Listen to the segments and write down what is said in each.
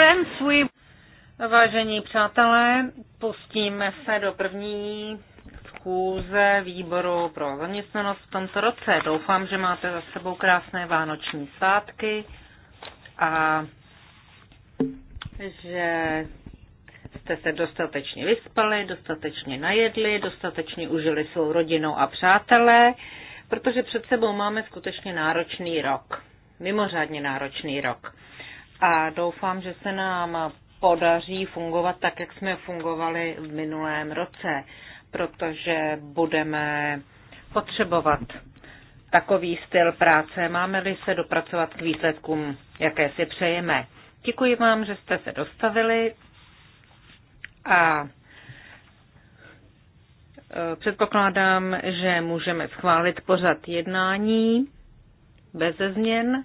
friends, we... Vážení přátelé, pustíme se do první schůze výboru pro zaměstnanost v tomto roce. Doufám, že máte za sebou krásné vánoční svátky a že jste se dostatečně vyspali, dostatečně najedli, dostatečně užili svou rodinou a přátelé, protože před sebou máme skutečně náročný rok. Mimořádně náročný rok a doufám, že se nám podaří fungovat tak, jak jsme fungovali v minulém roce, protože budeme potřebovat takový styl práce, máme-li se dopracovat k výsledkům, jaké si přejeme. Děkuji vám, že jste se dostavili a e, předpokládám, že můžeme schválit pořad jednání bez změn.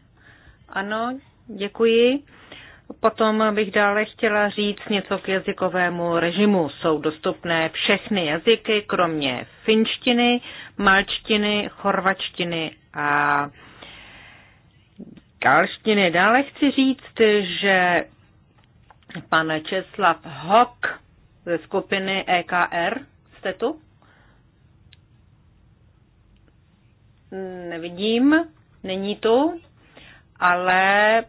Ano, Děkuji. Potom bych dále chtěla říct něco k jazykovému režimu. Jsou dostupné všechny jazyky, kromě finštiny, malčtiny, chorvačtiny a galštiny. Dále chci říct, že pan Česlav Hock ze skupiny EKR, jste tu? Nevidím, není tu, ale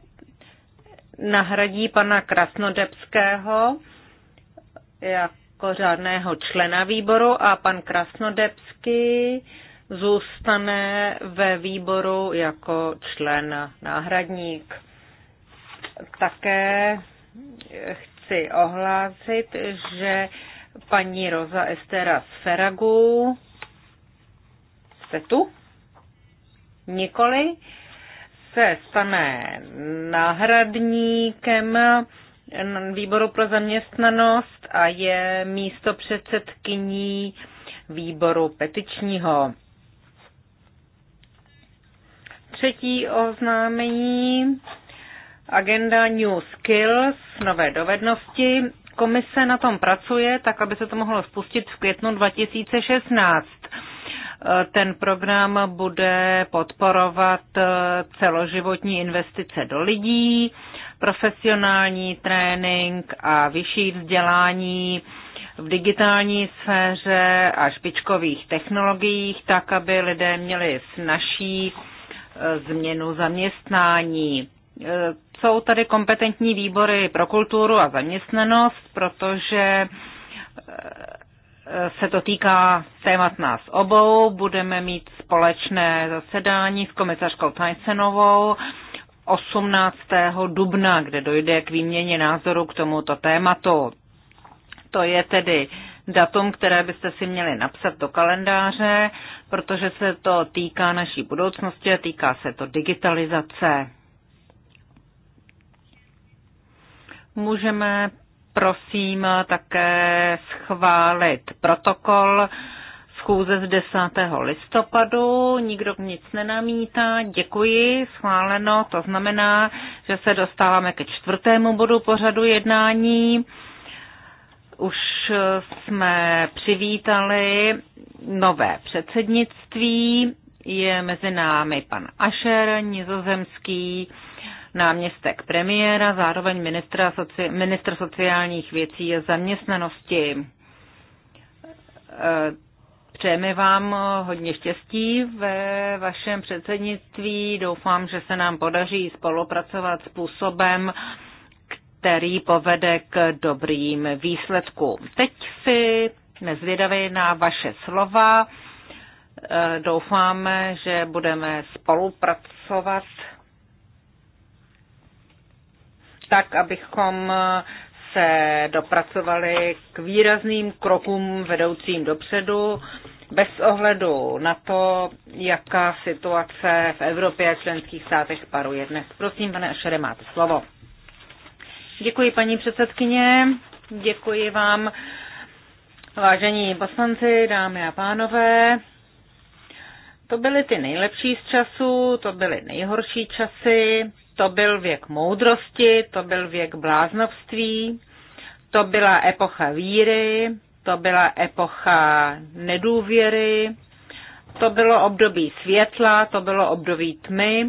nahradí pana Krasnodebského jako řádného člena výboru a pan Krasnodebský zůstane ve výboru jako člen náhradník. Také chci ohlásit, že paní Roza Estera z Feragu. Jste tu? Nikoli se stane náhradníkem výboru pro zaměstnanost a je místo předsedkyní výboru petičního. Třetí oznámení agenda New Skills, nové dovednosti. Komise na tom pracuje, tak aby se to mohlo spustit v květnu 2016. Ten program bude podporovat eh, celoživotní investice do lidí, profesionální trénink a vyšší vzdělání v digitální sféře a špičkových technologiích, tak aby lidé měli snažší eh, změnu zaměstnání. Eh, jsou tady kompetentní výbory pro kulturu a zaměstnanost, protože Eh, se to týká témat nás obou. Budeme mít společné zasedání s komisařkou Tysonovou 18. dubna, kde dojde k výměně názoru k tomuto tématu. To je tedy datum, které byste si měli napsat do kalendáře, protože se to týká naší budoucnosti a týká se to digitalizace. Můžeme prosím také schválit protokol schůze z 10. listopadu. Nikdo nic nenamítá. Děkuji, schváleno. To znamená, že se dostáváme ke čtvrtému bodu pořadu jednání. Už jsme přivítali nové předsednictví. Je mezi námi pan Ašer, nizozemský náměstek premiéra, zároveň ministra soci, ministr sociálních věcí a zaměstnanosti. E, přejeme vám hodně štěstí ve vašem předsednictví. Doufám, že se nám podaří spolupracovat způsobem, který povede k dobrým výsledkům. Teď si nezvědavě na vaše slova. E, doufáme, že budeme spolupracovat tak, abychom se dopracovali k výrazným krokům vedoucím dopředu, bez ohledu na to, jaká situace v Evropě a členských státech paruje dnes. Prosím, pane Ašere, máte slovo. Děkuji, paní předsedkyně, děkuji vám, vážení poslanci, dámy a pánové. To byly ty nejlepší z času. to byly nejhorší časy to byl věk moudrosti, to byl věk bláznovství, to byla epocha víry, to byla epocha nedůvěry, to bylo období světla, to bylo období tmy,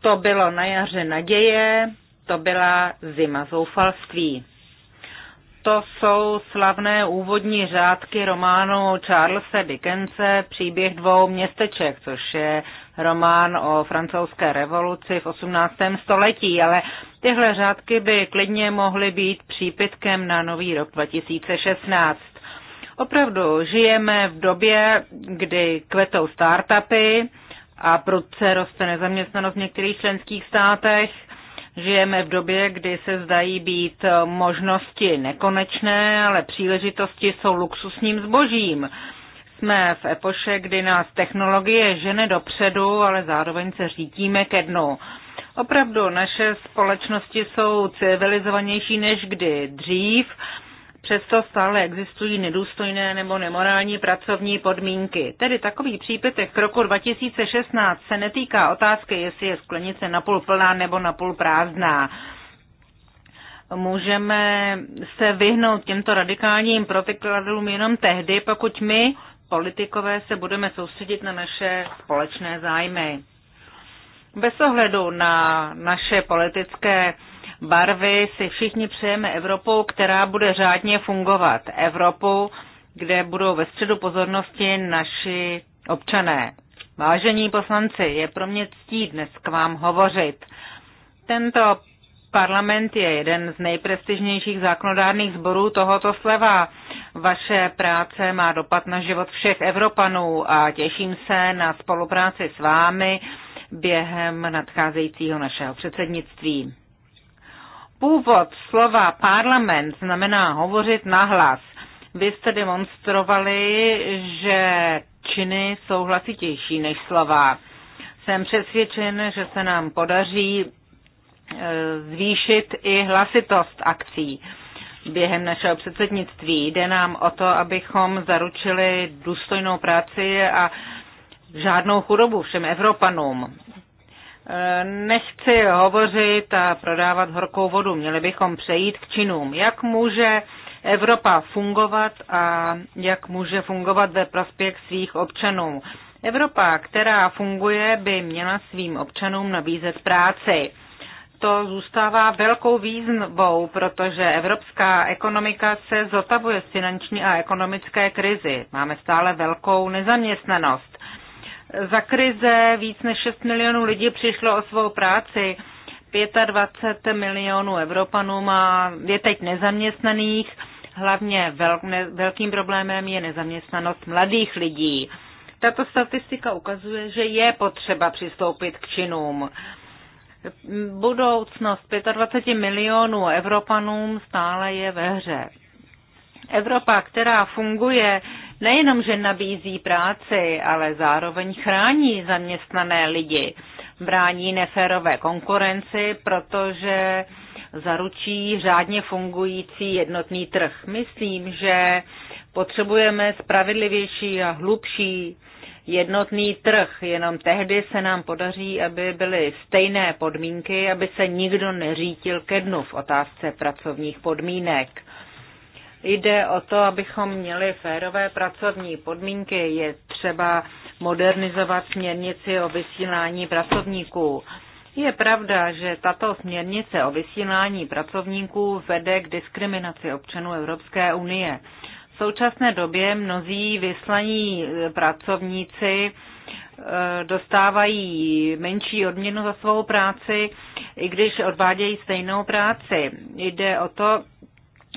to bylo na jaře naděje, to byla zima zoufalství. To jsou slavné úvodní řádky románu Charlesa Dickense Příběh dvou městeček, což je román o francouzské revoluci v 18. století, ale tyhle řádky by klidně mohly být přípitkem na nový rok 2016. Opravdu žijeme v době, kdy kvetou startupy a prudce roste nezaměstnanost v některých členských státech. Žijeme v době, kdy se zdají být možnosti nekonečné, ale příležitosti jsou luxusním zbožím. Jsme v epoše, kdy nás technologie žene dopředu, ale zároveň se řídíme ke dnu. Opravdu naše společnosti jsou civilizovanější než kdy dřív, přesto stále existují nedůstojné nebo nemorální pracovní podmínky. Tedy takový přípitek k roku 2016 se netýká otázky, jestli je sklenice napůl plná nebo napůl prázdná. Můžeme se vyhnout těmto radikálním protikladům jenom tehdy, pokud my politikové se budeme soustředit na naše společné zájmy. Bez ohledu na naše politické barvy si všichni přejeme Evropu, která bude řádně fungovat. Evropu, kde budou ve středu pozornosti naši občané. Vážení poslanci, je pro mě ctí dnes k vám hovořit. Tento Parlament je jeden z nejprestižnějších zákonodárných sborů tohoto sleva. Vaše práce má dopad na život všech Evropanů a těším se na spolupráci s vámi během nadcházejícího našeho předsednictví. Původ slova parlament znamená hovořit nahlas. Vy jste demonstrovali, že činy jsou hlasitější než slova. Jsem přesvědčen, že se nám podaří zvýšit i hlasitost akcí během našeho předsednictví. Jde nám o to, abychom zaručili důstojnou práci a žádnou chudobu všem Evropanům. Nechci hovořit a prodávat horkou vodu. Měli bychom přejít k činům. Jak může Evropa fungovat a jak může fungovat ve prospěch svých občanů? Evropa, která funguje, by měla svým občanům nabízet práci to zůstává velkou výzvou, protože evropská ekonomika se zotavuje z finanční a ekonomické krizi. Máme stále velkou nezaměstnanost. Za krize víc než 6 milionů lidí přišlo o svou práci. 25 milionů Evropanů má, je teď nezaměstnaných. Hlavně vel, ne, velkým problémem je nezaměstnanost mladých lidí. Tato statistika ukazuje, že je potřeba přistoupit k činům budoucnost 25 milionů Evropanům stále je ve hře. Evropa, která funguje, nejenom, že nabízí práci, ale zároveň chrání zaměstnané lidi, brání neférové konkurenci, protože zaručí řádně fungující jednotný trh. Myslím, že potřebujeme spravedlivější a hlubší jednotný trh. Jenom tehdy se nám podaří, aby byly stejné podmínky, aby se nikdo neřítil ke dnu v otázce pracovních podmínek. Jde o to, abychom měli férové pracovní podmínky. Je třeba modernizovat směrnici o vysílání pracovníků. Je pravda, že tato směrnice o vysílání pracovníků vede k diskriminaci občanů Evropské unie. V současné době mnozí vyslaní pracovníci eh, dostávají menší odměnu za svou práci, i když odvádějí stejnou práci. Jde o to,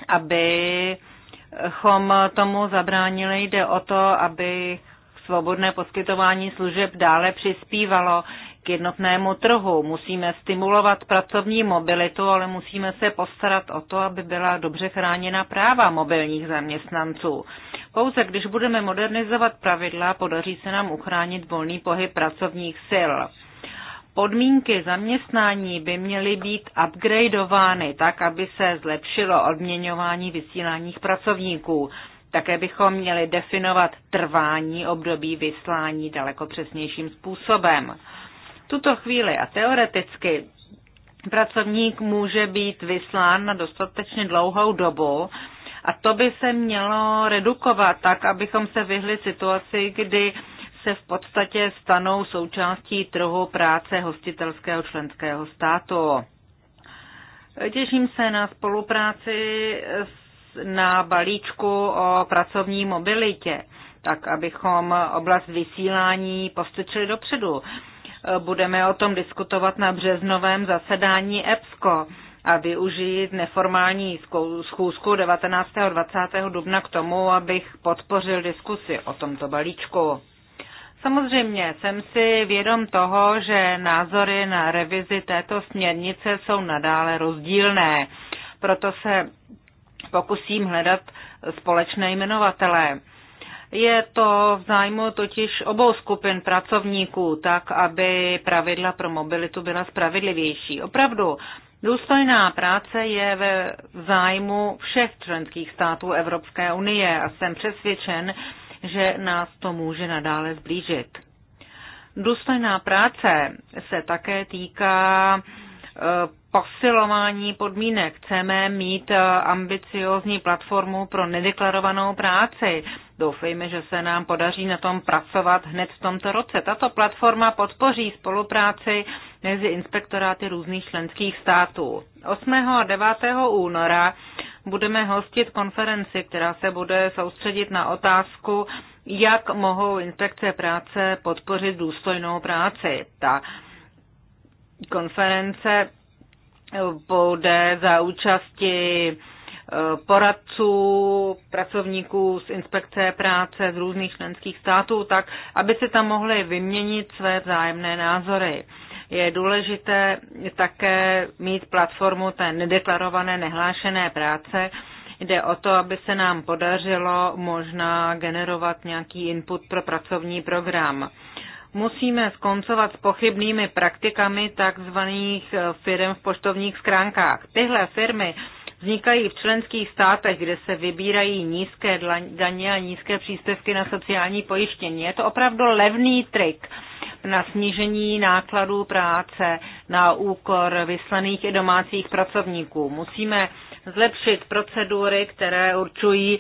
abychom tomu zabránili, jde o to, aby svobodné poskytování služeb dále přispívalo k jednotnému trhu. Musíme stimulovat pracovní mobilitu, ale musíme se postarat o to, aby byla dobře chráněna práva mobilních zaměstnanců. Pouze když budeme modernizovat pravidla, podaří se nám uchránit volný pohyb pracovních sil. Podmínky zaměstnání by měly být upgradeovány tak, aby se zlepšilo odměňování vysíláních pracovníků. Také bychom měli definovat trvání období vyslání daleko přesnějším způsobem tuto chvíli a teoreticky pracovník může být vyslán na dostatečně dlouhou dobu a to by se mělo redukovat tak, abychom se vyhli situaci, kdy se v podstatě stanou součástí trhu práce hostitelského členského státu. Těším se na spolupráci na balíčku o pracovní mobilitě, tak abychom oblast vysílání postočili dopředu. Budeme o tom diskutovat na březnovém zasedání EPSCO a využít neformální schůzku 19. a 20. dubna k tomu, abych podpořil diskusi o tomto balíčku. Samozřejmě jsem si vědom toho, že názory na revizi této směrnice jsou nadále rozdílné. Proto se pokusím hledat společné jmenovatele. Je to v zájmu totiž obou skupin pracovníků, tak aby pravidla pro mobilitu byla spravedlivější. Opravdu, důstojná práce je ve zájmu všech členských států Evropské unie a jsem přesvědčen, že nás to může nadále zblížit. Důstojná práce se také týká eh, posilování podmínek. Chceme mít eh, ambiciozní platformu pro nedeklarovanou práci. Doufejme, že se nám podaří na tom pracovat hned v tomto roce. Tato platforma podpoří spolupráci mezi inspektoráty různých členských států. 8. a 9. února budeme hostit konferenci, která se bude soustředit na otázku, jak mohou inspekce práce podpořit důstojnou práci. Ta konference bude za účasti eh, poradců, pracovníků z inspekce práce z různých členských států, tak aby se tam mohli vyměnit své vzájemné názory. Je důležité také mít platformu té nedeklarované, nehlášené práce. Jde o to, aby se nám podařilo možná generovat nějaký input pro pracovní program. Musíme skoncovat s pochybnými praktikami takzvaných eh, firm v poštovních skránkách. Tyhle firmy vznikají v členských státech, kde se vybírají nízké daně a nízké příspěvky na sociální pojištění. Je to opravdu levný trik na snížení nákladů práce na úkor vyslaných i domácích pracovníků. Musíme zlepšit procedury, které určují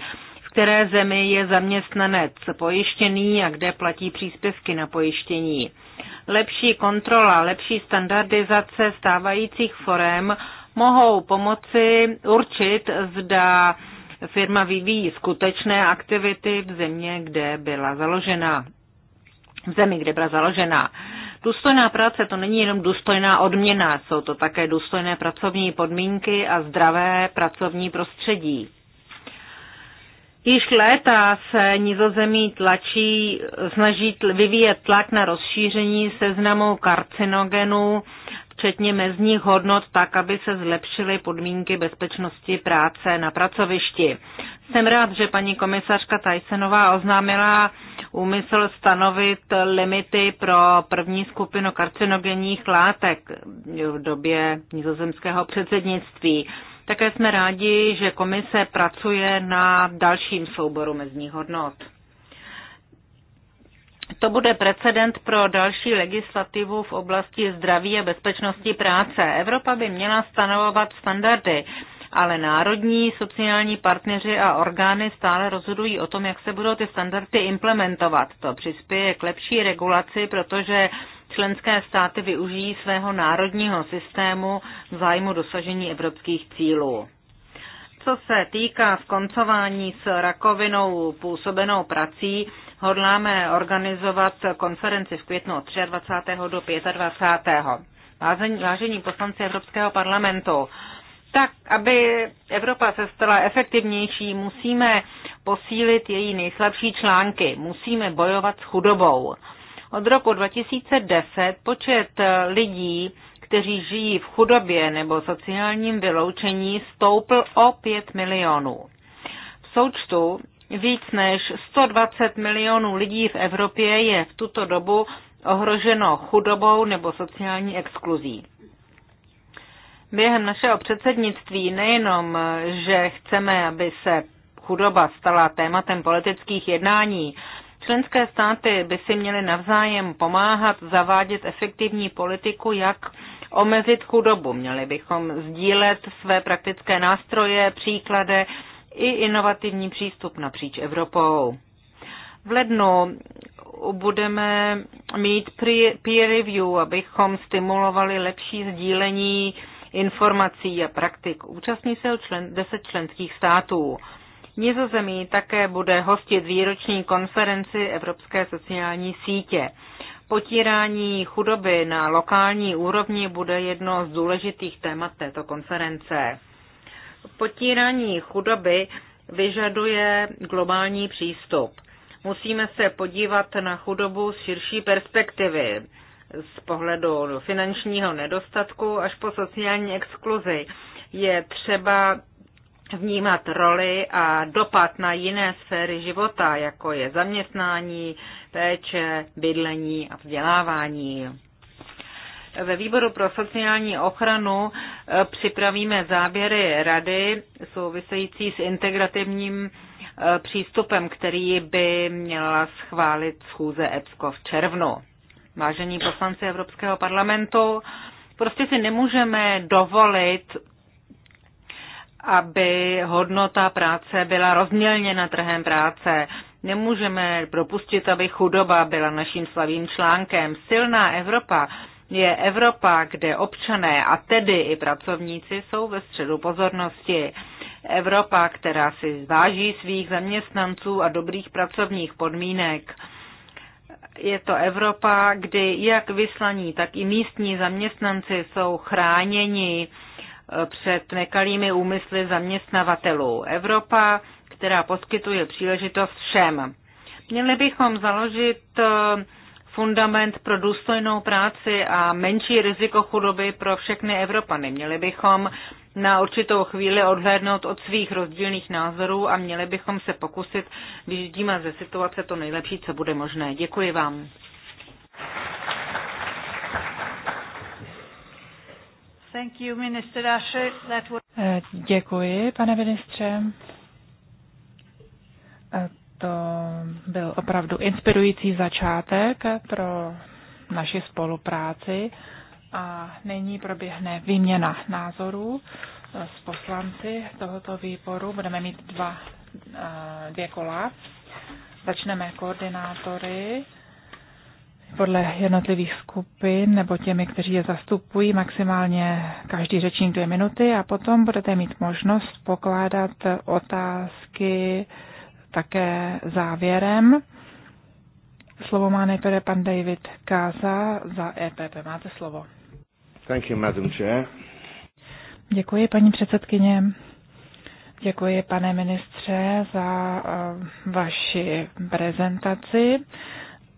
které zemi je zaměstnanec pojištěný a kde platí příspěvky na pojištění. Lepší kontrola, lepší standardizace stávajících forem mohou pomoci určit, zda firma vyvíjí skutečné aktivity v země, kde byla založena. V zemi, kde byla založena. Důstojná práce to není jenom důstojná odměna, jsou to také důstojné pracovní podmínky a zdravé pracovní prostředí. Již léta se nizozemí tlačí, snaží vyvíjet tlak na rozšíření seznamu karcinogenů, včetně mezních hodnot, tak, aby se zlepšily podmínky bezpečnosti práce na pracovišti. Jsem rád, že paní komisařka Tysonová oznámila úmysl stanovit limity pro první skupinu karcinogenních látek v době nizozemského předsednictví. Také jsme rádi, že komise pracuje na dalším souboru mezních hodnot. To bude precedent pro další legislativu v oblasti zdraví a bezpečnosti práce. Evropa by měla stanovovat standardy, ale národní sociální partneři a orgány stále rozhodují o tom, jak se budou ty standardy implementovat. To přispěje k lepší regulaci, protože Členské státy využijí svého národního systému v zájmu dosažení evropských cílů. Co se týká skoncování s rakovinou působenou prací, hodláme organizovat konferenci v květnu od 23. do 25. Vážení, poslanci Evropského parlamentu, tak, aby Evropa se stala efektivnější, musíme posílit její nejslabší články. Musíme bojovat s chudobou. Od roku 2010 počet eh, lidí, kteří žijí v chudobě nebo sociálním vyloučení, stoupl o 5 milionů. V součtu víc než 120 milionů lidí v Evropě je v tuto dobu ohroženo chudobou nebo sociální exkluzí. Během našeho předsednictví nejenom, eh, že chceme, aby se chudoba stala tématem politických jednání, Členské státy by si měly navzájem pomáhat zavádět efektivní politiku, jak omezit chudobu. Měli bychom sdílet své praktické nástroje, příklady i inovativní přístup napříč Evropou. V lednu budeme mít peer review, abychom stimulovali lepší sdílení informací a praktik. Účastní se 10 členských států. Nizozemí také bude hostit výroční konferenci Evropské sociální sítě. Potírání chudoby na lokální úrovni bude jedno z důležitých témat této konference. Potírání chudoby vyžaduje globální přístup. Musíme se podívat na chudobu z širší perspektivy, z pohledu finančního nedostatku až po sociální exkluzi. Je třeba vnímat roli a dopad na jiné sféry života, jako je zaměstnání, péče, bydlení a vzdělávání. Ve výboru pro sociální ochranu eh, připravíme záběry, rady související s integrativním eh, přístupem, který by měla schválit schůze EPSCO v červnu. Vážení poslanci Evropského parlamentu, prostě si nemůžeme dovolit aby hodnota práce byla rozmělněna trhem práce. Nemůžeme propustit, aby chudoba byla naším slavým článkem. Silná Evropa je Evropa, kde občané a tedy i pracovníci jsou ve středu pozornosti. Evropa, která si zváží svých zaměstnanců a dobrých pracovních podmínek. Je to Evropa, kdy jak vyslaní, tak i místní zaměstnanci jsou chráněni před nekalými úmysly zaměstnavatelů. Evropa, která poskytuje příležitost všem. Měli bychom založit eh, fundament pro důstojnou práci a menší riziko chudoby pro všechny Evropany. Měli bychom na určitou chvíli odhlédnout od svých rozdílných názorů a měli bychom se pokusit vyždíme ze situace to nejlepší, co bude možné. Děkuji vám. Thank you, Minister Asher. That was... Eh, děkuji, pane ministře. To byl opravdu inspirující začátek pro naši spolupráci a nyní proběhne výměna názorů eh, s poslanci tohoto výboru. Budeme mít dva, eh, dvě kola. Začneme koordinátory podle jednotlivých skupin nebo těmi, kteří je zastupují, maximálně každý řečník dvě minuty a potom budete mít možnost pokládat otázky také závěrem. Slovo má nejprve pan David Káza za EPP. Máte slovo. Thank you, Madam Chair. Děkuji, paní předsedkyně. Děkuji, pane ministře, za eh, vaši prezentaci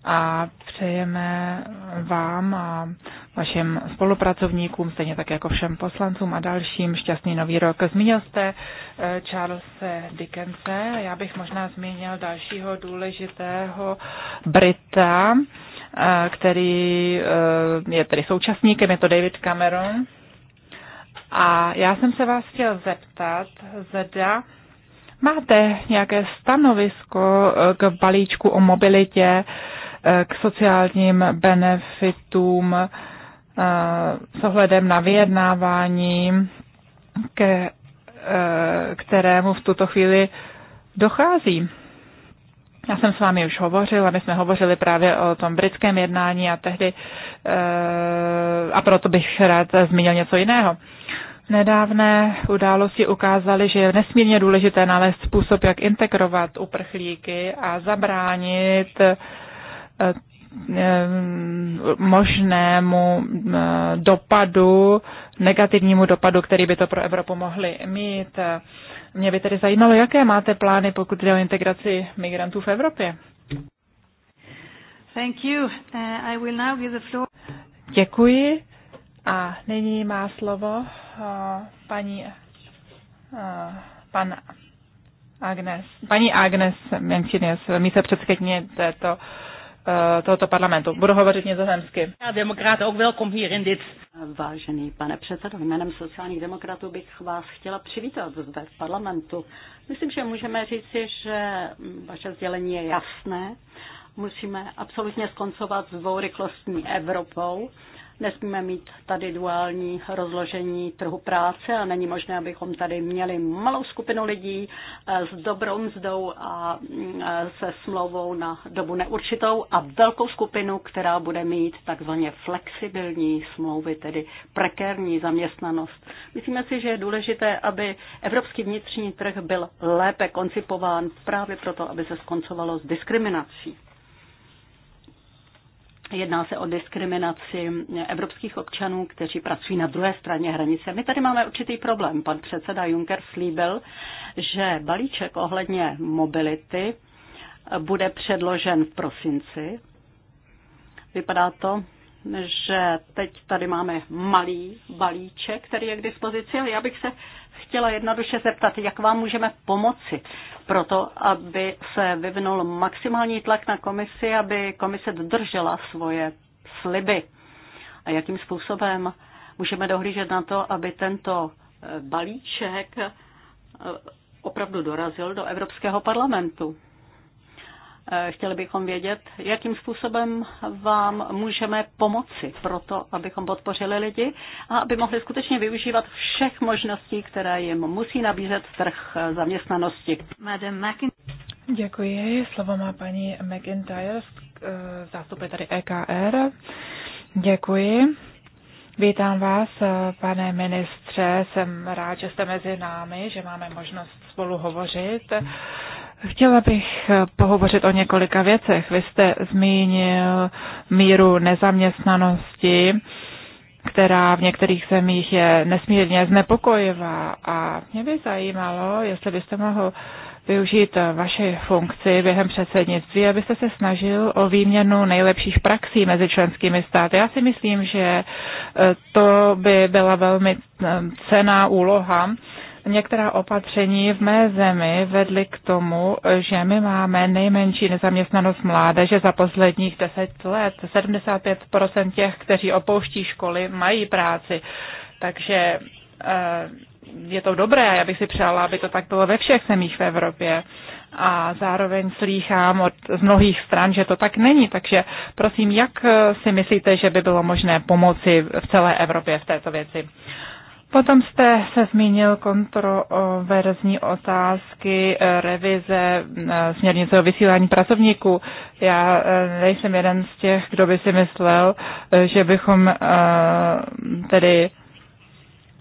a přejeme vám a vašim spolupracovníkům, stejně tak jako všem poslancům a dalším šťastný nový rok. Zmínil jste eh, Charlesa Dickense, já bych možná zmínil dalšího důležitého Brita, eh, který eh, je tedy současníkem, je to David Cameron. A já jsem se vás chtěl zeptat, zda máte nějaké stanovisko k balíčku o mobilitě, k sociálním benefitům eh, s ohledem na vyjednávání, ke eh, kterému v tuto chvíli dochází. Já jsem s vámi už hovořila, my jsme hovořili právě o tom britském jednání a tehdy, eh, a proto bych rád zmínil něco jiného. Nedávné události ukázaly, že je nesmírně důležité nalézt způsob, jak integrovat uprchlíky a zabránit Eh, možnému eh, dopadu, negativnímu dopadu, který by to pro Evropu mohli mít. Mě by tedy zajímalo, jaké máte plány, pokud jde o integraci migrantů v Evropě. Thank you. Eh, I will now give the floor. Děkuji. A nyní má slovo paní pan Agnes, paní Agnes Mencinius, místopředsedkyně této Eh, tohoto parlamentu. Budu hovořit nizozemsky. Demokrate, ook welkom hier in dit. Vážený pane předsedo, jménem sociálních demokratů bych vás chtěla přivítat zde v parlamentu. Myslím, že můžeme říci, že vaše sdělení je jasné. Musíme absolutně skoncovat s dvourychlostní Evropou Nesmíme mít tady duální rozložení trhu práce a není možné, abychom tady měli malou skupinu lidí eh, s dobrou mzdou a mm, eh, se smlouvou na dobu neurčitou a velkou skupinu, která bude mít takzvaně flexibilní smlouvy, tedy prekérní zaměstnanost. Myslíme si, že je důležité, aby evropský vnitřní trh byl lépe koncipován právě proto, aby se skoncovalo s diskriminací. Jedná se o diskriminaci evropských občanů, kteří pracují na druhé straně hranice. My tady máme určitý problém. Pan předseda Juncker slíbil, že balíček ohledně mobility bude předložen v prosinci. Vypadá to, že teď tady máme malý balíček, který je k dispozici, ale já bych se chtěla jednoduše zeptat, jak vám můžeme pomoci pro to, aby se vyvinul maximální tlak na komisi, aby komise dodržela svoje sliby a jakým způsobem můžeme dohlížet na to, aby tento eh, balíček eh, opravdu dorazil do Evropského parlamentu. Eh, chtěli bychom vědět, jakým způsobem vám můžeme pomoci pro to, abychom podpořili lidi a aby mohli skutečně využívat všech možností, které jim musí nabízet trh zaměstnanosti. Děkuji. Slovo má paní McIntyre, eh, zástupce tady EKR. Děkuji. Vítám vás, eh, pane ministře. Jsem rád, že jste mezi námi, že máme možnost spolu hovořit. Chtěla bych eh, pohovořit o několika věcech. Vy jste zmínil míru nezaměstnanosti, která v některých zemích je nesmírně znepokojivá. A mě by zajímalo, jestli byste mohl využít eh, vaše funkci během předsednictví, abyste se snažil o výměnu nejlepších praxí mezi členskými státy. Já si myslím, že eh, to by byla velmi cená úloha Některá opatření v mé zemi vedly k tomu, že my máme nejmenší nezaměstnanost mládeže za posledních deset let. 75% těch, kteří opouští školy, mají práci. Takže eh, je to dobré, já bych si přála, aby to tak bylo ve všech zemích v Evropě. A zároveň slýchám od, z mnohých stran, že to tak není. Takže prosím, jak eh, si myslíte, že by bylo možné pomoci v celé Evropě v této věci? Uh, Potom jste se zmínil kontroverzní otázky eh, revize eh, směrnice o vysílání pracovníků. Já eh, nejsem jeden z těch, kdo by si myslel, že bychom tedy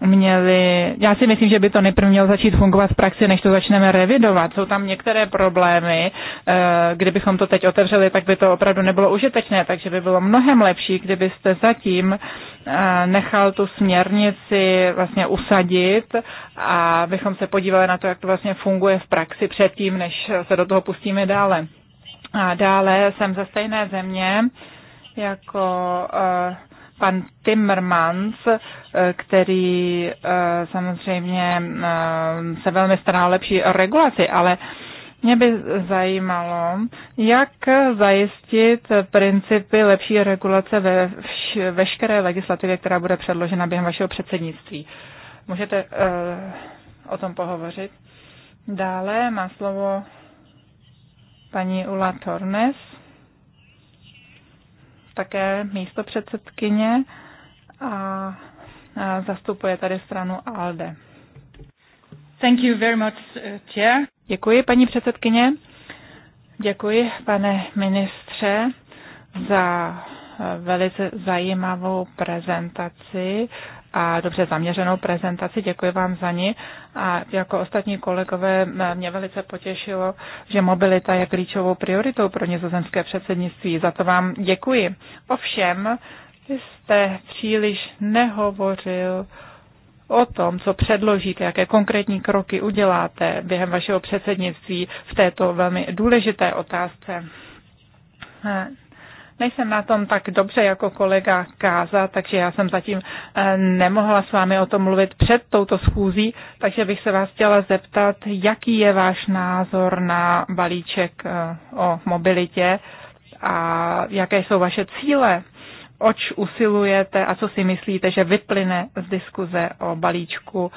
měli, já si myslím, že by to nejprve mělo začít fungovat v praxi, než to začneme revidovat. Jsou tam některé problémy, eh, kdybychom to teď otevřeli, tak by to opravdu nebylo užitečné, takže by bylo mnohem lepší, kdybyste zatím eh, nechal tu směrnici vlastně usadit a bychom se podívali na to, jak to vlastně funguje v praxi předtím, než se do toho pustíme dále. A dále jsem ze stejné země jako eh, pan Timmermans, eh, který eh, samozřejmě eh, se velmi stará o lepší regulaci, ale mě by zajímalo, jak zajistit principy lepší regulace ve vš- veškeré legislativě, která bude předložena během vašeho předsednictví. Můžete uh, o tom pohovořit? Dále má slovo paní Ula Tornes také místo předsedkyně a zastupuje tady stranu ALDE. Thank you very much, uh, chair. Děkuji, paní předsedkyně. Děkuji, pane ministře, za uh, velice zajímavou prezentaci a dobře zaměřenou prezentaci. Děkuji vám za ní. A jako ostatní kolegové mě velice potěšilo, že mobilita je klíčovou prioritou pro nizozemské předsednictví. Za to vám děkuji. Ovšem, vy jste příliš nehovořil o tom, co předložíte, jaké konkrétní kroky uděláte během vašeho předsednictví v této velmi důležité otázce. Nejsem na tom tak dobře jako kolega Káza, takže já jsem zatím eh, nemohla s vámi o tom mluvit před touto schůzí, takže bych se vás chtěla zeptat, jaký je váš názor na balíček eh, o mobilitě a jaké jsou vaše cíle, oč usilujete a co si myslíte, že vyplyne z diskuze o balíčku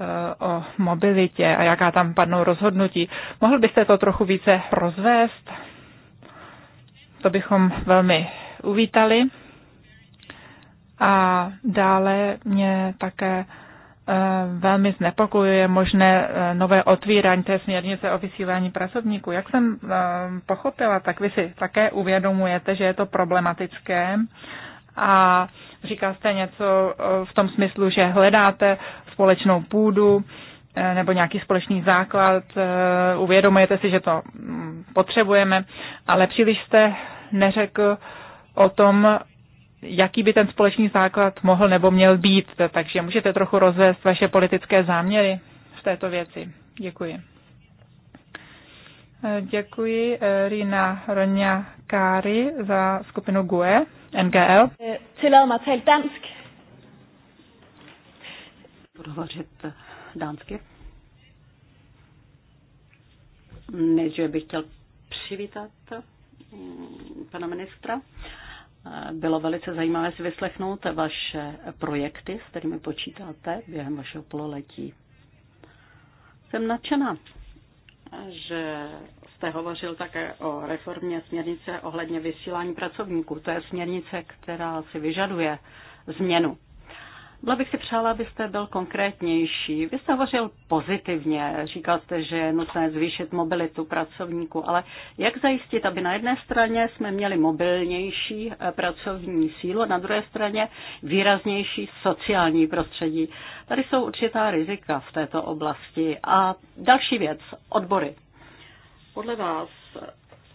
eh, o mobilitě a jaká tam padnou rozhodnutí. Mohl byste to trochu více rozvést? To bychom velmi uvítali. A dále mě také eh, velmi znepokojuje možné eh, nové otvírání té směrnice o vysílání pracovníků. Jak jsem eh, pochopila, tak vy si také uvědomujete, že je to problematické a říkáte něco v tom smyslu, že hledáte společnou půdu Eh, nebo nějaký společný základ, eh, uvědomujete si, že to mm, potřebujeme, ale příliš jste neřekl o tom, jaký by ten společný základ mohl nebo měl být. Takže můžete trochu rozvést vaše politické záměry v této věci. Děkuji. Eh, děkuji Rina Ronja Kári za skupinu GUE, NGL. Tillad mig at dansk dánsky. Nejdříve bych chtěl přivítat mm, pana ministra. Bylo velice zajímavé si vyslechnout vaše projekty, s kterými počítáte během vašeho pololetí. Jsem nadšená, že jste hovořil také o reformě směrnice ohledně vysílání pracovníků. To je směrnice, která si vyžaduje změnu. Byla bych si přála, abyste byl konkrétnější. Vy jste hovořil pozitivně, říkal jste, že je nutné zvýšit mobilitu pracovníků, ale jak zajistit, aby na jedné straně jsme měli mobilnější eh, pracovní sílu a na druhé straně výraznější sociální prostředí? Tady jsou určitá rizika v této oblasti. A další věc, odbory. Podle vás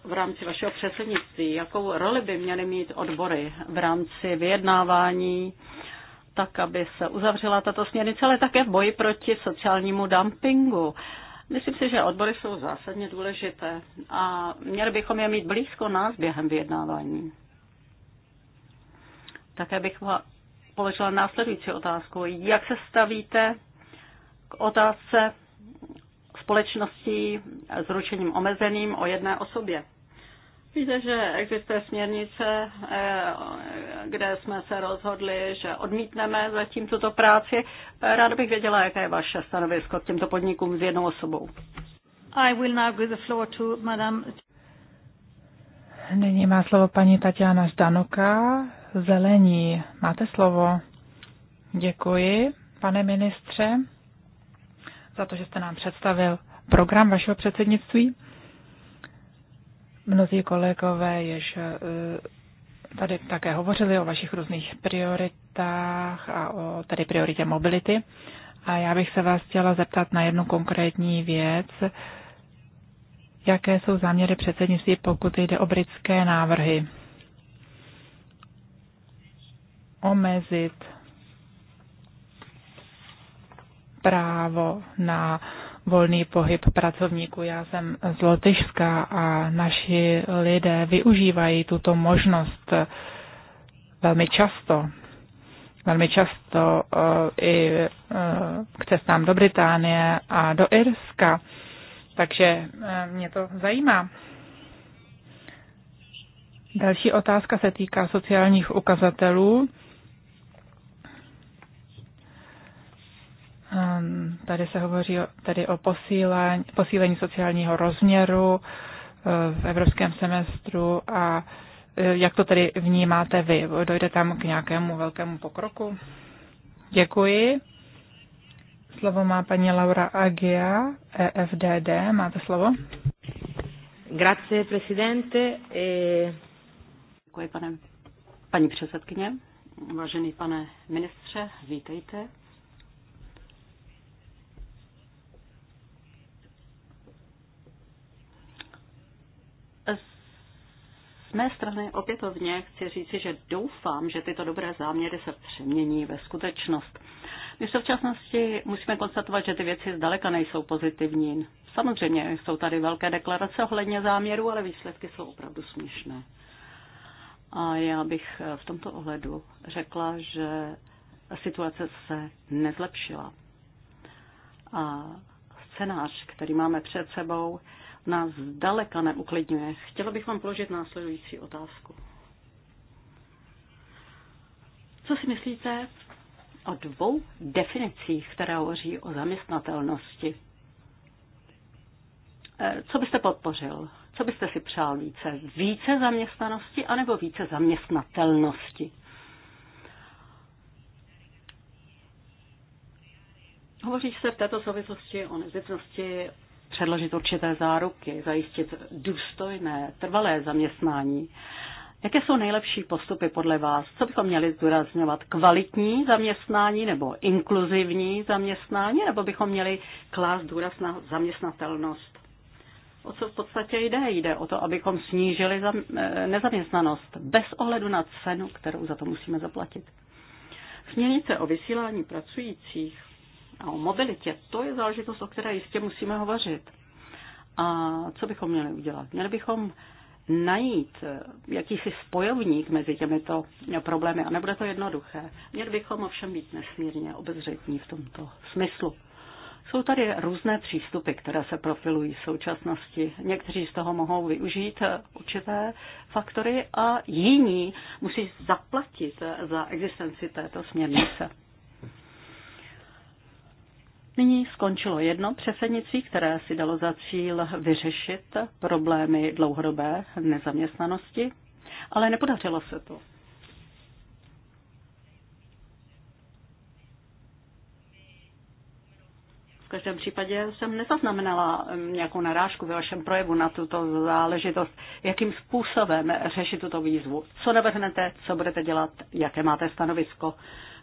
v rámci vašeho předsednictví, jakou roli by měly mít odbory v rámci vyjednávání tak aby se uzavřela tato směrnice, ale také v boji proti sociálnímu dumpingu. Myslím si, že odbory jsou zásadně důležité a měli bychom je mít blízko nás během vyjednávání. Také bych položila následující otázku. Jak se stavíte k otázce společností s ručením omezeným o jedné osobě? Víte, že existuje směrnice, eh, kde jsme se rozhodli, že odmítneme zatím tuto práci. Rád bych věděla, jaké je vaše stanovisko k těmto podnikům s jednou osobou. I will now give the floor to Madame. Nyní má slovo paní Tatiana Ždanoka, Zelení. Máte slovo. Děkuji, pane ministře, za to, že jste nám představil program vašeho předsednictví. Mnozí kolegové jež eh, tady také hovořili o vašich různých prioritách a o tady prioritě mobility. A já bych se vás chtěla zeptat na jednu konkrétní věc. Jaké jsou záměry předsednictví, pokud jde o britské návrhy? Omezit právo na volný pohyb pracovníků. Já jsem z Lotyšska a naši lidé využívají tuto možnost velmi často. Velmi často eh, i eh, k cestám do Británie a do Irska. Takže eh, mě to zajímá. Další otázka se týká sociálních ukazatelů. Ehm, tady se hovoří tady o posílení, posílení sociálního rozměru eh, v evropském semestru a eh, jak to tedy vnímáte vy? Dojde tam k nějakému velkému pokroku? Děkuji. Slovo má paní Laura Agia, EFDD. Máte slovo? Grazie, presidente. E... Děkuji, pane, paní předsedkyně. Vážený pane ministře, vítejte. mé strany opětovně chci říci, že doufám, že tyto dobré záměry se přemění ve skutečnost. My v současnosti musíme konstatovat, že ty věci zdaleka nejsou pozitivní. Samozřejmě jsou tady velké deklarace ohledně záměru, ale výsledky jsou opravdu směšné. A já bych eh, v tomto ohledu řekla, že situace se nezlepšila. A scénář, který máme před sebou, nás zdaleka neuklidňuje. Chtěla bych vám položit následující otázku. Co si myslíte o dvou definicích, které hovoří o zaměstnatelnosti? Eh, co byste podpořil? Co byste si přál více? Více zaměstnanosti anebo více zaměstnatelnosti? Hovoří se v této souvislosti o nezbytnosti předložit určité záruky, zajistit důstojné, trvalé zaměstnání. Jaké jsou nejlepší postupy podle vás? Co bychom měli zdůrazňovat? Kvalitní zaměstnání nebo inkluzivní zaměstnání? Nebo bychom měli klást důraz na zaměstnatelnost? O co v podstatě jde? Jde o to, abychom snížili eh, nezaměstnanost bez ohledu na cenu, kterou za to musíme zaplatit. Směrnice o vysílání pracujících a o mobilitě, to je záležitost, o které jistě musíme hovořit. A co bychom měli udělat? Měli bychom najít eh, jakýsi spojovník mezi těmito problémy a nebude to jednoduché. Měli bychom ovšem být nesmírně obezřetní v tomto smyslu. Jsou tady různé přístupy, které se profilují v současnosti. Někteří z toho mohou využít eh, určité faktory a jiní musí zaplatit eh, za existenci této směrnice. Nyní skončilo jedno předsednictví, které si dalo za cíl vyřešit problémy dlouhodobé nezaměstnanosti, ale nepodařilo se to. V každém případě jsem nezaznamenala nějakou narážku ve vašem projevu na tuto záležitost, jakým způsobem řešit tuto výzvu. Co navrhnete, co budete dělat, jaké máte stanovisko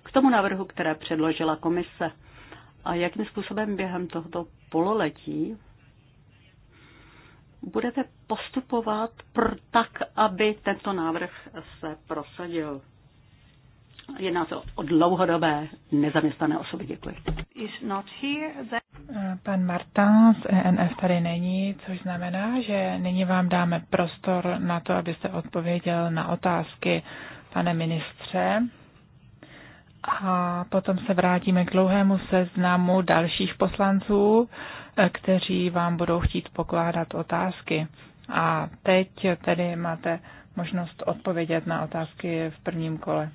k tomu návrhu, které předložila komise a jakým způsobem během tohoto pololetí budete postupovat pr- tak, aby tento návrh se prosadil. Jedná se o dlouhodobé nezaměstnané osoby. Děkuji. Pan Martin z ENF tady není, což znamená, že nyní vám dáme prostor na to, abyste odpověděl na otázky, pane ministře. A potom se vrátíme k dlouhému seznamu dalších poslanců, eh, kteří vám budou chtít pokládat otázky. A teď tedy máte možnost odpovědět na otázky v prvním kole.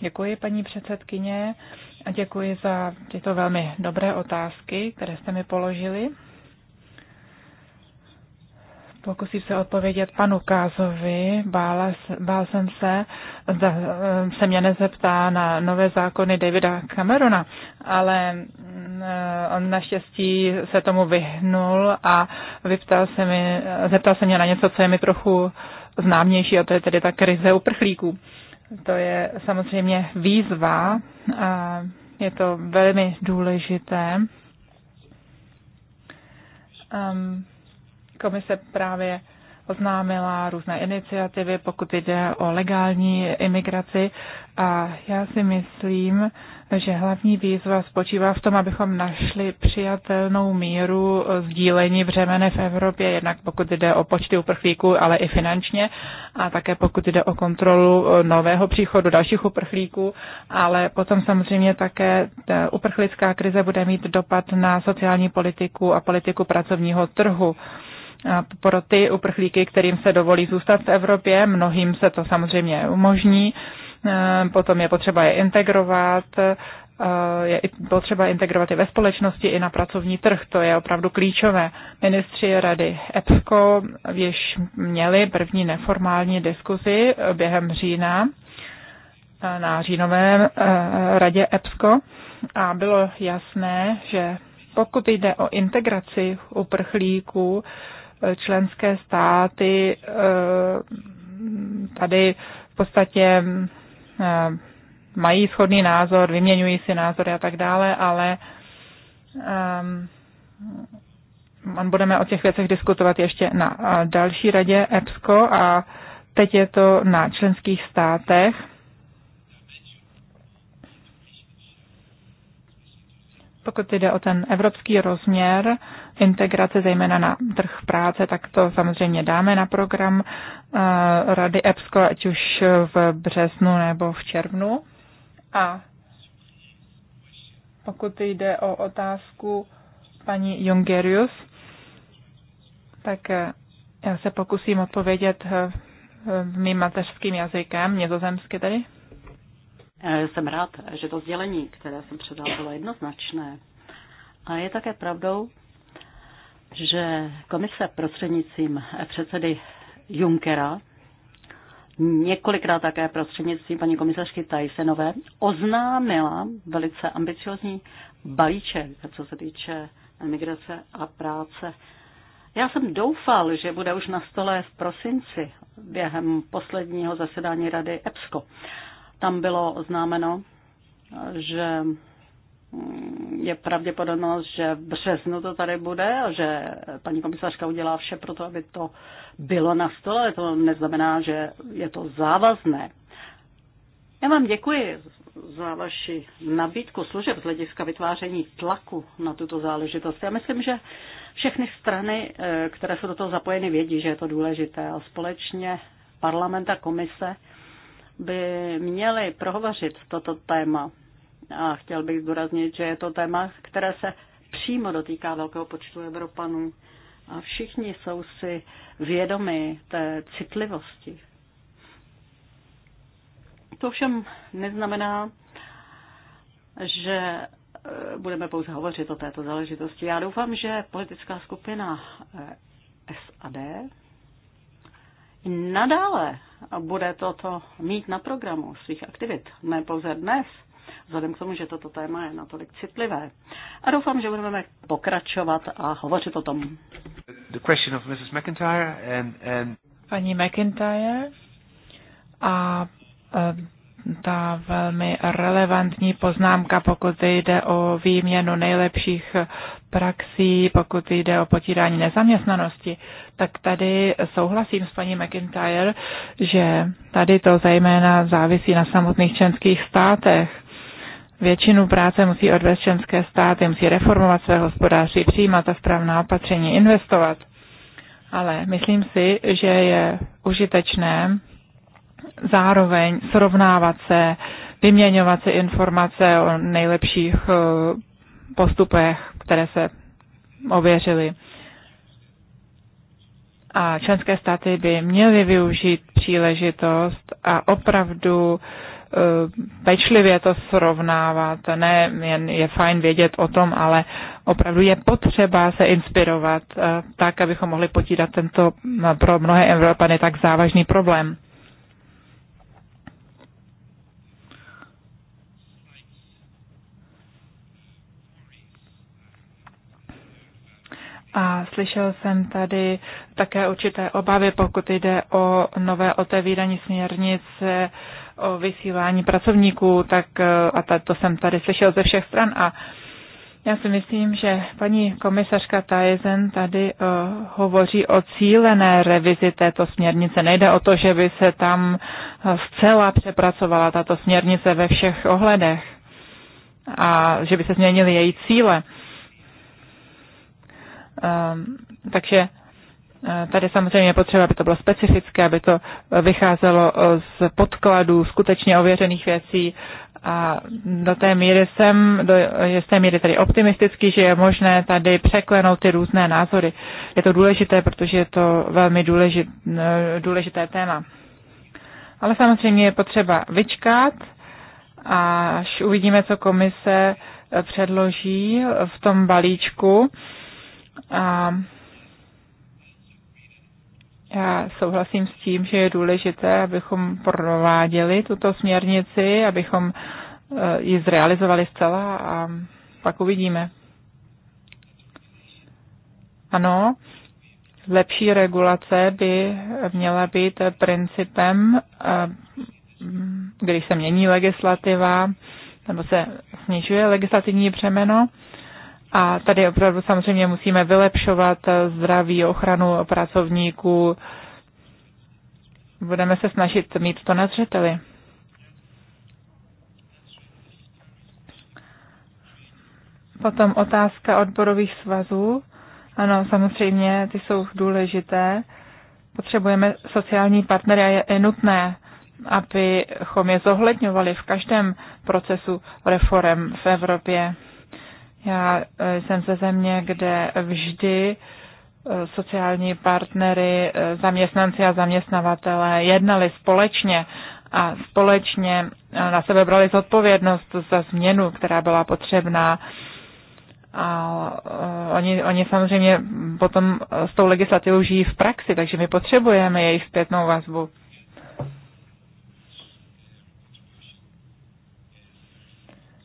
Děkuji, paní předsedkyně, a děkuji za tyto velmi dobré otázky, které jste mi položili. Pokusím se odpovědět panu Kázovi. Bála, bál jsem se, zda eh, se mě nezeptá na nové zákony Davida Camerona, ale eh, on naštěstí se tomu vyhnul a vyptal se mi, zeptal se mě na něco, co je mi trochu známější, a to je tedy ta krize uprchlíků. To je samozřejmě výzva a je to velmi důležité. Um, Komise právě oznámila různé iniciativy, pokud jde o legální imigraci. A já si myslím, že hlavní výzva spočívá v tom, abychom našli přijatelnou míru sdílení břemene v Evropě, jednak pokud jde o počty uprchlíků, ale i finančně, a také pokud jde o kontrolu nového příchodu dalších uprchlíků, ale potom samozřejmě také uprchlická krize bude mít dopad na sociální politiku a politiku pracovního trhu pro ty uprchlíky, kterým se dovolí zůstat v Evropě. Mnohým se to samozřejmě umožní. E, potom je potřeba je integrovat, e, je potřeba integrovat i ve společnosti, i na pracovní trh. To je opravdu klíčové. Ministři rady EPSCO již měli první neformální diskuzi během října e, na říjnovém radě EPSCO a bylo jasné, že pokud jde o integraci uprchlíků, členské státy eh, tady v podstatě eh, mají shodný názor, vyměňují si názory a tak dále, ale eh, budeme o těch věcech diskutovat ještě na další radě EPSCO a teď je to na členských státech. Pokud jde o ten evropský rozměr, Integrace zejména na trh práce, tak to samozřejmě dáme na program eh, Rady EPSCO, ať už v březnu nebo v červnu. A pokud jde o otázku paní Jungerius, tak eh, já se pokusím odpovědět eh, mým mateřským jazykem, nězozemsky tedy. Jsem rád, že to sdělení, které jsem předal, bylo jednoznačné. A je také pravdou, že komise prostřednictvím předsedy Junckera několikrát také prostřednictvím paní komisařky Tajsenové oznámila velice ambiciozní balíček, co se týče migrace a práce. Já jsem doufal, že bude už na stole v prosinci během posledního zasedání Rady EPSCO. Tam bylo oznámeno, že je pravděpodobnost, že v březnu to tady bude a že paní komisařka udělá vše pro to, aby to bylo na stole. To neznamená, že je to závazné. Já vám děkuji za vaši nabídku služeb z hlediska vytváření tlaku na tuto záležitost. Já myslím, že všechny strany, eh, které jsou do toho zapojeny, vědí, že je to důležité a společně parlament a komise by měly prohovořit toto téma a chtěl bych zdůraznit, že je to téma, které se přímo dotýká velkého počtu Evropanů. A všichni jsou si vědomi té citlivosti. To všem neznamená, že eh, budeme pouze hovořit o této záležitosti. Já doufám, že politická skupina eh, SAD nadále bude toto mít na programu svých aktivit. Ne pouze dnes, vzhledem k tomu, že toto téma je natolik citlivé. A doufám, že budeme pokračovat a hovořit o tom. The question of Mrs. McIntyre and, and... Paní McIntyre a eh, ta velmi relevantní poznámka, pokud jde o výměnu nejlepších praxí, pokud jde o potírání nezaměstnanosti, tak tady souhlasím s paní McIntyre, že tady to zejména závisí na samotných členských státech. Většinu práce musí odvést členské státy, musí reformovat své hospodářství, přijímat a správná opatření, investovat. Ale myslím si, že je užitečné zároveň srovnávat se, vyměňovat se informace o nejlepších eh, postupech, které se ověřily. A členské státy by měly využít příležitost a opravdu Eh, pečlivě to srovnávat. Ne, jen je fajn vědět o tom, ale opravdu je potřeba se inspirovat eh, tak, abychom mohli potírat tento pro mnohé Evropany tak závažný problém. A slyšel jsem tady také určité obavy, pokud jde o nové otevírání směrnice o vysílání pracovníků, tak e, a to jsem tady slyšel ze všech stran a já si myslím, že paní komisařka Tajzen tady uh, hovoří o cílené revizi této směrnice. Nejde o to, že by se tam e, zcela přepracovala tato směrnice ve všech ohledech a že by se změnily její cíle. Um, takže Eh, tady samozřejmě je potřeba, aby to bylo specifické, aby to eh, vycházelo eh, z podkladů, skutečně ověřených věcí. A do té míry jsem, do jisté míry tady optimistický, že je možné tady překlenout ty různé názory. Je to důležité, protože je to velmi důležit, důležité téma. Ale samozřejmě je potřeba vyčkat, až uvidíme, co komise předloží v tom balíčku. A já souhlasím s tím, že je důležité, abychom prováděli tuto směrnici, abychom eh, ji zrealizovali zcela a pak uvidíme. Ano, lepší regulace by měla být principem, eh, když se mění legislativa nebo se snižuje legislativní břemeno, a tady opravdu samozřejmě musíme vylepšovat eh, zdraví, ochranu pracovníků. Budeme se snažit mít to na zřeteli. Potom otázka odborových svazů. Ano, samozřejmě, ty jsou důležité. Potřebujeme sociální partnery a je nutné, abychom je zohledňovali v každém procesu reform v Evropě. Já e, jsem ze země, kde vždy e, sociální partnery, e, zaměstnanci a zaměstnavatele jednali společně a společně na sebe brali zodpovědnost za změnu, která byla potřebná. A oni, oni samozřejmě potom s tou legislativou žijí v praxi, takže my potřebujeme jejich zpětnou vazbu.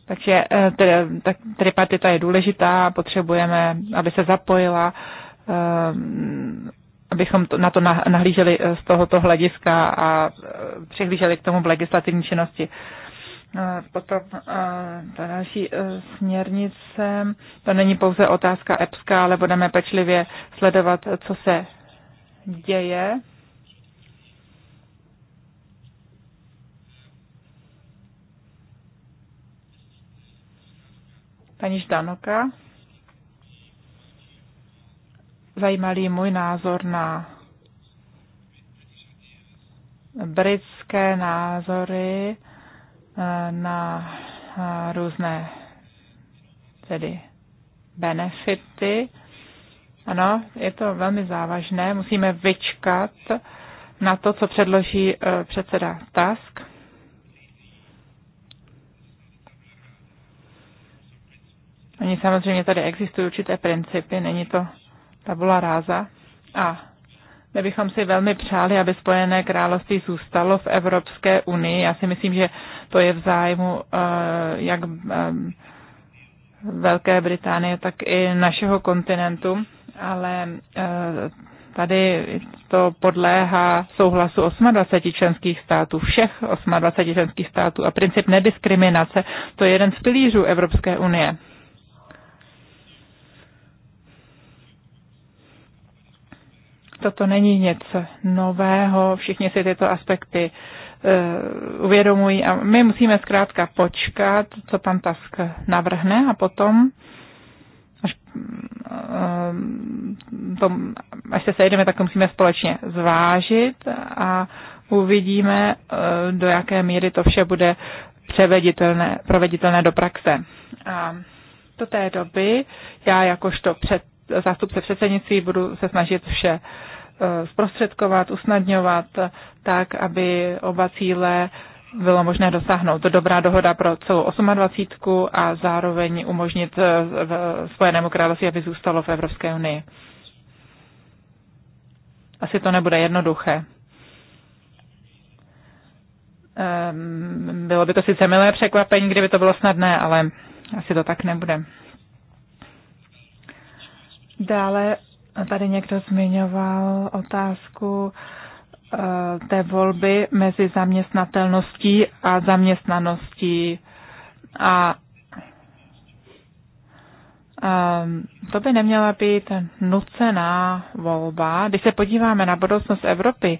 Takže eh, tedy, tak, tedy je důležitá, potřebujeme, aby se zapojila, eh, abychom to, na to nahlíželi eh, z tohoto hlediska a přihlíželi k tomu v legislativní činnosti. Potom ta další směrnice, to není pouze otázka EPSKA, ale budeme pečlivě sledovat, co se děje paní Ždanoka. Zajímalý můj názor na britské názory eh, na eh, různé tedy benefity. Ano, je to velmi závažné. Musíme vyčkat na to, co předloží eh, předseda Tusk. Oni samozřejmě tady existují určité principy, není to tabula ráza. A my bychom si velmi přáli, aby Spojené království zůstalo v Evropské unii. Já si myslím, že to je v zájmu eh, jak eh, Velké Británie, tak i našeho kontinentu, ale eh, tady to podléhá souhlasu 28 členských států, všech 28 členských států a princip nediskriminace, to je jeden z pilířů Evropské unie. Toto není něco nového, všichni si tyto aspekty eh, uvědomují a my musíme zkrátka počkat, co pan Tusk navrhne a potom, až, uh, až se sejdeme, tak to musíme společně zvážit a uvidíme, eh, do jaké míry to vše bude proveditelné do praxe. A do té doby já jakožto před zástupce předsednictví, budu se snažit vše eh, zprostředkovat, usnadňovat eh, tak, aby oba cíle bylo možné dosáhnout. To dobrá dohoda pro celou 28 a zároveň umožnit eh, Spojenému království, aby zůstalo v Evropské unii. Asi to nebude jednoduché. Ehm, bylo by to sice milé překvapení, kdyby to bylo snadné, ale asi to tak nebude. Dále tady někdo zmiňoval otázku eh, té volby mezi zaměstnatelností a zaměstnaností. A ehm, to by neměla být nucená volba. Když se podíváme na budoucnost Evropy,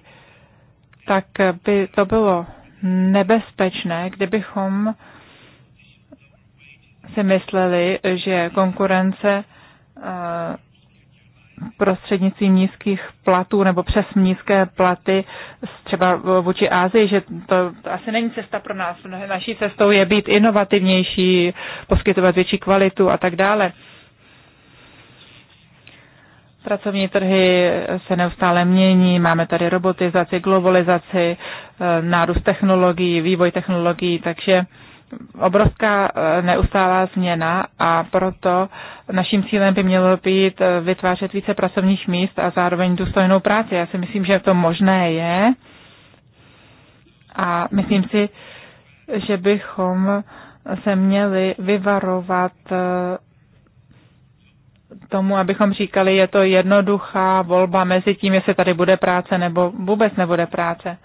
tak by to bylo nebezpečné, kdybychom si mysleli, že konkurence eh, prostřednictvím nízkých platů nebo přes nízké platy třeba vůči Ázii, že to, to asi není cesta pro nás. Naší cestou je být inovativnější, poskytovat větší kvalitu a tak dále. Pracovní trhy se neustále mění, máme tady robotizaci, globalizaci, eh, nárůst technologií, vývoj technologií, takže obrovská eh, neustálá změna a proto naším cílem by mělo být eh, vytvářet více pracovních míst a zároveň důstojnou práci. Já si myslím, že to možné je a myslím si, že bychom se měli vyvarovat eh, tomu, abychom říkali, je to jednoduchá volba mezi tím, jestli tady bude práce nebo vůbec nebude práce.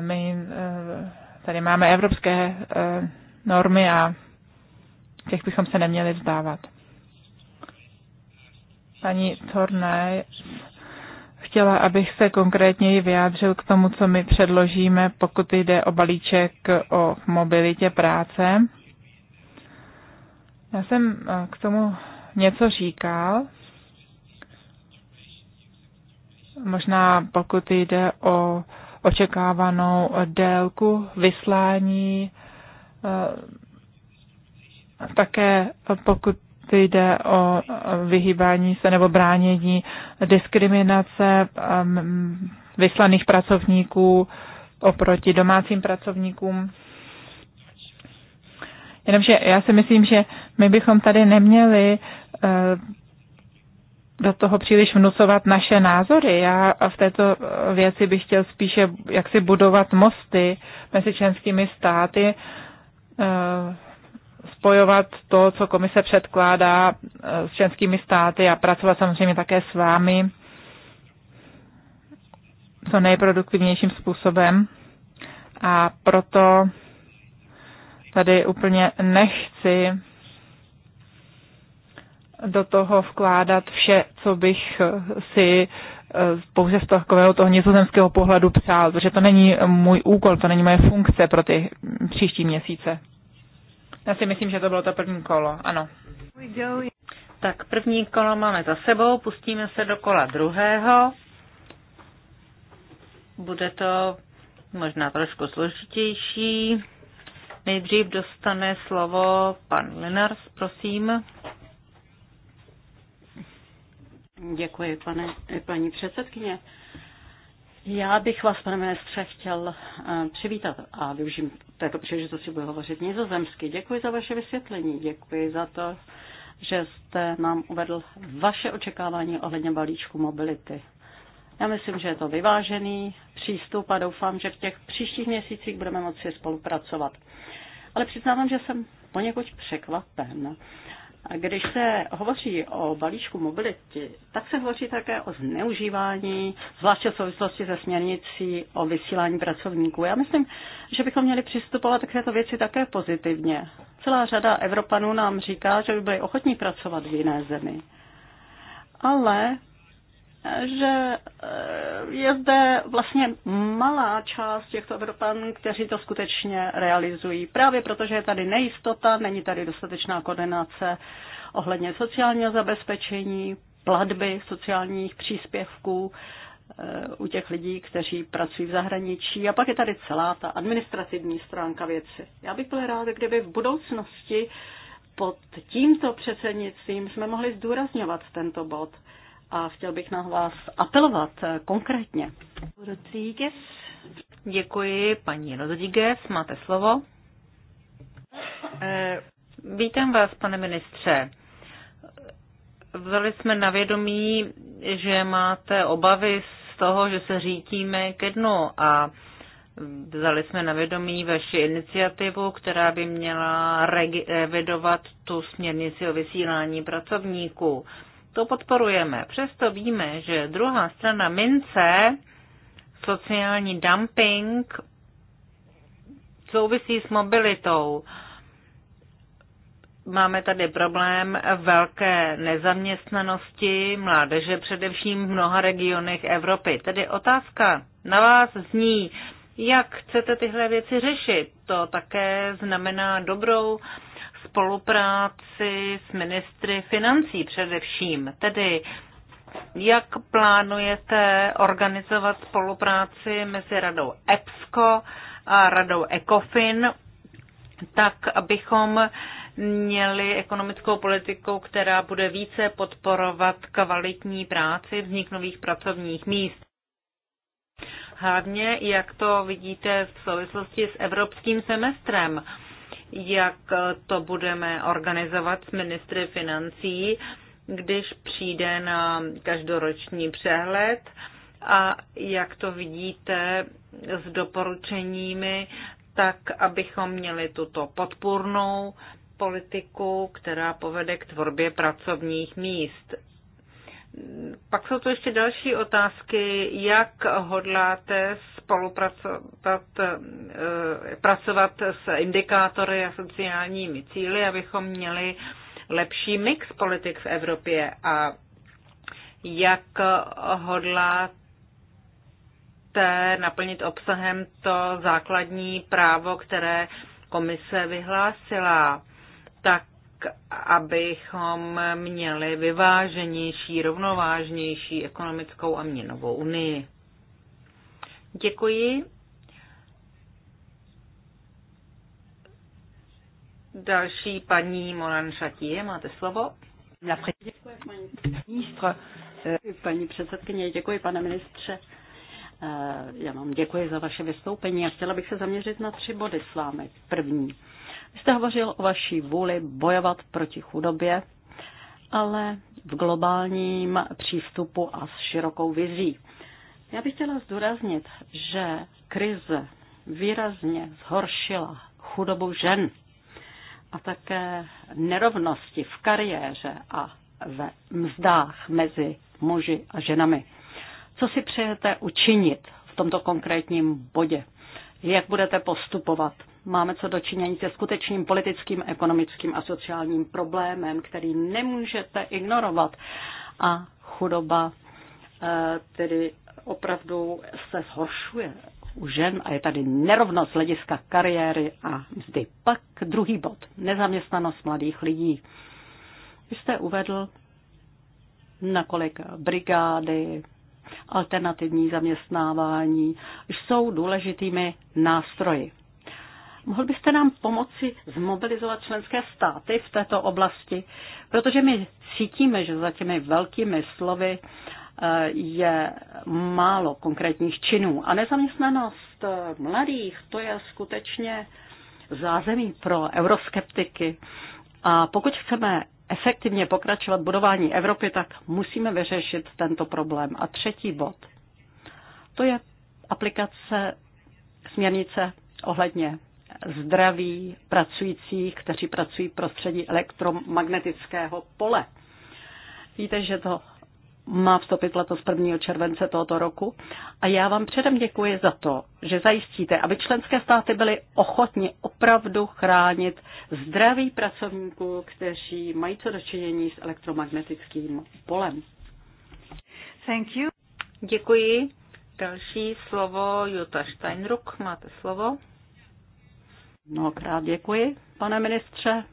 My eh, tady máme evropské eh, normy a těch bychom se neměli vzdávat. Paní Torné chtěla, abych se konkrétněji vyjádřil k tomu, co my předložíme, pokud jde o balíček o mobilitě práce. Já jsem eh, k tomu něco říkal. Možná pokud jde o očekávanou délku vyslání. Eh, také pokud jde o vyhýbání se nebo bránění diskriminace ehm, vyslaných pracovníků oproti domácím pracovníkům. Jenomže já si myslím, že my bychom tady neměli eh, do toho příliš vnucovat naše názory. Já v této věci bych chtěl spíše jaksi budovat mosty mezi členskými státy, eh, spojovat to, co komise předkládá eh, s členskými státy a pracovat samozřejmě také s vámi co nejproduktivnějším způsobem. A proto tady úplně nechci do toho vkládat vše, co bych si eh, pouze z takového toho nizozemského pohledu přál, protože to není můj úkol, to není moje funkce pro ty příští měsíce. Já si myslím, že to bylo to první kolo, ano. Tak první kolo máme za sebou, pustíme se do kola druhého. Bude to možná trošku složitější. Nejdřív dostane slovo pan Linars, prosím. Děkuji, pane, paní předsedkyně. Já bych vás, pane ministře, chtěl eh, přivítat a využím této příležitosti, budu hovořit nizozemsky. Děkuji za vaše vysvětlení, děkuji za to, že jste nám uvedl vaše očekávání ohledně balíčku mobility. Já myslím, že je to vyvážený přístup a doufám, že v těch příštích měsících budeme moci spolupracovat. Ale přiznávám, že jsem poněkud překvapen a když se hovoří o balíčku mobility, tak se hovoří také o zneužívání, zvláště v souvislosti se směrnicí o vysílání pracovníků. Já myslím, že bychom měli přistupovat k této věci také pozitivně. Celá řada Evropanů nám říká, že by byli ochotní pracovat v jiné zemi. Ale že eh, je zde vlastně malá část těchto Evropanů, kteří to skutečně realizují. Právě protože je tady nejistota, není tady dostatečná koordinace ohledně sociálního zabezpečení, platby sociálních příspěvků eh, u těch lidí, kteří pracují v zahraničí. A pak je tady celá ta administrativní stránka věci. Já bych byl rád, kdyby v budoucnosti pod tímto předsednictvím jsme mohli zdůrazňovat tento bod a chtěl bych na vás apelovat eh, konkrétně. Rodríguez. Děkuji, paní Rodríguez, máte slovo. Eh, vítám vás, pane ministře. Vzali jsme na vědomí, že máte obavy z toho, že se řítíme ke dnu a vzali jsme na vědomí vaši iniciativu, která by měla revidovat tu směrnici o vysílání pracovníků. To podporujeme. Přesto víme, že druhá strana mince, sociální dumping, souvisí s mobilitou. Máme tady problém velké nezaměstnanosti mládeže, především v mnoha regionech Evropy. Tedy otázka na vás zní, jak chcete tyhle věci řešit. To také znamená dobrou spolupráci s ministry financí především. Tedy jak plánujete organizovat spolupráci mezi radou EPSCO a radou ECOFIN, tak abychom měli ekonomickou politiku, která bude více podporovat kvalitní práci, vznik nových pracovních míst. Hlavně, jak to vidíte v souvislosti s evropským semestrem jak to budeme organizovat s ministry financí, když přijde na každoroční přehled a jak to vidíte s doporučeními, tak abychom měli tuto podpůrnou politiku, která povede k tvorbě pracovních míst. Pak jsou tu ještě další otázky, jak hodláte spolupracovat eh, pracovat s indikátory a sociálními cíly, abychom měli lepší mix politik v Evropě a jak hodláte naplnit obsahem to základní právo, které komise vyhlásila, tak abychom měli vyváženější, rovnovážnější ekonomickou a měnovou unii. Děkuji. Další paní Moran Šatie, máte slovo. Děkuji, paní ministře, Paní předsedkyně, děkuji, pane ministře. Eh, Já vám děkuji za vaše vystoupení a chtěla bych se zaměřit na tři body s vámi. První jste hovořil o vaší vůli bojovat proti chudobě, ale v globálním přístupu a s širokou vizí. Já bych chtěla zdůraznit, že krize výrazně zhoršila chudobu žen a také nerovnosti v kariéře a ve mzdách mezi muži a ženami. Co si přejete učinit v tomto konkrétním bodě? Jak budete postupovat? máme co dočinění se skutečným politickým, ekonomickým a sociálním problémem, který nemůžete ignorovat. A chudoba eh, tedy opravdu se zhoršuje u žen a je tady nerovnost hlediska kariéry a mzdy. Pak druhý bod, nezaměstnanost mladých lidí. Vy jste uvedl, nakolik brigády, alternativní zaměstnávání jsou důležitými nástroji. Mohl byste nám pomoci zmobilizovat členské státy v této oblasti? Protože my cítíme, že za těmi velkými slovy eh, je málo konkrétních činů. A nezaměstnanost eh, mladých, to je skutečně zázemí pro euroskeptiky. A pokud chceme efektivně pokračovat budování Evropy, tak musíme vyřešit tento problém. A třetí bod, to je aplikace směrnice ohledně zdraví pracujících, kteří pracují v prostředí elektromagnetického pole. Víte, že to má vstoupit letos 1. července tohoto roku. A já vám předem děkuji za to, že zajistíte, aby členské státy byly ochotni opravdu chránit zdraví pracovníků, kteří mají co dočinění s elektromagnetickým polem. Thank you. Děkuji. Další slovo Jutta Steinruck, máte slovo. Mnohokrát děkuji, pane ministře.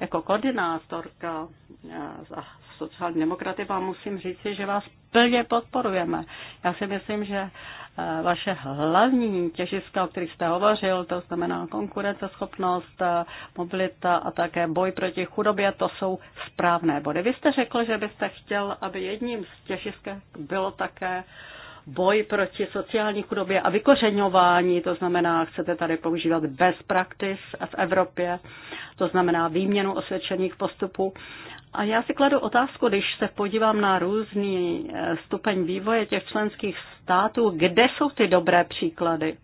Jako koordinátorka eh, za sociální demokraty vám musím říci, že vás plně podporujeme. Já si myslím, že eh, vaše hlavní těžiska, o kterých jste hovořil, to znamená konkurenceschopnost, eh, mobilita a také boj proti chudobě, to jsou správné body. Vy jste řekl, že byste chtěl, aby jedním z těžisk bylo také uh, boj proti sociální chudobě a vykořeňování, to znamená, chcete tady používat best practice v Evropě, to znamená výměnu osvědčených postupů. A já si kladu otázku, když se podívám na různý eh, stupeň vývoje těch členských států, kde jsou ty dobré příklady?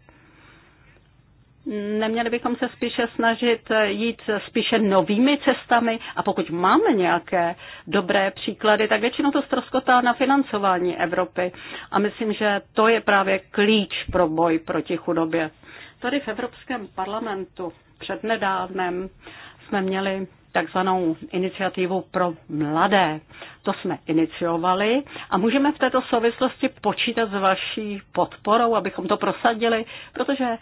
Neměli bychom se spíše snažit jít spíše novými cestami a pokud máme nějaké dobré příklady, tak většinou to ztroskotá na financování Evropy a myslím, že to je právě klíč pro boj proti chudobě. Tady v Evropském parlamentu před nedávnem jsme měli takzvanou iniciativu pro mladé. To jsme iniciovali a můžeme v této souvislosti počítat s vaší podporou, abychom to prosadili, protože e,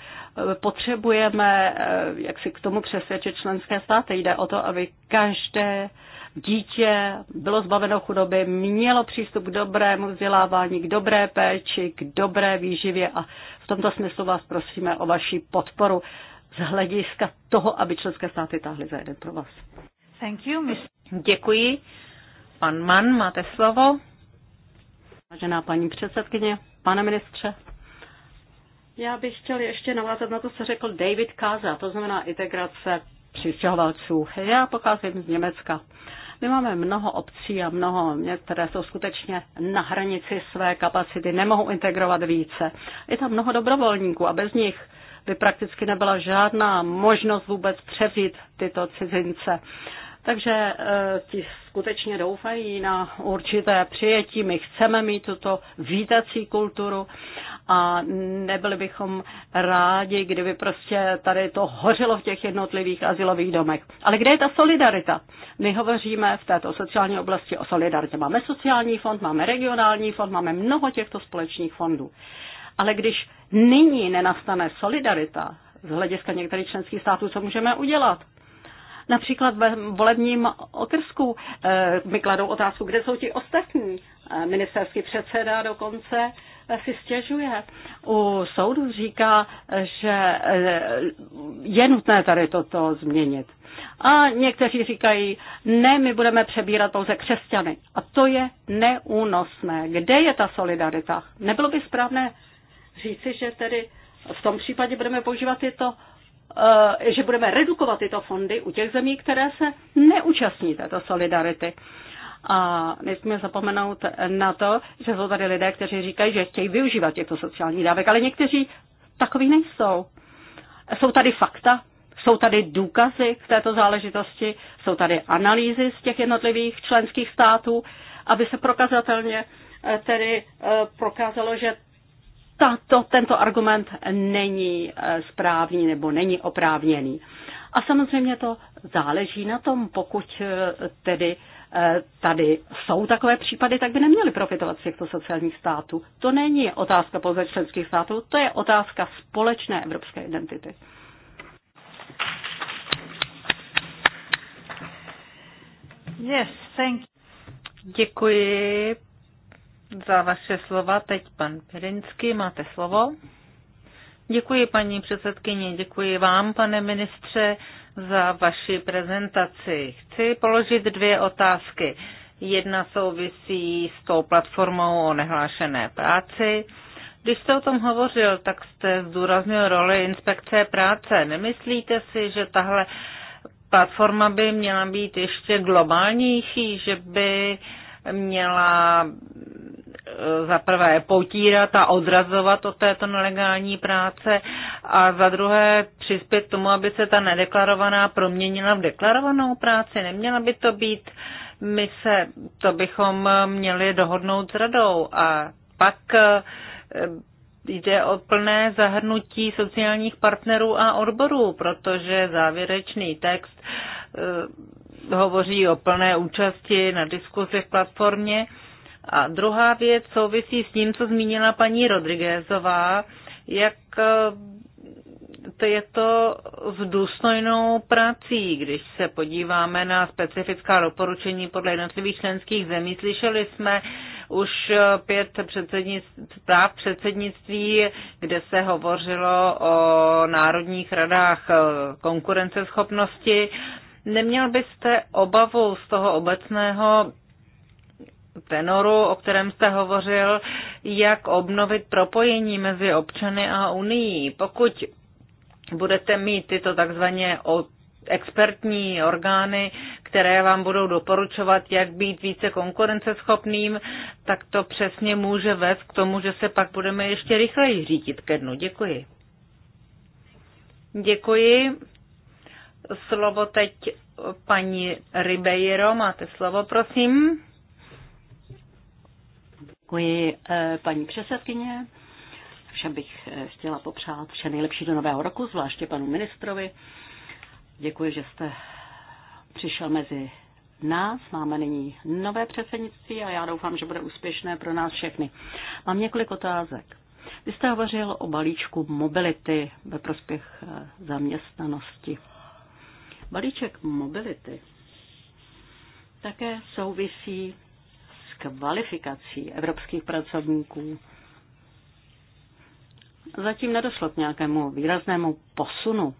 potřebujeme, e, jak si k tomu přesvědčit členské státy, jde o to, aby každé dítě bylo zbaveno chudoby, mělo přístup k dobrému vzdělávání, k dobré péči, k dobré výživě a v tomto smyslu vás prosíme o vaši podporu z hlediska toho, aby členské státy táhly za jeden pro vás. Thank you, miss. Děkuji. Pan Mann, máte slovo. Vážená paní předsedkyně, pane ministře, já bych chtěl ještě navázat na to, co řekl David Kaza, to znamená integrace přistěhovalců. Já pocházím z Německa. My máme mnoho obcí a mnoho měst, které jsou skutečně na hranici své kapacity, nemohou integrovat více. Je tam mnoho dobrovolníků a bez nich by prakticky nebyla žádná možnost vůbec převzít tyto cizince. Takže eh, ti skutečně doufají na určité přijetí. My chceme mít tuto vítací kulturu a nebyli bychom rádi, kdyby prostě tady to hořilo v těch jednotlivých asilových domech. Ale kde je ta solidarita? My hovoříme v této sociální oblasti o solidaritě. Máme sociální fond, máme regionální fond, máme mnoho těchto společných fondů. Ale když nyní nenastane solidarita z hlediska některých členských států, co můžeme udělat? Například ve volebním okrsku eh, mi kladou otázku, kde jsou ti ostatní. Eh, ministerský předseda dokonce eh, si stěžuje. U soudu říká, že je nutné tady toto změnit. A někteří říkají, ne, my budeme přebírat pouze křesťany. A to je neúnosné. Kde je ta solidarita? Nebylo by správné říci, že tedy v tom případě budeme používat tyto eh, že budeme redukovat tyto fondy u těch zemí, které se neúčastní této solidarity. A nesmíme zapomenout na to, že jsou tady lidé, kteří říkají, že chtějí využívat těchto sociálních dávek, ale někteří takový nejsou. Jsou tady fakta, jsou tady důkazy k této záležitosti, jsou tady analýzy z těch jednotlivých členských států, aby se prokazatelně eh, tedy eh, prokázalo, že tato, tento argument není eh, správný nebo není oprávněný. A samozřejmě to záleží na tom, pokud eh, tedy eh, tady jsou takové případy, tak by neměli profitovat z těchto sociálních států. To není otázka pouze členských států, to je otázka společné evropské identity. Yes, thank you. Děkuji, za vaše slova. Teď pan Perinsky, máte slovo. Děkuji paní předsedkyně, děkuji vám, pane ministře, za vaši prezentaci. Chci položit dvě otázky. Jedna souvisí s tou platformou o nehlášené práci. Když jste o tom hovořil, tak jste zdůraznil roli inspekce práce. Nemyslíte si, že tahle platforma by měla být ještě globálnější, že by měla Eh, za prvé potírat a odrazovat od této nelegální práce a za druhé přispět tomu, aby se ta nedeklarovaná proměnila v deklarovanou práci. Neměla by to být mise, to bychom měli dohodnout s radou a pak eh, jde o plné zahrnutí sociálních partnerů a odborů, protože závěrečný text eh, hovoří o plné účasti na diskuzi v platformě a druhá věc souvisí s tím, co zmínila paní Rodriguezová, jak to eh, je to s důstojnou prací. Když se podíváme na specifická doporučení podle jednotlivých členských zemí, slyšeli jsme už eh, pět předsednictví, práv předsednictví, kde se hovořilo o národních radách eh, konkurenceschopnosti. Neměl byste obavu z toho obecného tenoru, o kterém jste hovořil, jak obnovit propojení mezi občany a unii. Pokud budete mít tyto takzvaně expertní orgány, které vám budou doporučovat, jak být více konkurenceschopným, tak to přesně může vést k tomu, že se pak budeme ještě rychleji řídit ke dnu. Děkuji. Děkuji. Slovo teď paní Ribeiro. Máte slovo, prosím. Děkuji, eh, paní předsedkyně. Všem bych eh, chtěla popřát vše nejlepší do nového roku, zvláště panu ministrovi. Děkuji, že jste přišel mezi nás. Máme nyní nové předsednictví a já doufám, že bude úspěšné pro nás všechny. Mám několik otázek. Vy jste hovořil o balíčku mobility ve prospěch eh, zaměstnanosti. Balíček mobility také souvisí kvalifikací evropských pracovníků. Zatím nedošlo k nějakému výraznému posunu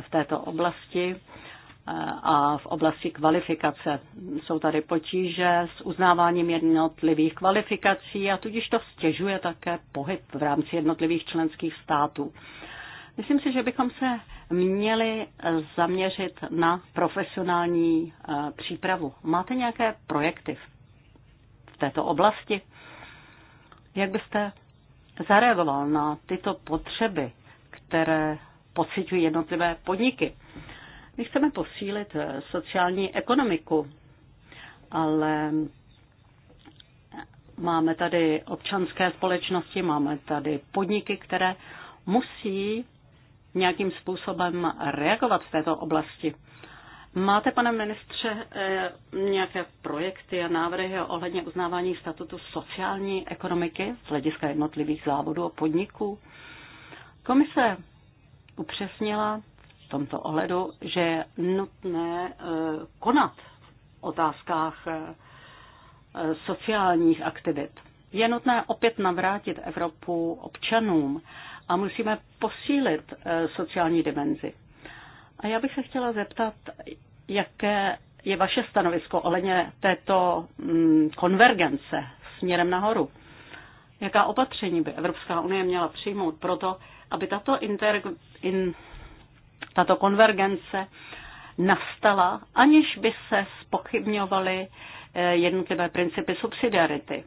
v této oblasti eh, a v oblasti kvalifikace. Jsou tady potíže s uznáváním jednotlivých kvalifikací a tudíž to stěžuje také pohyb v rámci jednotlivých členských států. Myslím si, že bychom se měli zaměřit na profesionální eh, přípravu. Máte nějaké projekty v této oblasti. Jak byste zareagoval na tyto potřeby, které pocitují jednotlivé podniky? My chceme posílit eh, sociální ekonomiku, ale máme tady občanské společnosti, máme tady podniky, které musí nějakým způsobem reagovat v této oblasti. Máte, pane ministře, eh, nějaké projekty a návrhy ohledně uznávání statutu sociální ekonomiky z hlediska jednotlivých závodů a podniků? Komise upřesnila v tomto ohledu, že je nutné eh, konat v otázkách eh, sociálních aktivit. Je nutné opět navrátit Evropu občanům a musíme posílit sociální dimenzi. A já bych se chtěla zeptat, jaké je vaše stanovisko ohledně této mm, konvergence směrem nahoru. Jaká opatření by Evropská unie měla přijmout to, aby tato, inter, in, tato konvergence nastala, aniž by se spochybňovaly eh, jednotlivé principy subsidiarity.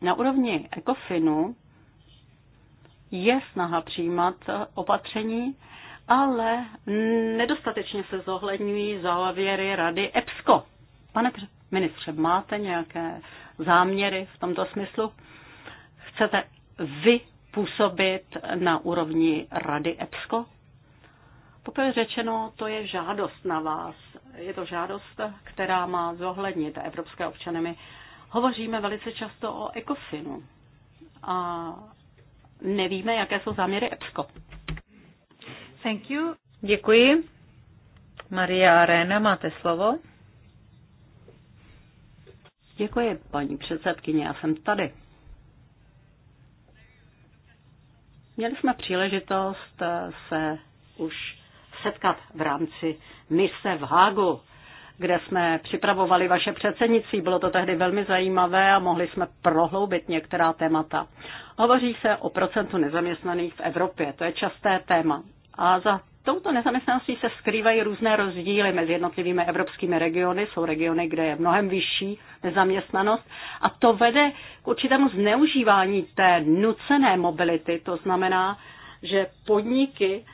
Na úrovni ECOFINu je snaha přijímat opatření, ale nedostatečně se zohledňují závěry Rady EPSCO. Pane ministře, máte nějaké záměry v tomto smyslu? Chcete vy působit na úrovni Rady EPSCO? Poprvé řečeno, to je žádost na vás. Je to žádost, která má zohlednit evropské občany. My hovoříme velice často o ECOFINu a nevíme, jaké jsou záměry EPSCO. Thank you. Děkuji. Maria Arena, máte slovo. Děkuji, paní předsedkyně, já jsem tady. Měli jsme příležitost eh, se už setkat v rámci mise v Hágu, kde jsme připravovali vaše předsednictví. Bylo to tehdy velmi zajímavé a mohli jsme prohloubit některá témata. Hovoří se o procentu nezaměstnaných v Evropě, to je časté téma. A za touto nezaměstnaností se skrývají různé rozdíly mezi jednotlivými evropskými regiony. Jsou regiony, kde je mnohem vyšší nezaměstnanost a to vede k určitému zneužívání té nucené mobility. To znamená, že podniky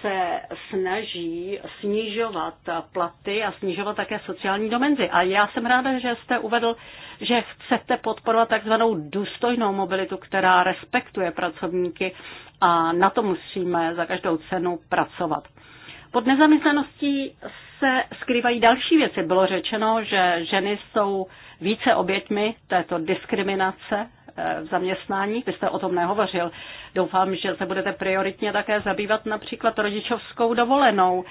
se snaží snižovat platy a snižovat také sociální domenzy. A já jsem ráda, že jste uvedl, že chcete podporovat takzvanou důstojnou mobilitu, která respektuje pracovníky a na to musíme za každou cenu pracovat. Pod nezaměstnaností se skrývají další věci. Bylo řečeno, že ženy jsou více oběťmi této diskriminace v zaměstnání, vy jste o tom nehovořil. Doufám, že se budete prioritně také zabývat například rodičovskou dovolenou.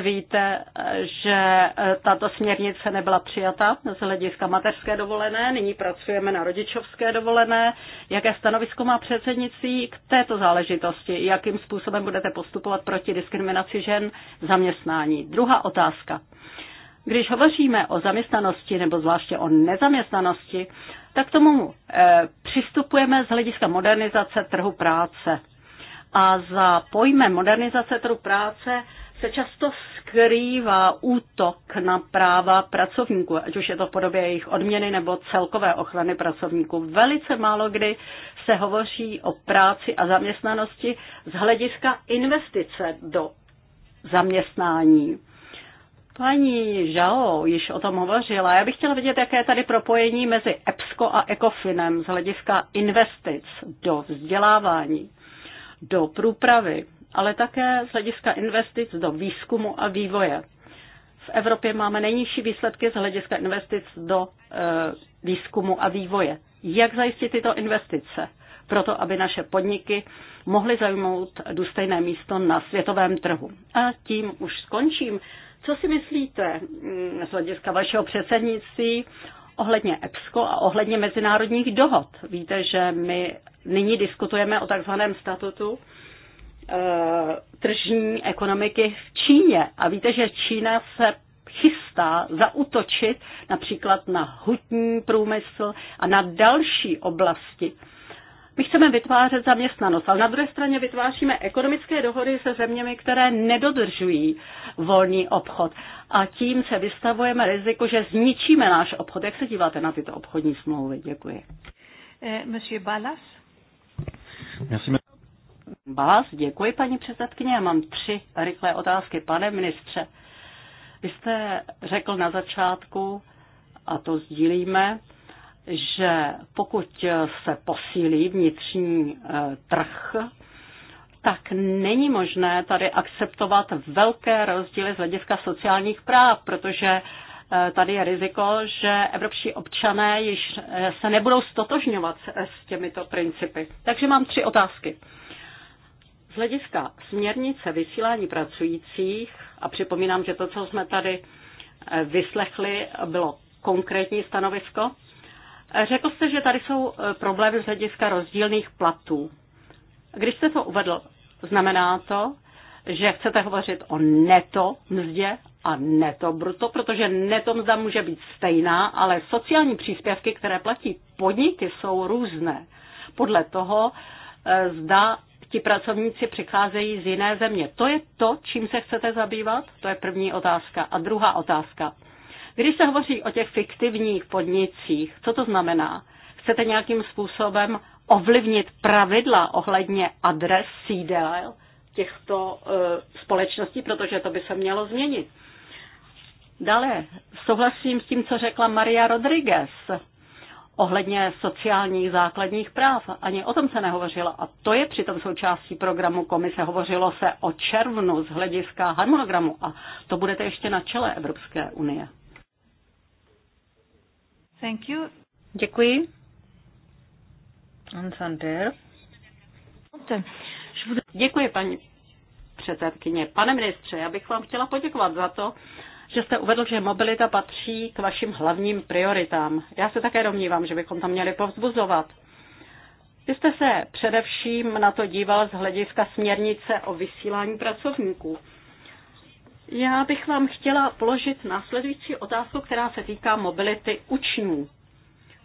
Víte, že tato směrnice nebyla přijata z hlediska mateřské dovolené, nyní pracujeme na rodičovské dovolené. Jaké stanovisko má předsednicí k této záležitosti? Jakým způsobem budete postupovat proti diskriminaci žen v zaměstnání? Druhá otázka. Když hovoříme o zaměstnanosti nebo zvláště o nezaměstnanosti, tak k tomu e, přistupujeme z hlediska modernizace trhu práce. A za pojmem modernizace trhu práce se často skrývá útok na práva pracovníků, ať už je to v podobě jejich odměny nebo celkové ochrany pracovníků. Velice málo kdy se hovoří o práci a zaměstnanosti z hlediska investice do zaměstnání. Paní Žao již o tom hovořila. Já bych chtěla vidět, jaké je tady propojení mezi EPSCO a ECOFINem z hlediska investic do vzdělávání, do průpravy, ale také z hlediska investic do výzkumu a vývoje. V Evropě máme nejnižší výsledky z hlediska investic do e, výzkumu a vývoje. Jak zajistit tyto investice? proto aby naše podniky mohly zajmout důstojné místo na světovém trhu. A tím už skončím. Co si myslíte mm, z hlediska vašeho předsednictví ohledně EPSCO a ohledně mezinárodních dohod? Víte, že my nyní diskutujeme o takzvaném statutu e, tržní ekonomiky v Číně. A víte, že Čína se chystá zautočit například na hutní průmysl a na další oblasti. My chceme vytvářet zaměstnanost, ale na druhé straně vytváříme ekonomické dohody se zeměmi, které nedodržují volný obchod. A tím se vystavujeme riziku, že zničíme náš obchod. Jak se díváte na tyto obchodní smlouvy? Děkuji. Eh, monsieur Balas. Balas, děkuji paní předsedkyně. Já mám tři rychlé otázky. Pane ministře, vy jste řekl na začátku, a to sdílíme, že pokud se posílí vnitřní eh, trh, tak není možné tady akceptovat velké rozdíly z hlediska sociálních práv, protože eh, tady je riziko, že evropští občané již eh, se nebudou stotožňovat s těmito principy. Takže mám tři otázky. Z hlediska směrnice vysílání pracujících, a připomínám, že to, co jsme tady vyslechli, bylo konkrétní stanovisko, Řekl jste, že tady jsou e, problémy z hlediska rozdílných platů. Když jste to uvedl, znamená to, že chcete hovořit o neto mzdě a neto bruto, protože neto mzda může být stejná, ale sociální příspěvky, které platí podniky, jsou různé. Podle toho, e, zda ti pracovníci přicházejí z jiné země. To je to, čím se chcete zabývat? To je první otázka. A druhá otázka. Když se hovoří o těch fiktivních podnicích, co to znamená? Chcete nějakým způsobem ovlivnit pravidla ohledně adres sídel těchto uh, společností, protože to by se mělo změnit. Dále souhlasím s tím, co řekla Maria Rodriguez ohledně sociálních základních práv. Ani o tom se nehovořilo a to je přitom součástí programu komise. Hovořilo se o červnu z hlediska harmonogramu a to budete ještě na čele Evropské unie. Thank you. Děkuji. Sander. Děkuji, paní předsedkyně. Pane ministře, já bych vám chtěla poděkovat za to, že jste uvedl, že mobilita patří k vašim hlavním prioritám. Já se také domnívám, že bychom tam měli povzbuzovat. Vy jste se především na to díval z hlediska směrnice o vysílání pracovníků. Já bych vám chtěla položit následující otázku, která se týká mobility učňů.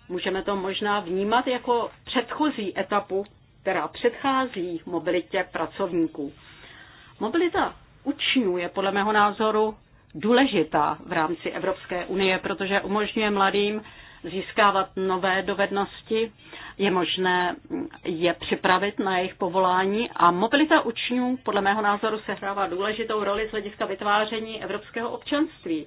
Můžeme to možná vnímat jako předchozí etapu, která předchází mobilitě pracovníků. Mobilita učňů je podle mého názoru důležitá v rámci Evropské unie, protože umožňuje mladým získávat nové dovednosti, je možné je připravit na jejich povolání a mobilita učňů podle mého názoru sehrává důležitou roli z hlediska vytváření evropského občanství.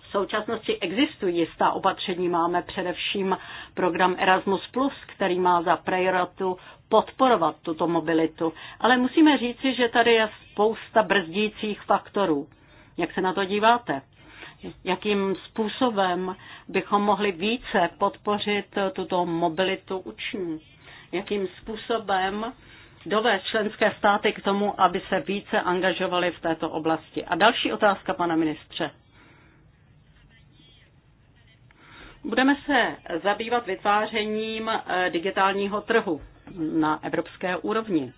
V současnosti existují jistá opatření. Máme především program Erasmus+, který má za prioritu podporovat tuto mobilitu. Ale musíme říci, že tady je spousta brzdících faktorů. Jak se na to díváte? jakým způsobem bychom mohli více podpořit tuto mobilitu učňů, jakým způsobem dovést členské státy k tomu, aby se více angažovali v této oblasti. A další otázka, pane ministře. Budeme se zabývat vytvářením eh, digitálního trhu na evropské úrovni.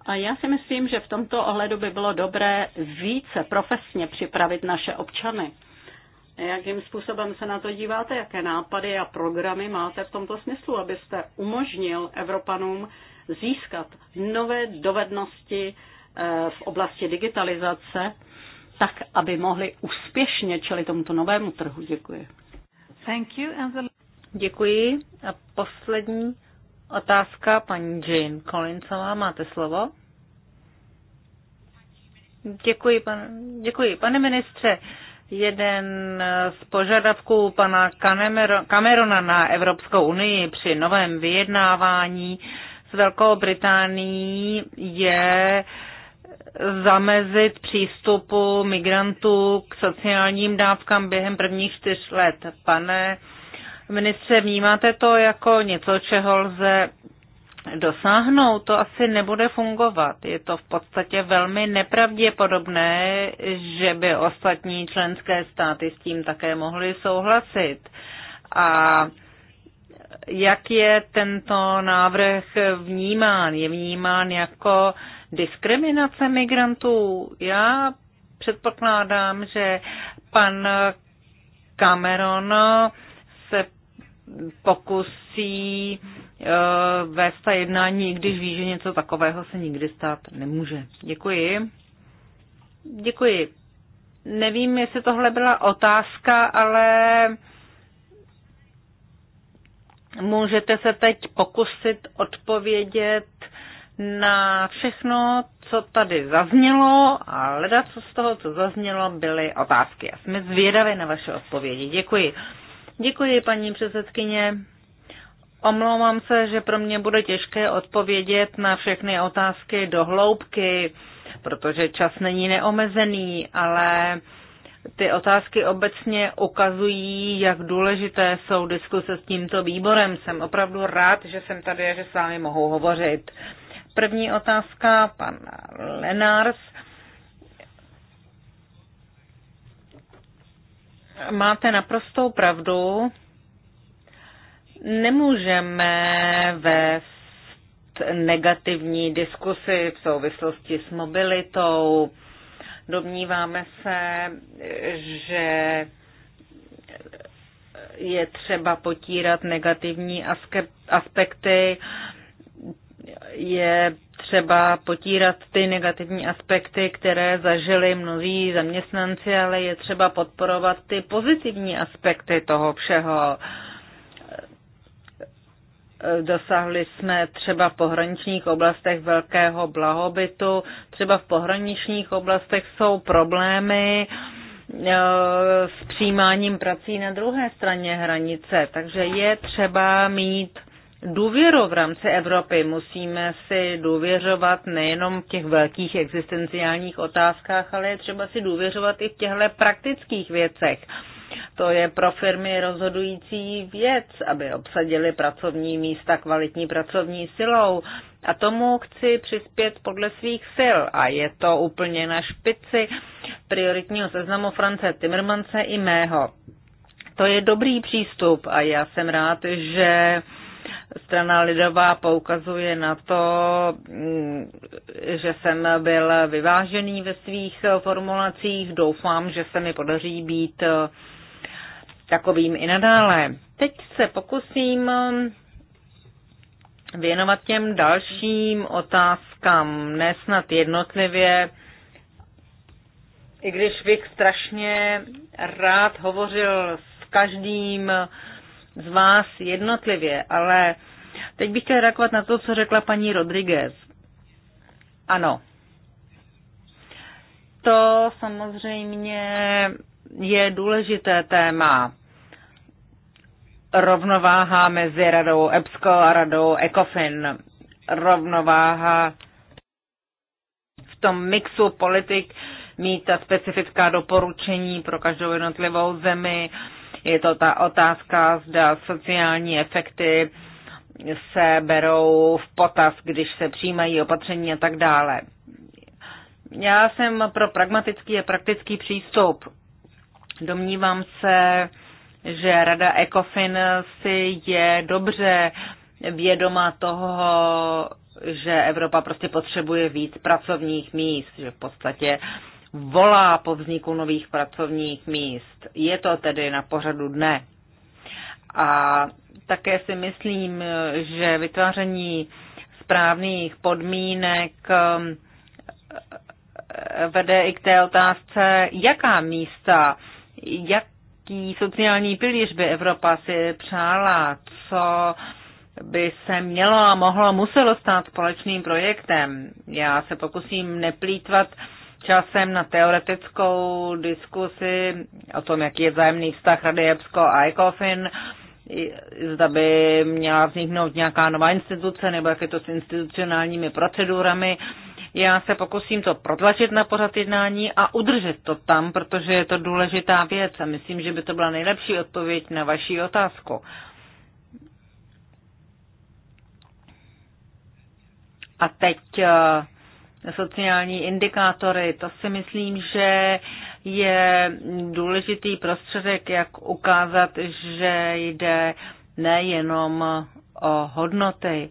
A já si myslím, že v tomto ohledu by bylo dobré více profesně připravit naše občany jakým způsobem se na to díváte, jaké nápady a programy máte v tomto smyslu, abyste umožnil Evropanům získat nové dovednosti eh, v oblasti digitalizace, tak, aby mohli úspěšně čelit tomuto novému trhu. Děkuji. Thank you. And the... Děkuji. A poslední otázka, paní Jane Collinsová, máte slovo. Děkuji, pan, děkuji. Pane ministře, Jeden z požadavků pana Camerona na Evropskou unii při novém vyjednávání s Velkou Británií je zamezit přístupu migrantů k sociálním dávkám během prvních čtyř let. Pane ministře, vnímáte to jako něco, čeho lze dosáhnout, to asi nebude fungovat. Je to v podstatě velmi nepravděpodobné, že by ostatní členské státy s tím také mohly souhlasit. A jak je tento návrh vnímán? Je vnímán jako diskriminace migrantů? Já předpokládám, že pan Cameron se pokusí Eh, vést ta jednání, když ví, že něco takového se nikdy stát nemůže. Děkuji. Děkuji. Nevím, jestli tohle byla otázka, ale můžete se teď pokusit odpovědět na všechno, co tady zaznělo a hledat, co z toho, co zaznělo, byly otázky. A jsme zvědavé na vaše odpovědi. Děkuji. Děkuji, paní předsedkyně. Omlouvám se, že pro mě bude těžké odpovědět na všechny otázky do hloubky, protože čas není neomezený, ale ty otázky obecně ukazují, jak důležité jsou diskuse s tímto výborem. Jsem opravdu rád, že jsem tady a že s vámi mohu hovořit. První otázka, pan Lenars. Máte naprostou pravdu. Nemůžeme vést negativní diskusy v souvislosti s mobilitou. Domníváme se, že je třeba potírat negativní aspekty, je třeba potírat ty negativní aspekty, které zažili mnozí zaměstnanci, ale je třeba podporovat ty pozitivní aspekty toho všeho. Uh, Eh, dosáhli jsme třeba v pohraničních oblastech velkého blahobytu, třeba v pohraničních oblastech jsou problémy eh, s přijímáním prací na druhé straně hranice, takže je třeba mít důvěru v rámci Evropy. Musíme si důvěřovat nejenom v těch velkých existenciálních otázkách, ale je třeba si důvěřovat i v těchto praktických věcech. To je pro firmy rozhodující věc, aby obsadili pracovní místa kvalitní pracovní silou. A tomu chci přispět podle svých sil. A je to úplně na špici prioritního seznamu France Timmermanse i mého. To je dobrý přístup a já jsem rád, že strana Lidová poukazuje na to, že jsem byl vyvážený ve svých formulacích. Doufám, že se mi podaří být takovým i nadále. Teď se pokusím věnovat těm dalším otázkám, nesnad jednotlivě, i když bych strašně rád hovořil s každým z vás jednotlivě, ale teď bych chtěl reagovat na to, co řekla paní Rodriguez. Ano. To samozřejmě je důležité téma rovnováha mezi radou EBSCO a radou ECOFIN. Rovnováha v tom mixu politik mít ta specifická doporučení pro každou jednotlivou zemi. Je to ta otázka, zda sociální efekty se berou v potaz, když se přijímají opatření a tak dále. Já jsem pro pragmatický a praktický přístup. Domnívám se, že Rada ECOFIN si je dobře vědoma toho, že Evropa prostě potřebuje víc pracovních míst, že v podstatě volá po vzniku nových pracovních míst. Je to tedy na pořadu dne. A také si myslím, že vytváření správných podmínek um, vede i k té otázce, jaká místa, jak jaký sociální pilíř by Evropa si přála, co by se mělo a mohlo muselo stát společným projektem. Já se pokusím neplýtvat časem na teoretickou diskusi o tom, jaký je vzájemný vztah Rady EPSCO a ECOFIN, zda by měla vzniknout nějaká nová instituce, nebo jak je to s institucionálními procedurami. Já se pokusím to protlačit na pořad jednání a udržet to tam, protože je to důležitá věc a myslím, že by to byla nejlepší odpověď na vaši otázku. A teď eh, sociální indikátory, to si myslím, že je důležitý prostředek, jak ukázat, že jde nejenom o hodnoty.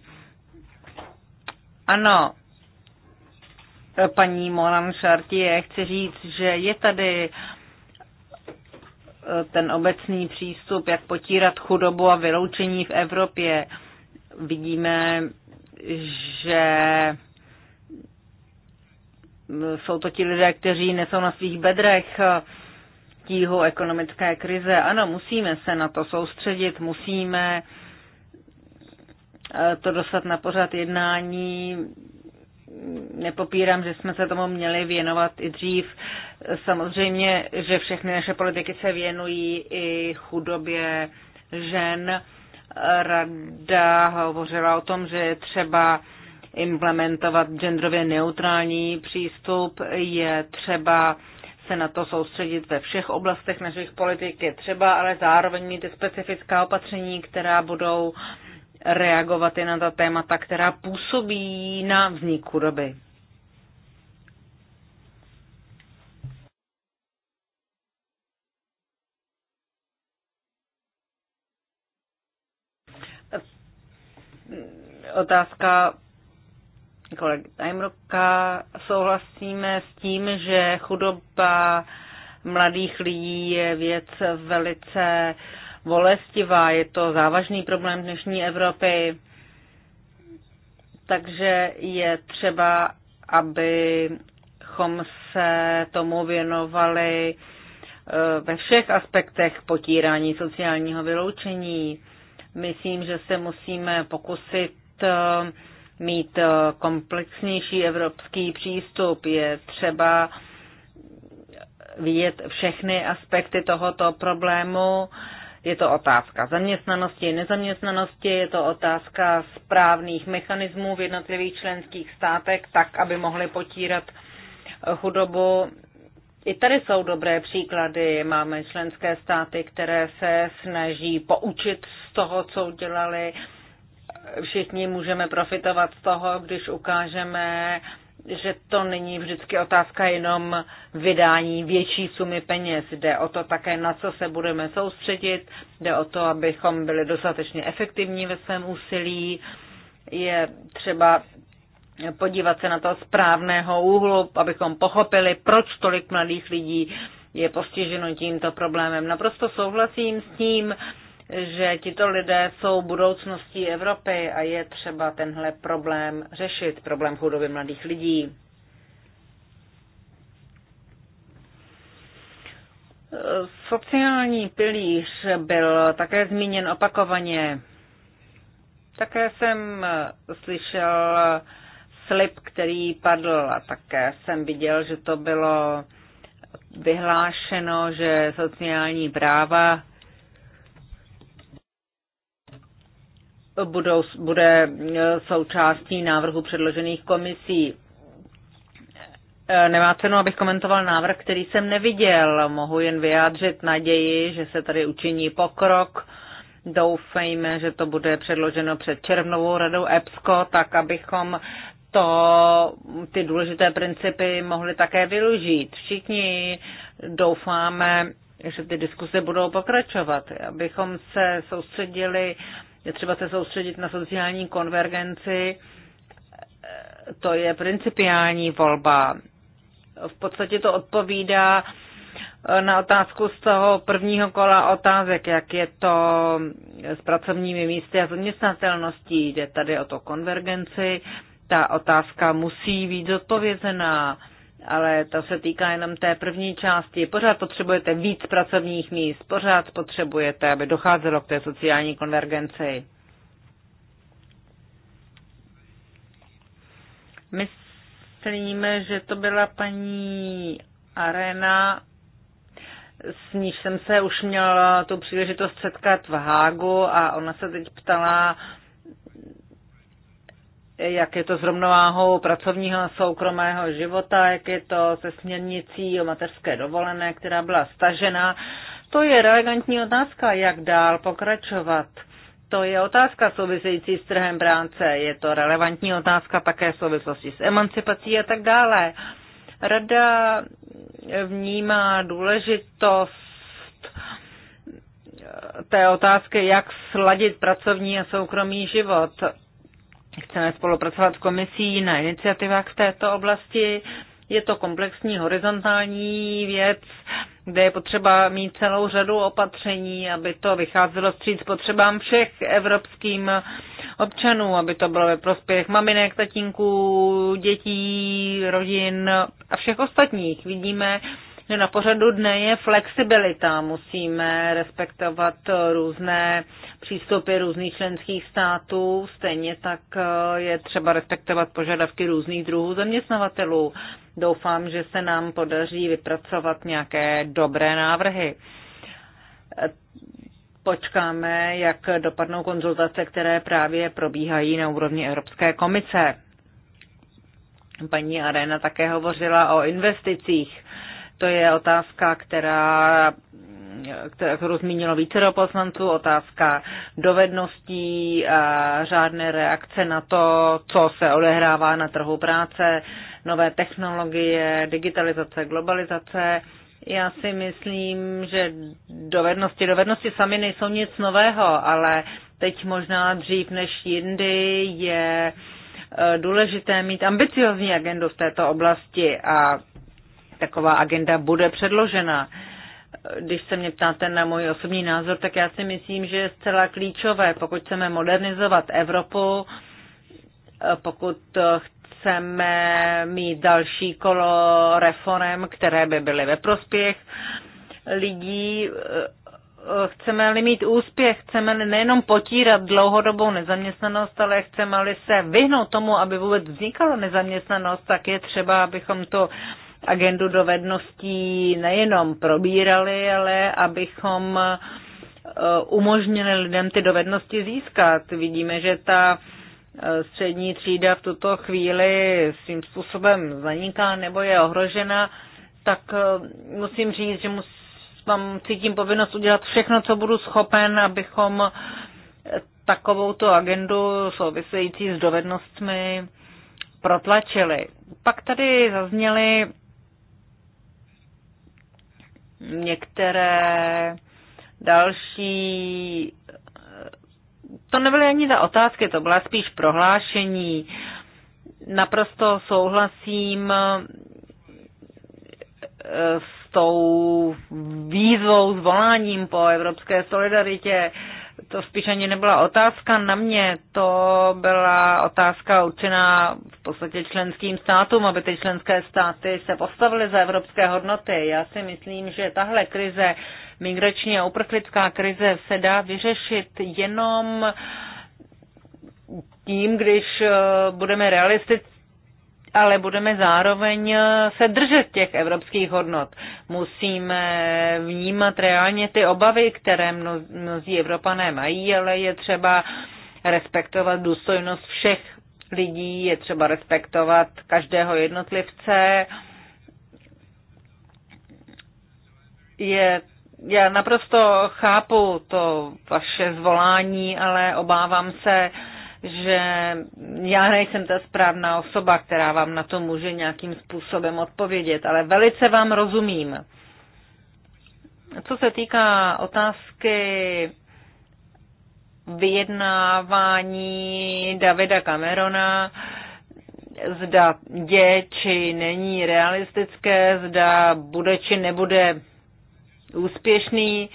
Ano, paní Moran Chartier. Chci říct, že je tady eh, ten obecný přístup, jak potírat chudobu a vyloučení v Evropě. Vidíme, že mm, jsou to ti lidé, kteří nesou na svých bedrech eh, tíhu ekonomické krize. Ano, musíme se na to soustředit, musíme eh, to dostat na pořad jednání nepopírám, že jsme se tomu měli věnovat i dřív. Samozřejmě, že všechny naše politiky se věnují i chudobě žen. Rada hovořila o tom, že třeba implementovat genderově neutrální přístup, je třeba se na to soustředit ve všech oblastech našich politik, je třeba ale zároveň mít specifická opatření, která budou uh, reagovat i na ta témata, která působí na vznik chudoby. Otázka kolegy Tajmroka. Souhlasíme s tím, že chudoba mladých lidí je věc velice uh, bolestivá, je to závažný problém dnešní Evropy, takže je třeba, abychom se tomu věnovali eh, ve všech aspektech potírání sociálního vyloučení. Myslím, že se musíme pokusit eh, mít eh, komplexnější evropský přístup. Je třeba vidět všechny aspekty tohoto problému je to otázka zaměstnanosti, nezaměstnanosti, je to otázka správných mechanismů v jednotlivých členských státech, tak, aby mohly potírat chudobu. I tady jsou dobré příklady. Máme členské státy, které se snaží poučit z toho, co udělali. Všichni můžeme profitovat z toho, když ukážeme, že to není vždycky otázka jenom vydání větší sumy peněz. Jde o to také, na co se budeme soustředit, jde o to, abychom byli dostatečně efektivní ve svém úsilí. Je třeba podívat se na to správného úhlu, abychom pochopili, proč tolik mladých lidí je postiženo tímto problémem. Naprosto souhlasím s tím, že tito lidé jsou budoucností Evropy a je třeba tenhle problém řešit, problém chudoby mladých lidí. Sociální pilíř byl také zmíněn opakovaně. Také jsem slyšel slib, který padl a také jsem viděl, že to bylo vyhlášeno, že sociální práva budou, bude e, součástí návrhu předložených komisí. E, nemá cenu, abych komentoval návrh, který jsem neviděl. Mohu jen vyjádřit naději, že se tady učiní pokrok. Doufejme, že to bude předloženo před červnovou radou EPSCO, tak abychom to, ty důležité principy mohli také využít. Všichni doufáme, že ty diskuse budou pokračovat, abychom se soustředili je třeba se soustředit na sociální konvergenci. To je principiální volba. V podstatě to odpovídá eh, na otázku z toho prvního kola otázek, jak je to s pracovními místy a zaměstnatelností. Jde tady o to konvergenci. Ta otázka musí být zodpovězená ale to se týká jenom té první části. Pořád potřebujete víc pracovních míst, pořád potřebujete, aby docházelo k té sociální konvergenci. Myslím, že to byla paní Arena, s níž jsem se už měla tu příležitost setkat v Hágu a ona se teď ptala, jak je to s rovnováhou pracovního a soukromého života, jak je to se směrnicí o mateřské dovolené, která byla stažena. To je relevantní otázka, jak dál pokračovat. To je otázka související s trhem práce, je to relevantní otázka také v souvislosti s emancipací a tak dále. Rada vnímá důležitost eh, té otázky, jak sladit pracovní a soukromý život. Chceme spolupracovat s komisí na iniciativách v této oblasti. Je to komplexní horizontální věc, kde je potřeba mít celou řadu opatření, aby to vycházelo stříc potřebám všech evropským občanů, aby to bylo ve prospěch maminek, tatínků, dětí, rodin a všech ostatních. Vidíme, že na pořadu dne je flexibilita. Musíme respektovat různé přístupy různých členských států, stejně tak eh, je třeba respektovat požadavky různých druhů zaměstnavatelů. Doufám, že se nám podaří vypracovat nějaké dobré návrhy počkáme, jak dopadnou konzultace, které právě probíhají na úrovni Evropské komise. Paní Arena také hovořila o investicích. To je otázka, která, kterou zmínilo více poslanců, otázka dovedností, a řádné reakce na to, co se odehrává na trhu práce, nové technologie, digitalizace, globalizace. Já si myslím, že dovednosti, dovednosti sami nejsou nic nového, ale teď možná dřív než jindy je eh, důležité mít ambiciozní agendu v této oblasti a taková agenda bude předložena. Když se mě ptáte na můj osobní názor, tak já si myslím, že je zcela klíčové, pokud chceme modernizovat Evropu, pokud chceme mít další kolo reform, které by byly ve prospěch lidí, chceme-li mít úspěch, chceme nejenom potírat dlouhodobou nezaměstnanost, ale chceme-li se vyhnout tomu, aby vůbec vznikala nezaměstnanost, tak je třeba, abychom to agendu dovedností nejenom probírali, ale abychom e, umožnili lidem ty dovednosti získat. Vidíme, že ta e, střední třída v tuto chvíli svým způsobem zaniká nebo je ohrožena, tak e, musím říct, že musím mám, cítím povinnost udělat všechno, co budu schopen, abychom takovou tu agendu související s dovednostmi protlačili. Pak tady zazněly některé další. To nebyly ani za otázky, to byla spíš prohlášení. Naprosto souhlasím eh, s tou výzvou, zvoláním po evropské solidaritě to spíš ani nebyla otázka na mě, to byla otázka určená v podstatě členským státům, aby ty členské státy se postavily za evropské hodnoty. Já si myslím, že tahle krize, migrační a uprchlická krize, se dá vyřešit jenom tím, když eh, budeme realistici ale budeme zároveň eh, se držet těch evropských hodnot. Musíme vnímat reálně ty obavy, které mnozí Evropané mají, ale je třeba respektovat důstojnost všech lidí, je třeba respektovat každého jednotlivce. Je, já naprosto chápu to vaše zvolání, ale obávám se, uh, že já nejsem ta správná osoba, která vám na to může nějakým způsobem odpovědět, ale velice vám rozumím. Co se týká otázky vyjednávání Davida Camerona, zda je či není realistické, zda bude či nebude úspěšný.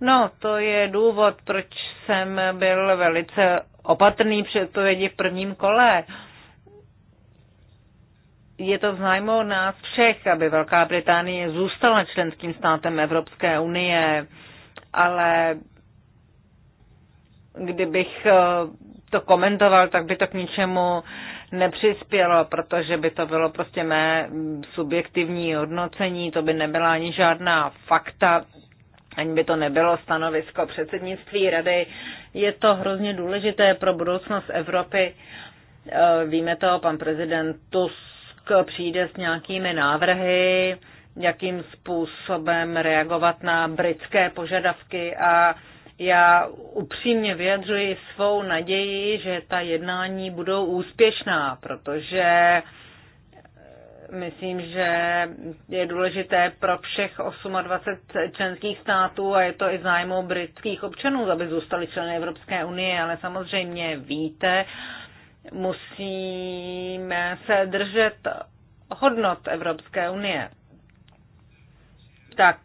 No, to je důvod, proč jsem byl velice opatrný předpovědi v prvním kole. Je to v zájmu nás všech, aby Velká Británie zůstala členským státem Evropské unie, ale kdybych eh, to komentoval, tak by to k ničemu nepřispělo, protože by to bylo prostě mé mm, subjektivní hodnocení, to by nebyla ani žádná fakta, ani by to nebylo stanovisko předsednictví rady. Je to hrozně důležité pro budoucnost Evropy. E, víme to, pan prezident Tusk přijde s nějakými návrhy, jakým způsobem reagovat na britské požadavky a já upřímně vyjadřuji svou naději, že ta jednání budou úspěšná, protože Myslím, že je důležité pro všech 28 členských států a je to i zájmu britských občanů, aby zůstali členy Evropské unie, ale samozřejmě víte, musíme se držet hodnot Evropské unie. Tak,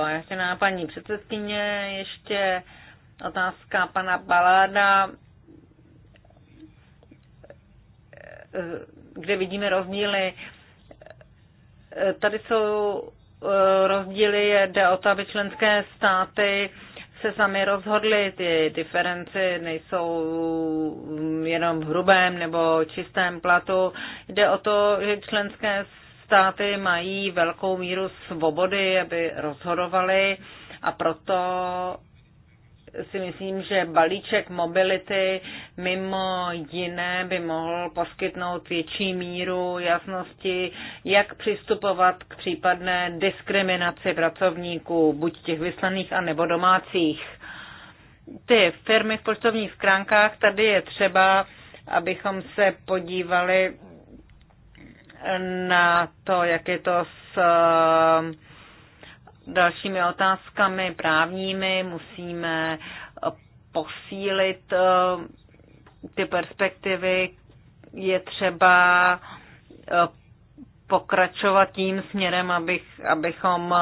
vážená paní předsedkyně, ještě otázka pana Baláda, kde vidíme rozdíly Tady jsou eh, rozdíly, jde o to, aby členské státy se sami rozhodly, ty diferenci nejsou jenom v hrubém nebo čistém platu. Jde o to, že členské státy mají velkou míru svobody, aby rozhodovaly a proto si myslím, že balíček mobility mimo jiné by mohl poskytnout větší míru jasnosti, jak přistupovat k případné diskriminaci pracovníků, buď těch vyslaných, nebo domácích. Ty firmy v poštovních skránkách, tady je třeba, abychom se podívali na to, jak je to s dalšími otázkami právními, musíme eh, posílit eh, ty perspektivy, je třeba eh, pokračovat tím směrem, abych, abychom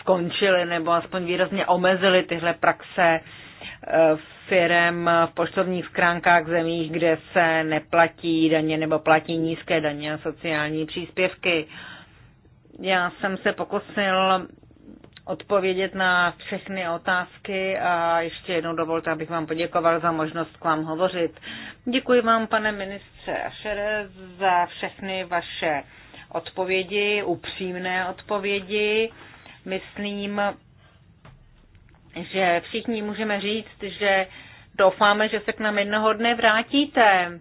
skončili nebo aspoň výrazně omezili tyhle praxe firem v poštovních skránkách zemích, kde se neplatí daně nebo platí nízké daně a sociální příspěvky. Já jsem se pokusil odpovědět na všechny otázky a ještě jednou dovolte, abych vám poděkoval za možnost k vám hovořit. Děkuji vám, pane ministře Ašere, za všechny vaše odpovědi, upřímné odpovědi. Myslím, že všichni můžeme říct, že doufáme, že se k nám jednoho dne vrátíte. E,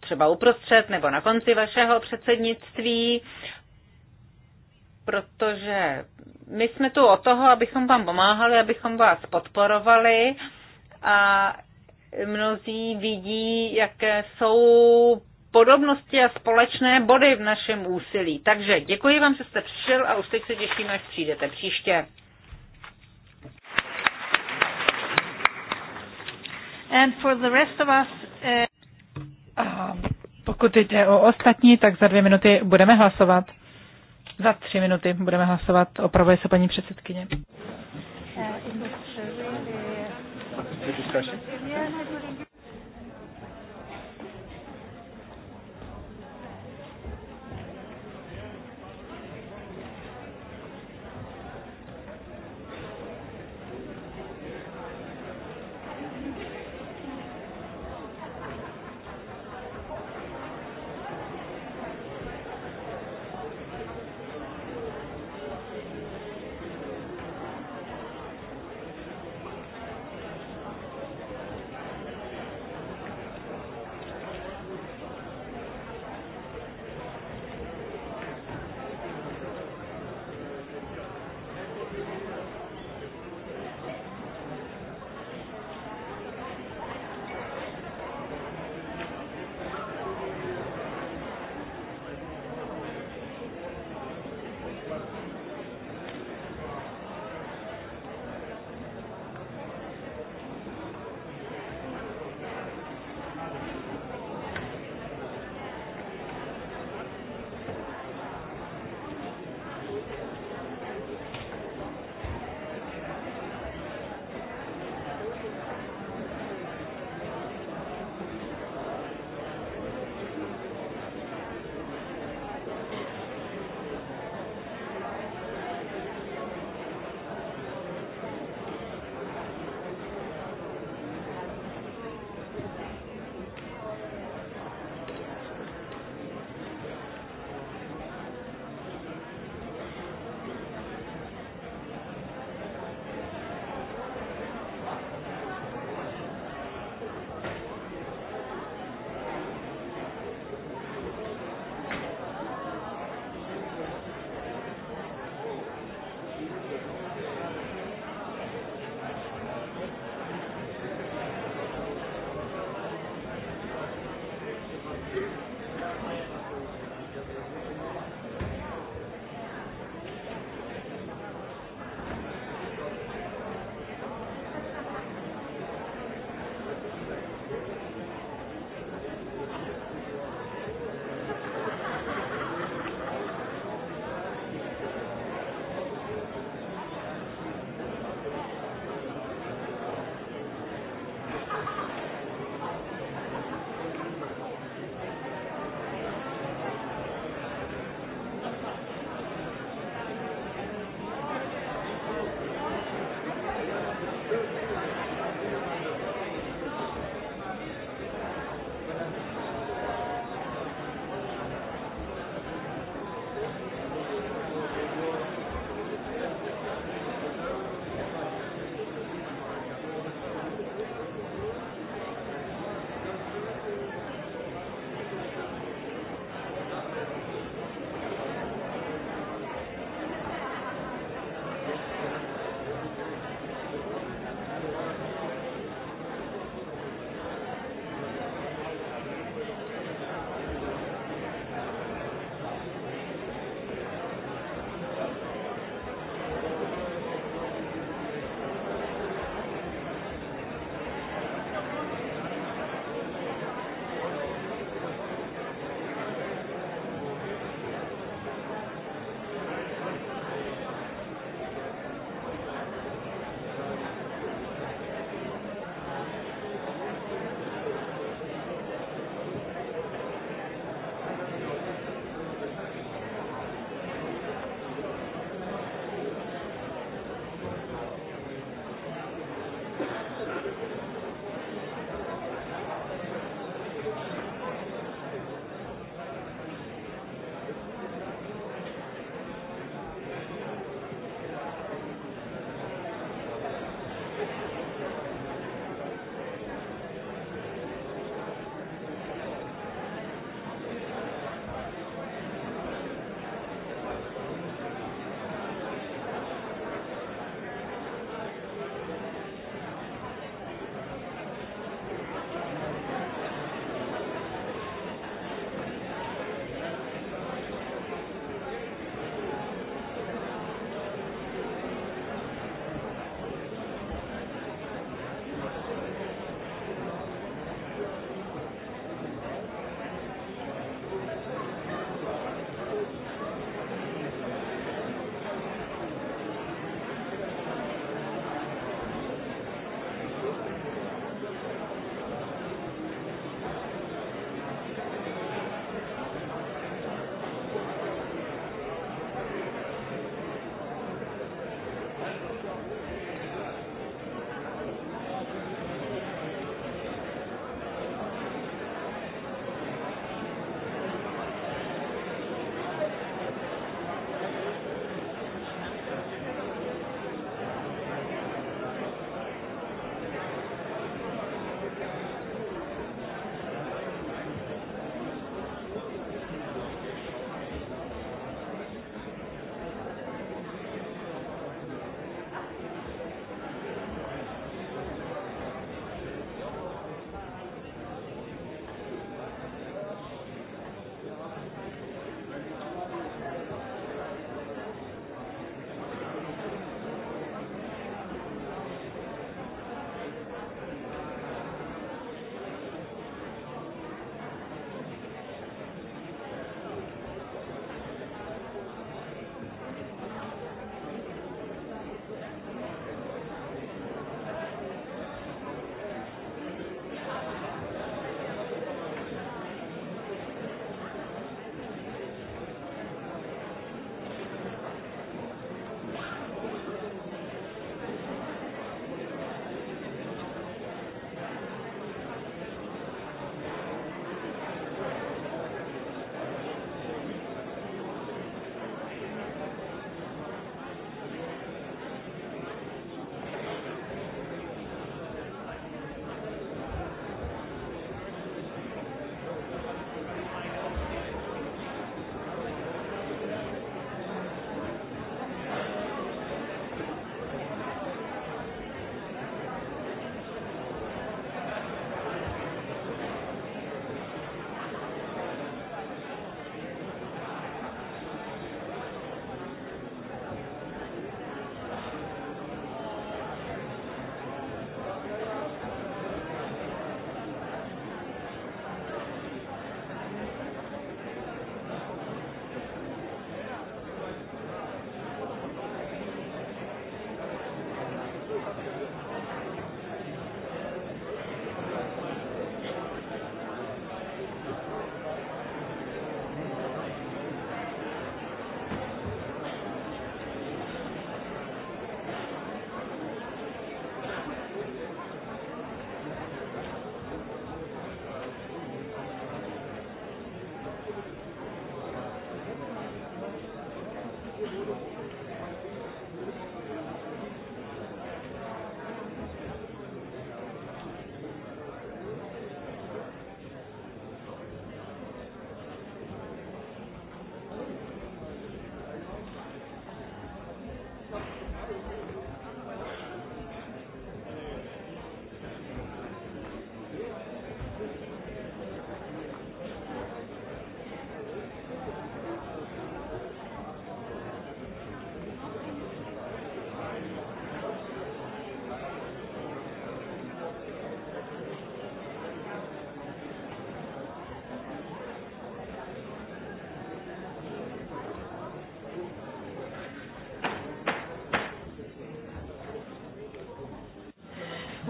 třeba uprostřed nebo na konci vašeho předsednictví protože my jsme tu o toho, abychom vám pomáhali, abychom vás podporovali a mnozí vidí, jaké jsou podobnosti a společné body v našem úsilí. Takže děkuji vám, že jste přišel a už teď se těším, až přijdete příště. And for the rest of us, uh... Pokud jde o ostatní, tak za dvě minuty budeme hlasovat. Za tři minuty budeme hlasovat. Opravuje se paní předsedkyně. Uh,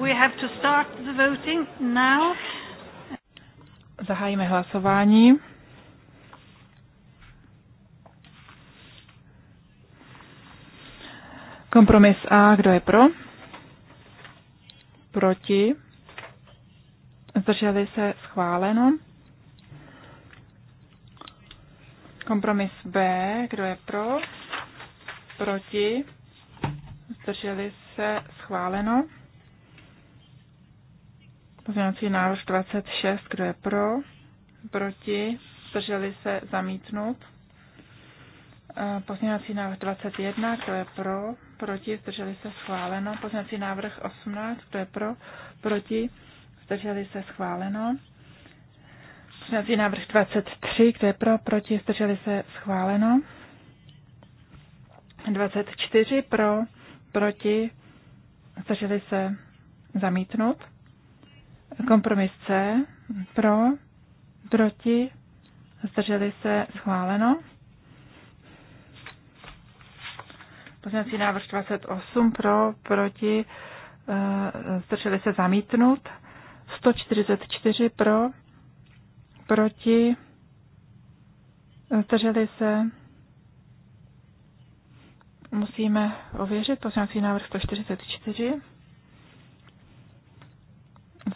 We have to start the voting now. Zahájíme hlasování. Kompromis A, kdo je pro? Proti? Zdrželi se schváleno. Kompromis B, kdo je pro? Proti? Zdrželi se schváleno. Pozměňovací návrh 26, kdo je pro? Proti? Zdrželi se zamítnout. E, pozměňovací návrh 21, kdo je pro? Proti? Zdrželi se schváleno. Pozměňovací návrh 18, kdo je pro? Proti? Zdrželi se schváleno. Pozměňovací návrh 23, kdo je pro? Proti? Zdrželi se schváleno. 24 pro, proti, zdrželi se zamítnout. Kompromis C pro, proti, zdrželi se schváleno. Pozměnací návrh 28 pro, proti, eh, zdrželi se zamítnut. 144 pro, proti, zdrželi se. Musíme ověřit Pozměnací návrh 144.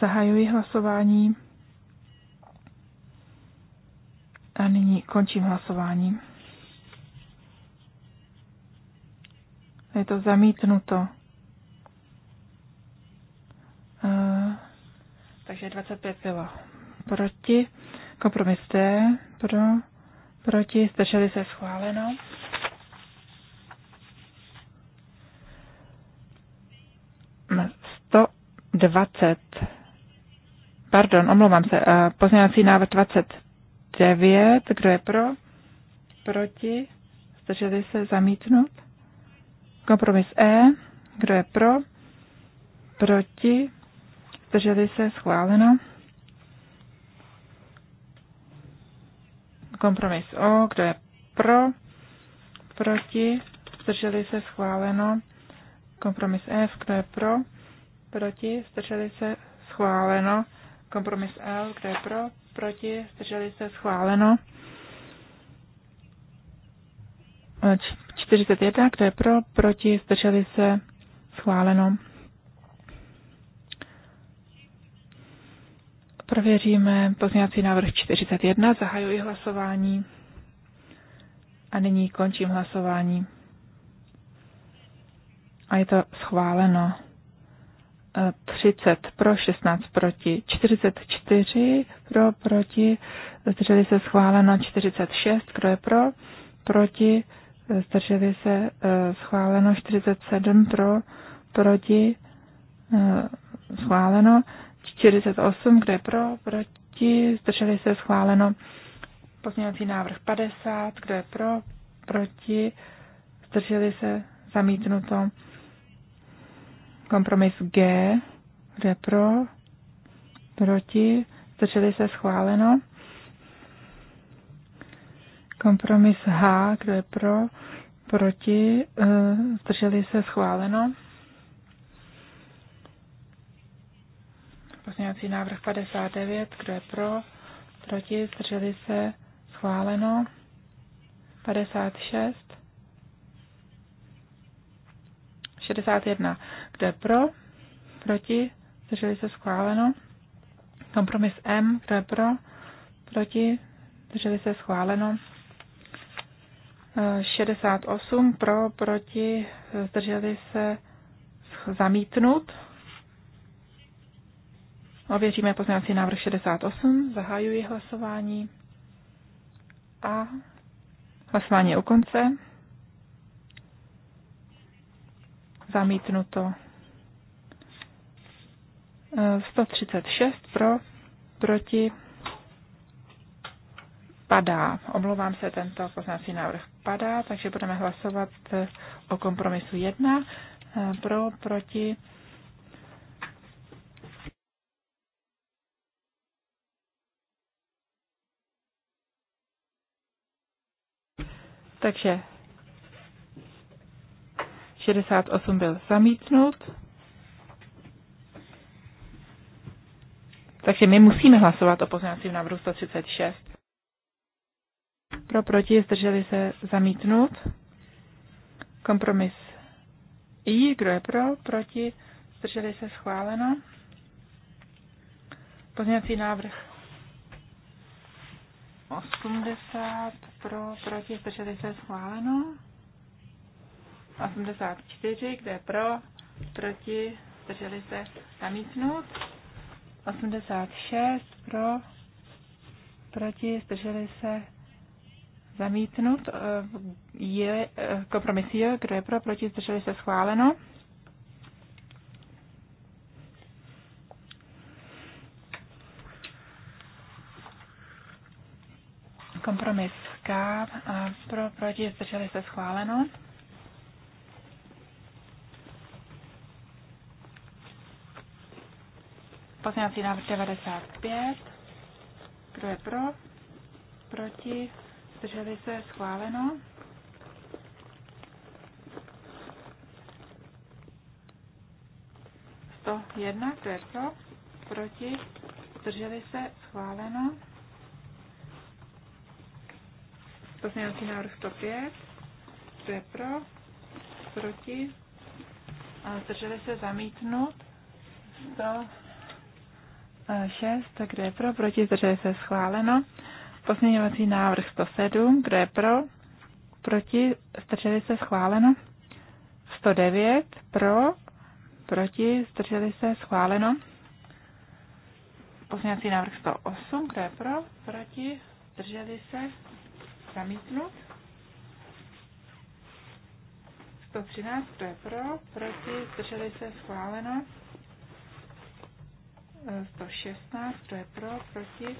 Zahajuji hlasování. A nyní končím hlasování. Je to zamítnuto. Takže 25 bylo proti. Kompromis D pro, proti. Zdrželi se schváleno. Sto dvacet pardon, omlouvám se, pozměňovací návrh 29, kdo je pro, proti, zdrželi se zamítnout. Kompromis E, kdo je pro, proti, zdrželi se schváleno. Kompromis O, kdo je pro, proti, zdrželi se schváleno. Kompromis F, kdo je pro, proti, zdrželi se schváleno. Kompromis L, kdo je pro, proti, zdrželi se, schváleno. 41, e, kdo je pro, proti, zdrželi se, schváleno. Prověříme pozměňovací návrh 41, zahajuji hlasování a nyní končím hlasování. A je to schváleno. 30 pro, 16 proti, 44 pro, proti, zdrželi se schváleno 46, kdo je pro, proti, zdrželi se eh, schváleno 47 pro, proti, eh, schváleno 48, kdo je pro, proti, zdrželi se schváleno pozměňovací návrh 50, kdo je pro, proti, zdrželi se zamítnuto Kompromis G, kde pro, proti, zdrželi se schváleno. Kompromis H, kdo je pro, proti, eh, zdrželi se schváleno. Pozměňovací návrh 59, kdo je pro, proti, zdrželi se schváleno. 56, 61. Kdo je pro? Proti? Zdrželi se schváleno. Kompromis M. Kdo je pro? Proti? Zdrželi se schváleno. 68 eh, pro, proti, zdrželi se zamítnut. Ověříme poznávací návrh 68, zahajuji hlasování a hlasování je u konce. zamítnuto. 136 e, pro, proti, padá. Omlouvám se, tento poznací návrh padá, takže budeme hlasovat o kompromisu 1 e, pro, proti. Takže 68 byl zamítnut. Takže my musíme hlasovat o pozměňovacím návrhu 136. Pro proti zdrželi se zamítnut. Kompromis I, kdo je pro, proti, zdrželi se schváleno. Pozměňovací návrh 80 pro, proti, zdrželi se schváleno. 84, kde je pro, proti, zdrželi se zamítnout. 86 pro, proti, zdrželi se zamítnout. Je kompromis je, kdo je pro, proti, zdrželi se schváleno. Kompromis K, pro, proti, zdrželi se schváleno. Pozměňovací návrh 95. Kdo je pro? Proti? Zdrželi se? Schváleno. To jedna, to je pro? Proti? Zdrželi se? Schváleno. Pozměňovací návrh 105. to je pro? Proti? Zdrželi se? Zamítnut. 100. 6, kde je pro, proti, zdržuje se schváleno. Pozměňovací návrh 107, kde je pro, proti, zdrželi se schváleno. 109, pro, proti, zdrželi se schváleno. Pozměňovací návrh 108, kde je pro, proti, zdrželi se zamítnut. 113, kdo je pro, proti, zdrželi se schváleno. 116, to je pro, proti,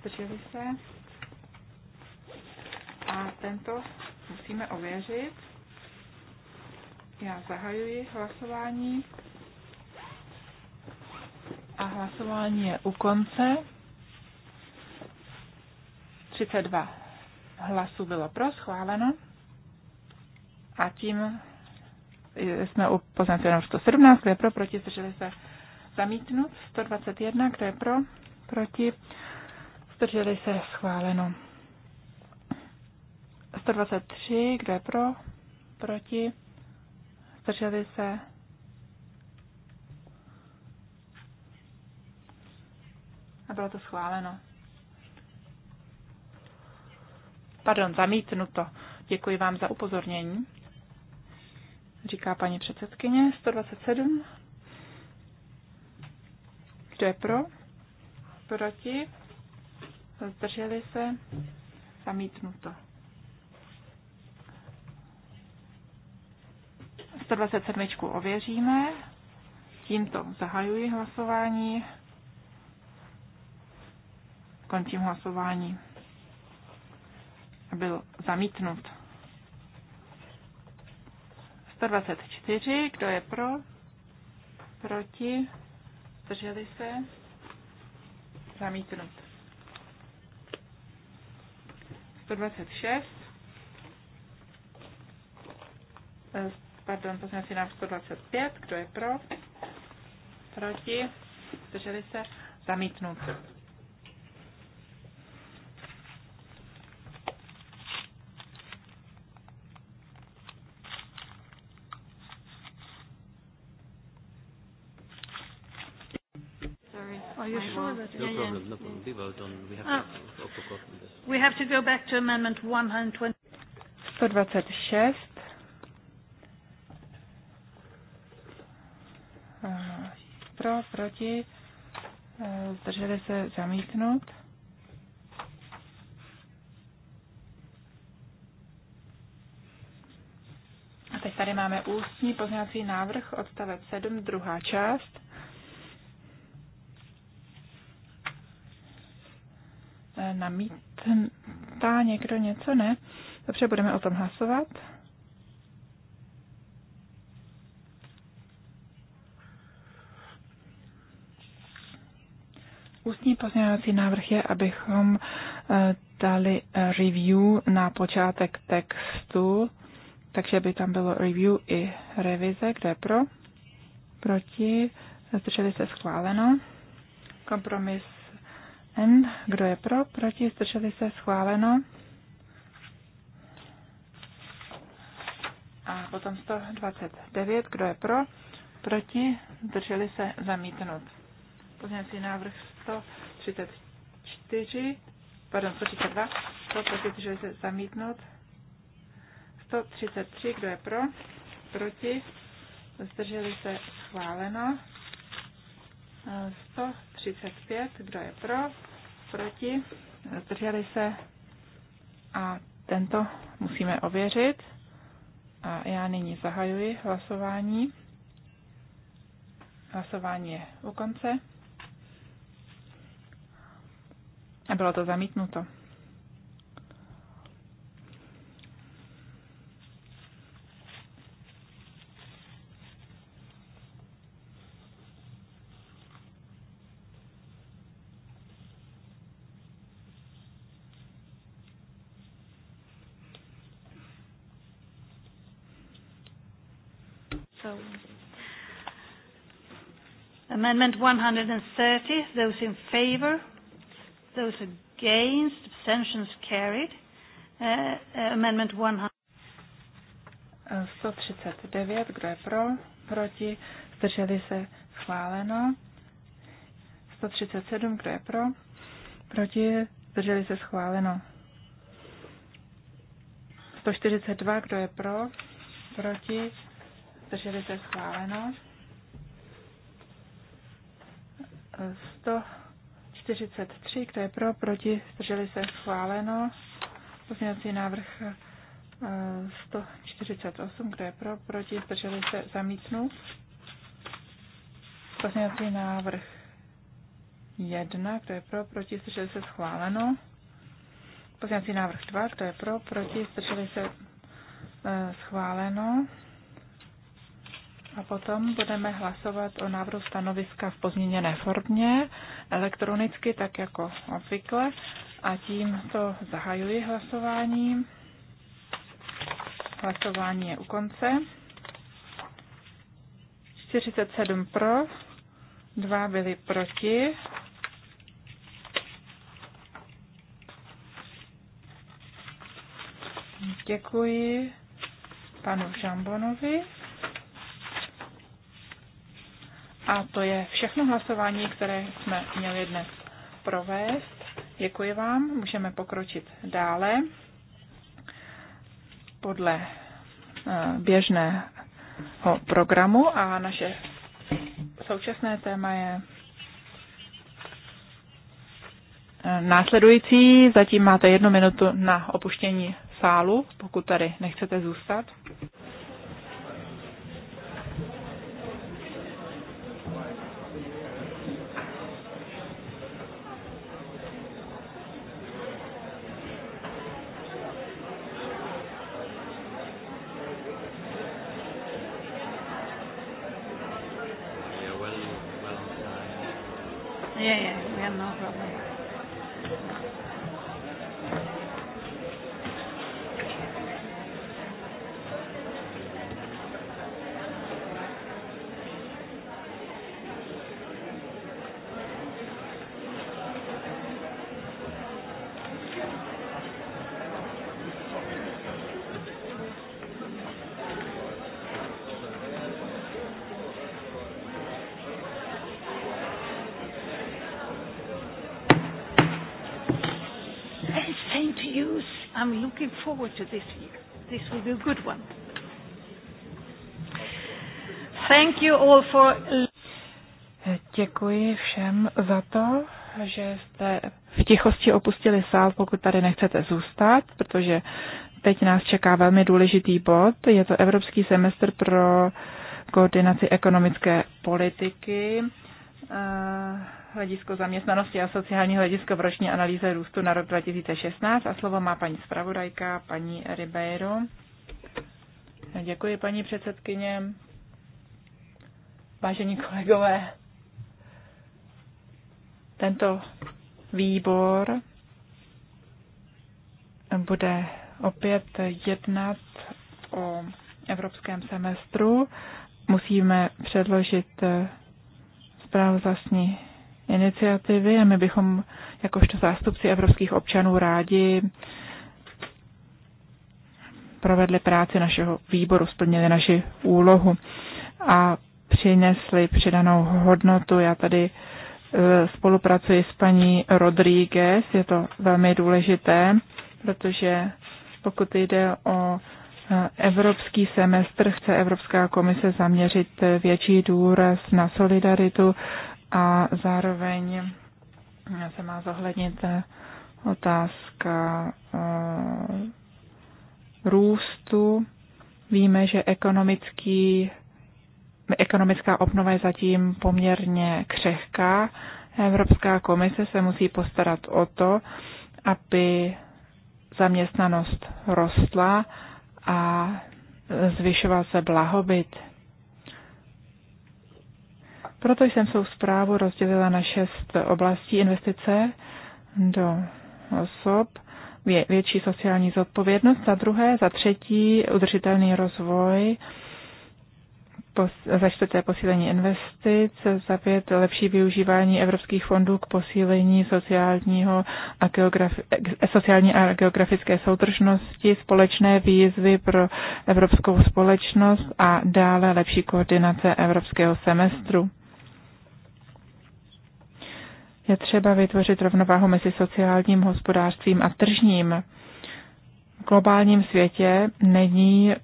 zdrželi se. A tento musíme ověřit. Já zahajuji hlasování. A hlasování je u konce. 32 hlasů bylo pro, schváleno. A tím eh, jsme u poznací 117, kde pro, proti, zdrželi se zamítnut. 121, kdo je pro, proti, zdrželi se schváleno. 123, kdo je pro, proti, zdrželi se a bylo to schváleno. Pardon, zamítnuto. Děkuji vám za upozornění, říká paní předsedkyně. 127, kdo je pro? Proti? Zdrželi se? Zamítnuto. 127 ověříme. Tímto zahajuji hlasování. Končím hlasování. Byl zamítnut. 124. Kdo je pro? Proti? zdrželi se, zamítnut. 126, pardon, si na 125, kdo je pro, proti, zdrželi se, zamítnut. vote on. We have, ah. to, forgotten this. we have to go back to amendment 120. 126. Ah, pro, proti, eh, zdrželi se zamítnout. A teď tady máme ústní pozměňovací návrh, odstavec 7, druhá část. namítá někdo něco? Ne? Dobře, budeme o tom hlasovat. Ústní pozměňovací návrh je, abychom eh, dali eh, review na počátek textu, takže by tam bylo review i revize, kde pro, proti, zdrželi se schváleno. Kompromis N. Kdo je pro? Proti? Zdrželi se? Schváleno. A potom 129. Kdo je pro? Proti? Zdrželi se? Zamítnut. Pozměňovací návrh 134. Pardon, 132. 100 proti, zdrželi se? Zamítnut. 133. Kdo je pro? Proti? Zdrželi se? Schváleno. 100 35, kdo je pro, proti, zdrželi se a tento musíme ověřit. A já nyní zahajuji hlasování. Hlasování je u konce. A bylo to zamítnuto. Amendment 130, those in favor, those against, abstentions carried. Uh, uh, amendment 100. 139, kdo je pro, proti, zdrželi se, schváleno. 137, kdo je pro, proti, zdrželi se, schváleno. 142, kdo je pro, proti, zdrželi se, schváleno. 143, kdo je pro, proti, zdrželi se schváleno. Pozměňovací návrh 148, eh, kdo je pro, proti, zdrželi se zamítnut. Pozměňovací návrh 1, kdo je pro, proti, zdrželi se schváleno. Pozměňovací návrh 2, kdo je pro, proti, zdrželi se eh, schváleno. A potom budeme hlasovat o návrhu stanoviska v pozměněné formě, elektronicky, tak jako obvykle. A tím to zahajuji hlasování. Hlasování je u konce. 47 pro, 2 byli proti. Děkuji panu Žambonovi. A to je všechno hlasování, které jsme měli dnes provést. Děkuji vám, můžeme pokročit dále. Podle eh, běžného programu a naše současné téma je eh, následující. Zatím máte jednu minutu na opuštění sálu, pokud tady nechcete zůstat. yeah, yeah. looking forward to this year. This will be a good one. Thank you all for... Děkuji všem za to, že jste v tichosti opustili sál, pokud tady nechcete zůstat, protože teď nás čeká velmi důležitý bod. Je to Evropský semestr pro koordinaci ekonomické politiky. Uh hledisko zaměstnanosti a sociální hledisko v roční analýze růstu na rok 2016 a slovo má paní zpravodajka, paní Ribeiro. Děkuji, paní předsedkyně. Vážení kolegové, tento výbor bude opět jednat o evropském semestru. Musíme předložit zprávu zasní iniciativy a my bychom jakožto zástupci evropských občanů rádi provedli práci našeho výboru, splnili naši úlohu a přinesli přidanou hodnotu. Já tady e, spolupracuji s paní Rodríguez, je to velmi důležité, protože pokud jde o e, evropský semestr, chce Evropská komise zaměřit větší důraz na solidaritu a zároveň se má zohlednit otázka eh, růstu. Víme, že ekonomický, ekonomická obnova je zatím poměrně křehká. Evropská komise se musí postarat o to, aby zaměstnanost rostla a zvyšoval se blahobyt proto jsem svou zprávu rozdělila na šest oblastí investice do osob, větší sociální zodpovědnost, za druhé, za třetí udržitelný rozvoj, za čtvrté posílení investic, za pět lepší využívání evropských fondů k posílení sociálního a geografi- sociální a geografické soudržnosti, společné výzvy pro evropskou společnost a dále lepší koordinace evropského semestru. Je třeba vytvořit rovnováhu mezi sociálním hospodářstvím a tržním. V globálním světě není eh,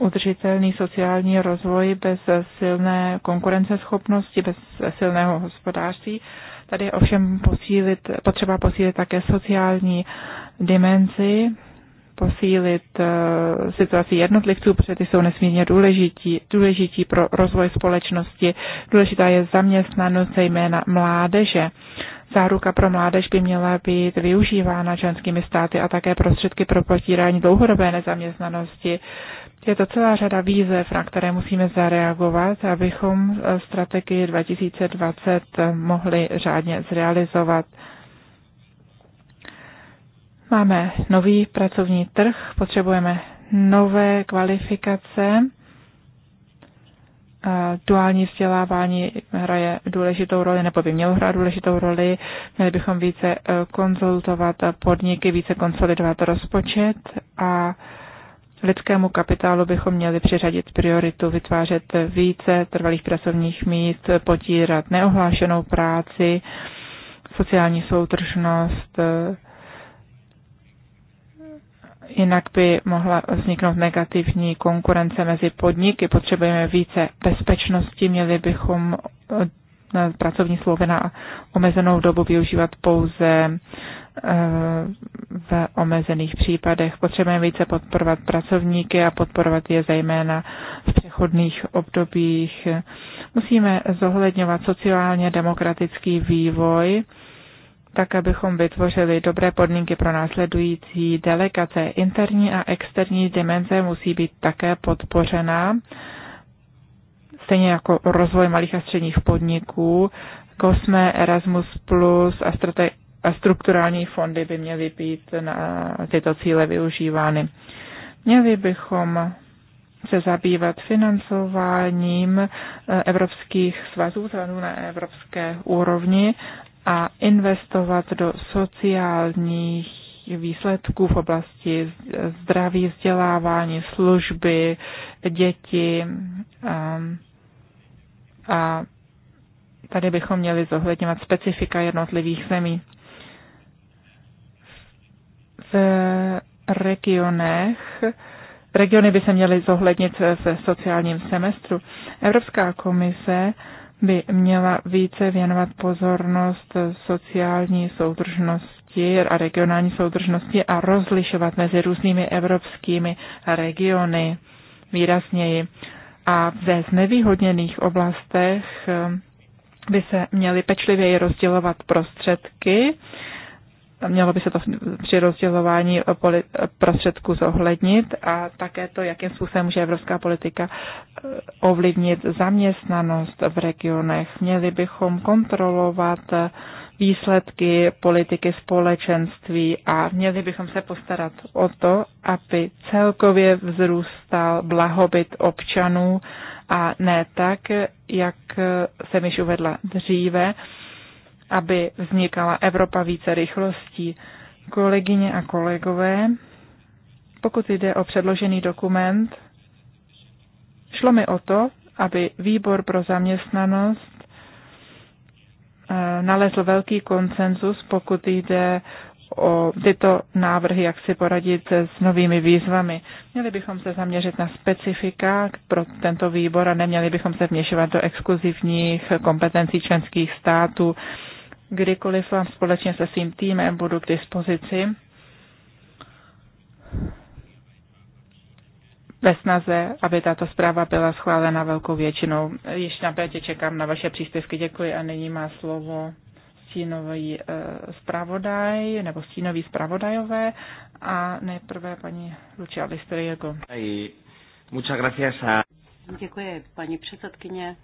udržitelný sociální rozvoj bez silné konkurenceschopnosti, bez silného hospodářství. Tady je ovšem posílit, potřeba posílit také sociální dimenzi posílit eh, situaci jednotlivců, protože ty jsou nesmírně důležití, důležití pro rozvoj společnosti. Důležitá je zaměstnanost zejména mládeže. Záruka pro mládež by měla být využívána členskými státy a také prostředky pro potírání dlouhodobé nezaměstnanosti. Je to celá řada výzev, na které musíme zareagovat, abychom eh, strategii 2020 eh, mohli řádně zrealizovat. Máme nový pracovní trh, potřebujeme nové kvalifikace. Duální vzdělávání hraje důležitou roli, nebo by mělo hrát důležitou roli. Měli bychom více eh, konzultovat podniky, více konsolidovat rozpočet a lidskému kapitálu bychom měli přiřadit prioritu vytvářet více trvalých pracovních míst, potírat neohlášenou práci, sociální soutržnost, eh, jinak by mohla vzniknout negativní konkurence mezi podniky. Potřebujeme více bezpečnosti, měli bychom eh, pracovní slovy na omezenou dobu využívat pouze eh, v omezených případech. Potřebujeme více podporovat pracovníky a podporovat je zejména v přechodných obdobích. Musíme zohledňovat sociálně demokratický vývoj tak abychom vytvořili dobré podmínky pro následující delegace. Interní a externí dimenze musí být také podpořena, stejně jako rozvoj malých a středních podniků. Kosme, Erasmus Plus a, strate- a strukturální fondy by měly být na tyto cíle využívány. Měli bychom se zabývat financováním evropských svazů, na evropské úrovni a investovat do sociálních výsledků v oblasti zdraví, vzdělávání, služby, děti. Um, a tady bychom měli zohledňovat specifika jednotlivých zemí. V regionech Regiony by se měly zohlednit v sociálním semestru. Evropská komise by měla více věnovat pozornost sociální soudržnosti a regionální soudržnosti a rozlišovat mezi různými evropskými regiony výrazněji. A ve znevýhodněných oblastech eh, by se měly pečlivěji rozdělovat prostředky mělo by se to při rozdělování prostředků zohlednit a také to, jakým způsobem může evropská politika eh, ovlivnit zaměstnanost v regionech. Měli bychom kontrolovat eh, výsledky politiky společenství a měli bychom se postarat o to, aby celkově vzrůstal blahobyt občanů a ne tak, jak eh, jsem již uvedla dříve, aby vznikala Evropa více rychlostí. Kolegyně a kolegové, pokud jde o předložený dokument, šlo mi o to, aby výbor pro zaměstnanost eh, nalezl velký konsenzus, pokud jde o tyto návrhy, jak si poradit s novými výzvami. Měli bychom se zaměřit na specifika pro tento výbor a neměli bychom se vměšovat do exkluzivních kompetencí členských států kdykoliv vám společně se svým týmem budu k dispozici ve snaze, aby tato zpráva byla schválena velkou většinou. Již na pětě čekám na vaše příspěvky. Děkuji a nyní má slovo stínový eh, zpravodaj nebo stínový zpravodajové a nejprve paní Lucia Listeriego. Děkuji paní předsedkyně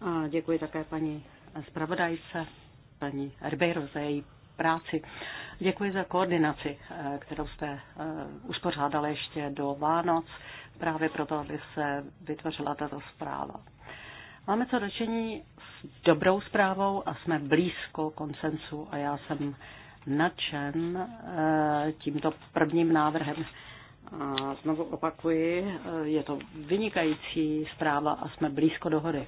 a děkuji také paní zpravodajce paní Ribeiro za její práci. Děkuji za koordinaci, eh, kterou jste eh, uspořádali ještě do Vánoc, právě proto, aby se vytvořila tato zpráva. Máme co dočení s dobrou zprávou a jsme blízko koncensu a já jsem nadšen eh, tímto prvním návrhem. A znovu opakuji, je to vynikající zpráva a jsme blízko dohody.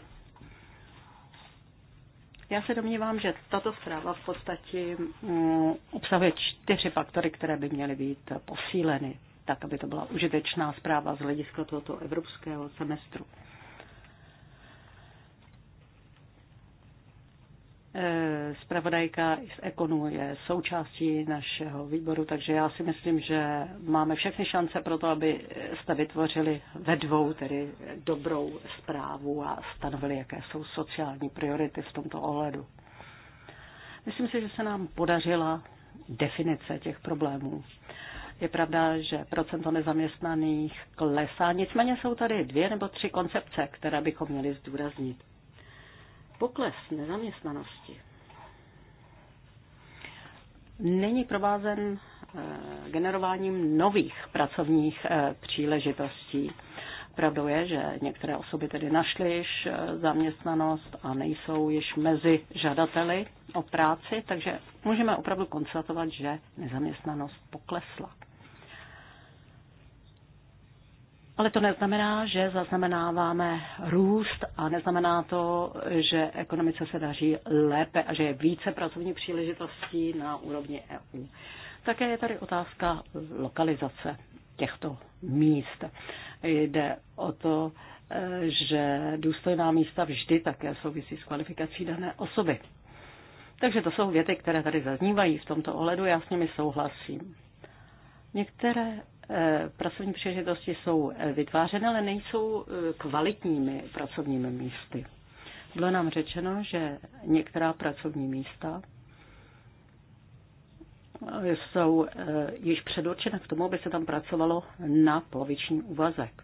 Já se domnívám, že tato zpráva v podstatě mm, obsahuje čtyři faktory, které by měly být posíleny, tak aby to byla užitečná zpráva z hlediska tohoto evropského semestru. Eh, Spravodajka z Ekonu je součástí našeho výboru, takže já si myslím, že máme všechny šance pro to, aby jste vytvořili ve dvou tedy dobrou zprávu a stanovili, jaké jsou sociální priority v tomto ohledu. Myslím si, že se nám podařila definice těch problémů. Je pravda, že procento nezaměstnaných klesá, nicméně jsou tady dvě nebo tři koncepce, které bychom měli zdůraznit pokles nezaměstnanosti není provázen eh, generováním nových pracovních eh, příležitostí. Pravdou je, že některé osoby tedy našly již eh, zaměstnanost a nejsou již mezi žadateli o práci, takže můžeme opravdu konstatovat, že nezaměstnanost poklesla. Ale to neznamená, že zaznamenáváme růst a neznamená to, že ekonomice se daří lépe a že je více pracovní příležitostí na úrovni EU. Také je tady otázka lokalizace těchto míst. Jde o to, že důstojná místa vždy také souvisí s kvalifikací dané osoby. Takže to jsou věty, které tady zaznívají v tomto ohledu, já s nimi souhlasím. Některé Eh, pracovní příležitosti jsou eh, vytvářeny, ale nejsou eh, kvalitními pracovními místy. Bylo nám řečeno, že některá pracovní místa jsou již předurčena k tomu, aby se tam pracovalo na poloviční úvazek.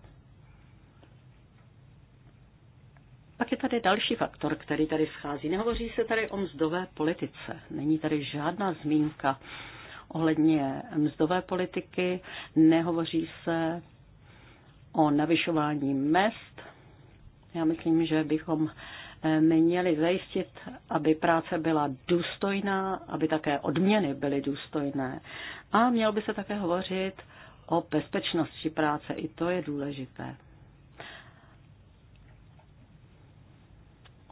Pak je tady další faktor, který tady schází. Nehovoří se tady o mzdové politice. Není tady žádná zmínka ohledně mzdové politiky, nehovoří se o navyšování mest. Já myslím, že bychom eh, měli zajistit, aby práce byla důstojná, aby také odměny byly důstojné. A mělo by se také hovořit o bezpečnosti práce, i to je důležité.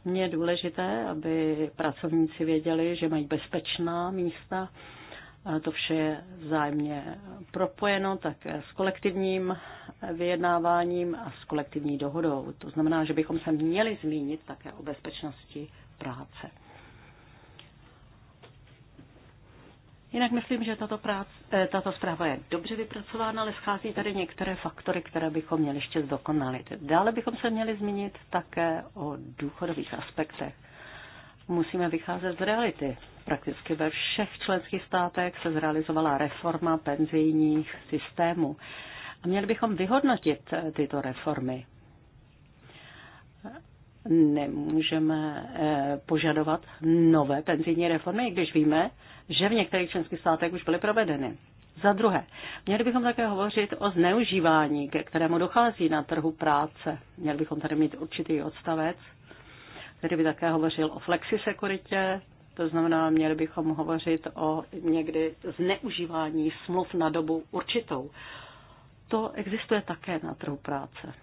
Mně je důležité, aby pracovníci věděli, že mají bezpečná místa to vše je vzájemně propojeno také s kolektivním vyjednáváním a s kolektivní dohodou. To znamená, že bychom se měli zmínit také o bezpečnosti práce. Jinak myslím, že tato, práce, eh, tato zpráva je dobře vypracována, ale schází tady některé faktory, které bychom měli ještě zdokonalit. Dále bychom se měli zmínit také o důchodových aspektech. Musíme vycházet z reality prakticky ve všech členských státech se zrealizovala reforma penzijních systémů. A měli bychom vyhodnotit eh, tyto reformy. Nemůžeme eh, požadovat nové penzijní reformy, i když víme, že v některých členských státech už byly provedeny. Za druhé, měli bychom také hovořit o zneužívání, ke kterému dochází na trhu práce. Měli bychom tady mít určitý odstavec, který by také hovořil o flexisekuritě, to znamená, měli bychom hovořit o někdy zneužívání smluv na dobu určitou. To existuje také na trhu práce.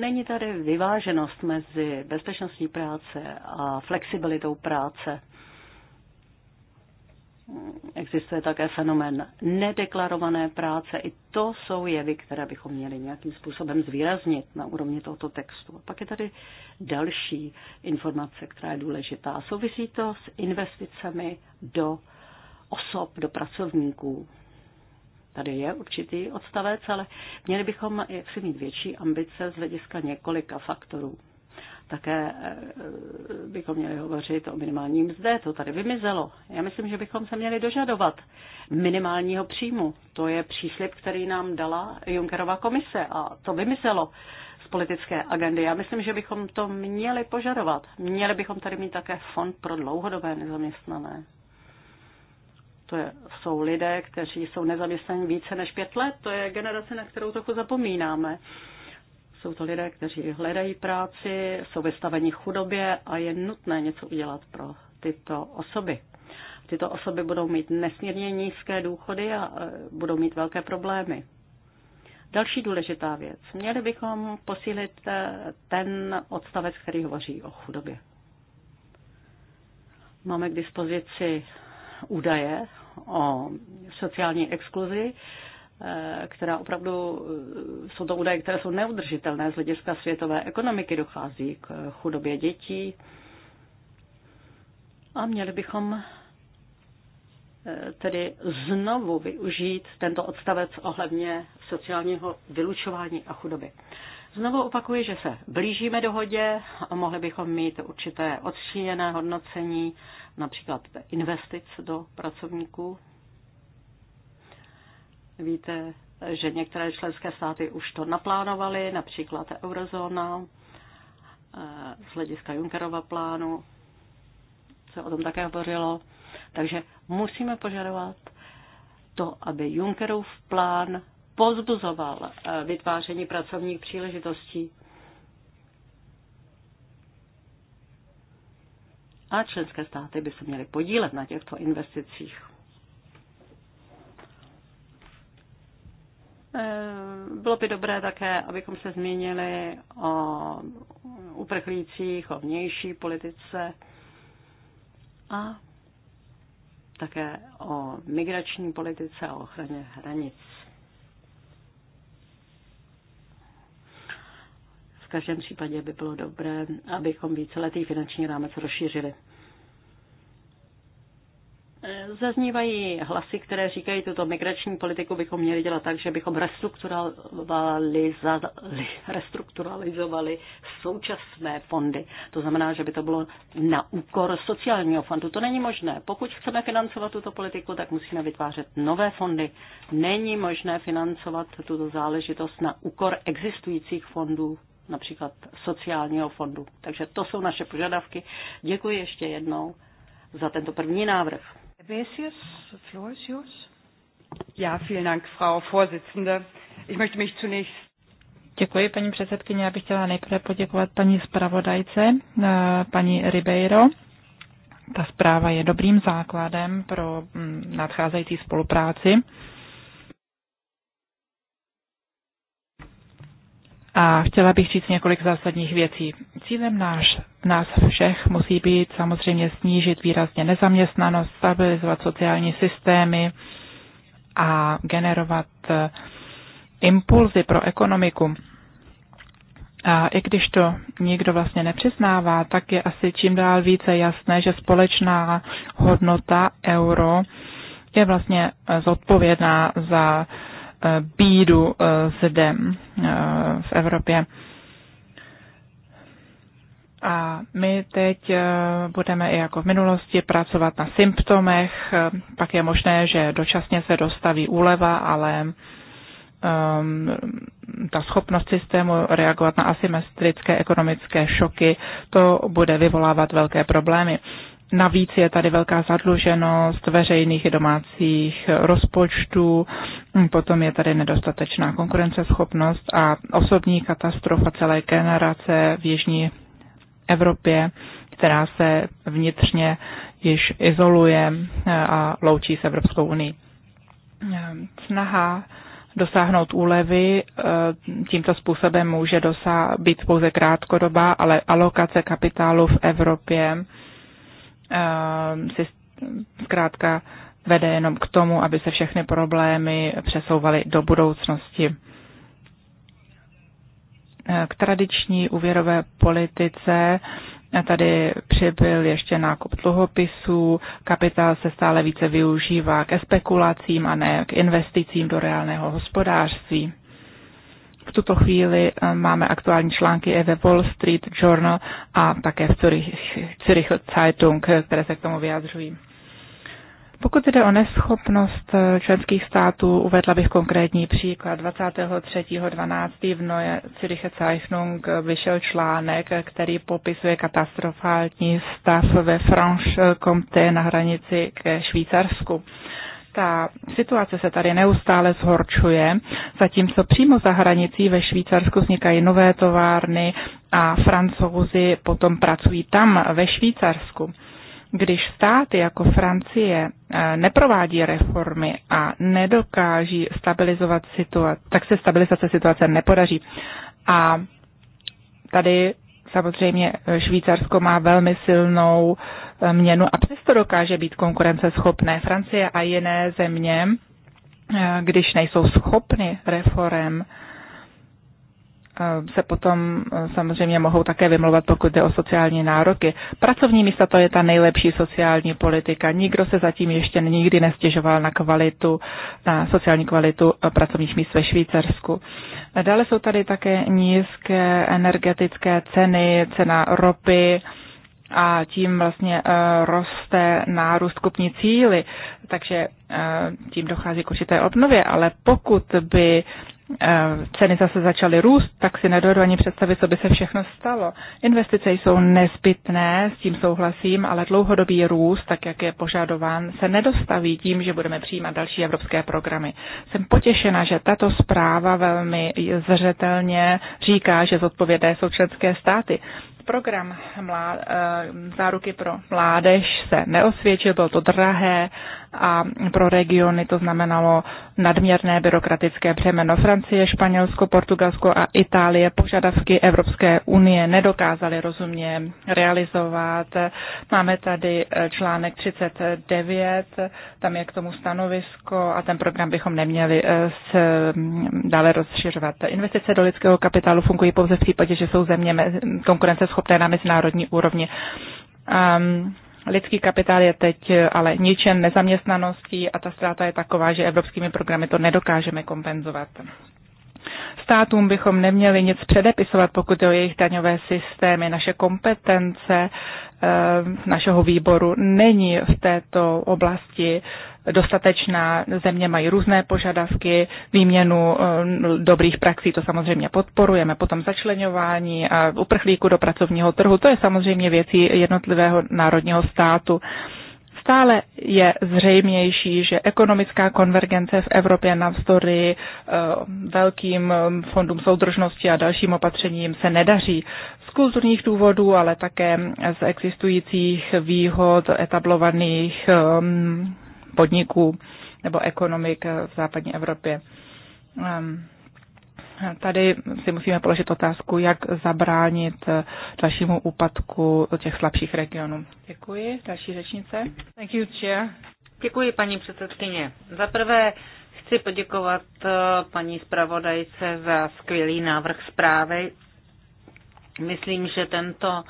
Není tady vyváženost mezi bezpečností práce a flexibilitou práce existuje také fenomén nedeklarované práce. I to jsou jevy, které bychom měli nějakým způsobem zvýraznit na úrovni tohoto textu. A pak je tady další informace, která je důležitá. Souvisí to s investicemi do osob, do pracovníků. Tady je určitý odstavec, ale měli bychom si mít větší ambice z hlediska několika faktorů. Také eh, bychom měli hovořit o minimálním mzde, to tady vymizelo. Já myslím, že bychom se měli dožadovat minimálního příjmu. To je příslip, který nám dala Junckerova komise a to vymizelo z politické agendy. Já myslím, že bychom to měli požadovat. Měli bychom tady mít také fond pro dlouhodobé nezaměstnané to je, jsou lidé, kteří jsou nezaměstnaní více než pět let, to je generace, na kterou trochu zapomínáme. Jsou to lidé, kteří hledají práci, jsou vystaveni chudobě a je nutné něco udělat pro tyto osoby. Tyto osoby budou mít nesmírně nízké důchody a e, budou mít velké problémy. Další důležitá věc. Měli bychom posílit e, ten odstavec, který hovoří o chudobě. Máme k dispozici údaje o sociální exkluzi, Eh, která opravdu eh, jsou to údaje, které jsou neudržitelné z hlediska světové ekonomiky, dochází k chudobě dětí. A měli bychom eh, tedy znovu využít tento odstavec ohledně sociálního vylučování a chudoby. Znovu opakuji, že se blížíme dohodě a mohli bychom mít určité odstříjené hodnocení, například investic do pracovníků Víte, že některé členské státy už to naplánovaly, například eurozóna eh, z hlediska Junckerova plánu se o tom také hovořilo. Takže musíme požadovat to, aby Junckerův plán pozbuzoval eh, vytváření pracovních příležitostí. A členské státy by se měly podílet na těchto investicích. Eh, bylo by dobré také, abychom se zmínili o uprchlících, o vnější politice a také o migrační politice a ochraně hranic. V každém případě by bylo dobré, abychom víceletý finanční rámec rozšířili. Zaznívají hlasy, které říkají, tuto migrační politiku bychom měli dělat tak, že bychom restrukturalizovali, restrukturalizovali současné fondy. To znamená, že by to bylo na úkor sociálního fondu. To není možné. Pokud chceme financovat tuto politiku, tak musíme vytvářet nové fondy. Není možné financovat tuto záležitost na úkor existujících fondů například sociálního fondu. Takže to jsou naše požadavky. Děkuji ještě jednou za tento první návrh. Besius, the floor is yours. Ja, vielen Dank, Frau Vorsitzende. Ich möchte mich zunächst Děkuji, paní předsedkyně. Já bych chtěla nejprve poděkovat paní zpravodajce, eh, paní Ribeiro. Ta zpráva je dobrým základem pro mm, nadcházející spolupráci. a chtěla bych říct několik zásadních věcí. Cílem náš, nás všech musí být samozřejmě snížit výrazně nezaměstnanost, stabilizovat sociální systémy a generovat eh, impulzy pro ekonomiku. A i když to nikdo vlastně nepřiznává, tak je asi čím dál více jasné, že společná hodnota euro je vlastně eh, zodpovědná za uh, bídu eh, zde eh, v Evropě. A my teď eh, budeme i jako v minulosti pracovat na symptomech, pak je možné, že dočasně se dostaví úleva, ale ehm, ta schopnost systému reagovat na asymetrické ekonomické šoky, to bude vyvolávat velké problémy. Navíc je tady velká zadluženost veřejných i domácích rozpočtů, potom je tady nedostatečná konkurenceschopnost a osobní katastrofa celé generace v Jižní Evropě, která se vnitřně již izoluje eh, a loučí s Evropskou unii. Snaha dosáhnout úlevy eh, tímto způsobem může být pouze krátkodobá, ale alokace kapitálu v Evropě Ehm, si zkrátka vede jenom k tomu, aby se všechny problémy přesouvaly do budoucnosti. Ehm, k tradiční úvěrové politice eh, tady přibyl ještě nákup dluhopisů, kapitál se stále více využívá ke spekulacím a ne k investicím do reálného hospodářství. V tuto chvíli eh, máme aktuální články i ve Wall Street Journal a také v Zürich, Zürich Zeitung, které se k tomu vyjadřují. Pokud jde o neschopnost eh, členských států, uvedla bych konkrétní příklad. 23.12. v noje Zürcher Zeichnung vyšel článek, který popisuje katastrofální stav ve Franche-Comté na hranici ke Švýcarsku ta situace se tady neustále zhorčuje, zatímco přímo za hranicí ve Švýcarsku vznikají nové továrny a francouzi potom pracují tam ve Švýcarsku. Když státy jako Francie eh, neprovádí reformy a nedokáží stabilizovat situaci, tak se stabilizace situace nepodaří. A tady samozřejmě Švýcarsko má velmi silnou měnu a přesto dokáže být konkurenceschopné. Francie a jiné země, eh, když nejsou schopny reform, eh, se potom eh, samozřejmě mohou také vymluvat pokud jde o sociální nároky. Pracovní místa to je ta nejlepší sociální politika. Nikdo se zatím ještě nikdy nestěžoval na kvalitu, na sociální kvalitu pracovních míst ve Švýcarsku. Dále jsou tady také nízké energetické ceny, cena ropy, a tím vlastně eh, roste nárůst kupní cíly, takže eh, tím dochází k určité obnově, ale pokud by eh, ceny zase začaly růst, tak si nedovedu ani představit, co by se všechno stalo. Investice jsou nezbytné, s tím souhlasím, ale dlouhodobý růst, tak jak je požadován, se nedostaví tím, že budeme přijímat další evropské programy. Jsem potěšena, že tato zpráva velmi zřetelně říká, že zodpovědné jsou členské státy. Program mlád, eh, záruky pro mládež se neosvědčil, bylo to drahé a pro regiony to znamenalo nadměrné byrokratické břemeno. Francie, Španělsko, Portugalsko a Itálie požadavky Evropské unie nedokázaly rozumně realizovat. Máme tady eh, článek 39, tam je k tomu stanovisko a ten program bychom neměli eh, mm, dále rozšiřovat. Investice do lidského kapitálu fungují pouze v případě, že jsou země konkurenceschopné na mezinárodní úrovni. Um, Lidský kapitál je teď eh, ale ničen nezaměstnaností a ta ztráta je taková, že evropskými programy to nedokážeme kompenzovat. Státům bychom neměli nic předepisovat, pokud je o jejich daňové systémy. Naše kompetence eh, našeho výboru není v této oblasti dostatečná. Země mají různé požadavky, výměnu eh, dobrých praxí, to samozřejmě podporujeme, potom začlenování a uprchlíku do pracovního trhu, to je samozřejmě věcí jednotlivého národního státu. Stále je zřejmější, že ekonomická konvergence v Evropě navzdory eh, velkým eh, fondům soudržnosti a dalším opatřením se nedaří. Z kulturních důvodů, ale také z existujících výhod etablovaných podniků nebo ekonomik v západní Evropě. Ehm, tady si musíme položit otázku, jak zabránit eh, dalšímu úpadku těch slabších regionů. Děkuji. Další řečnice. Thank you, chair. Děkuji, paní předsedkyně. Za prvé chci poděkovat eh, paní zpravodajce za skvělý návrh zprávy. Myslím, že tento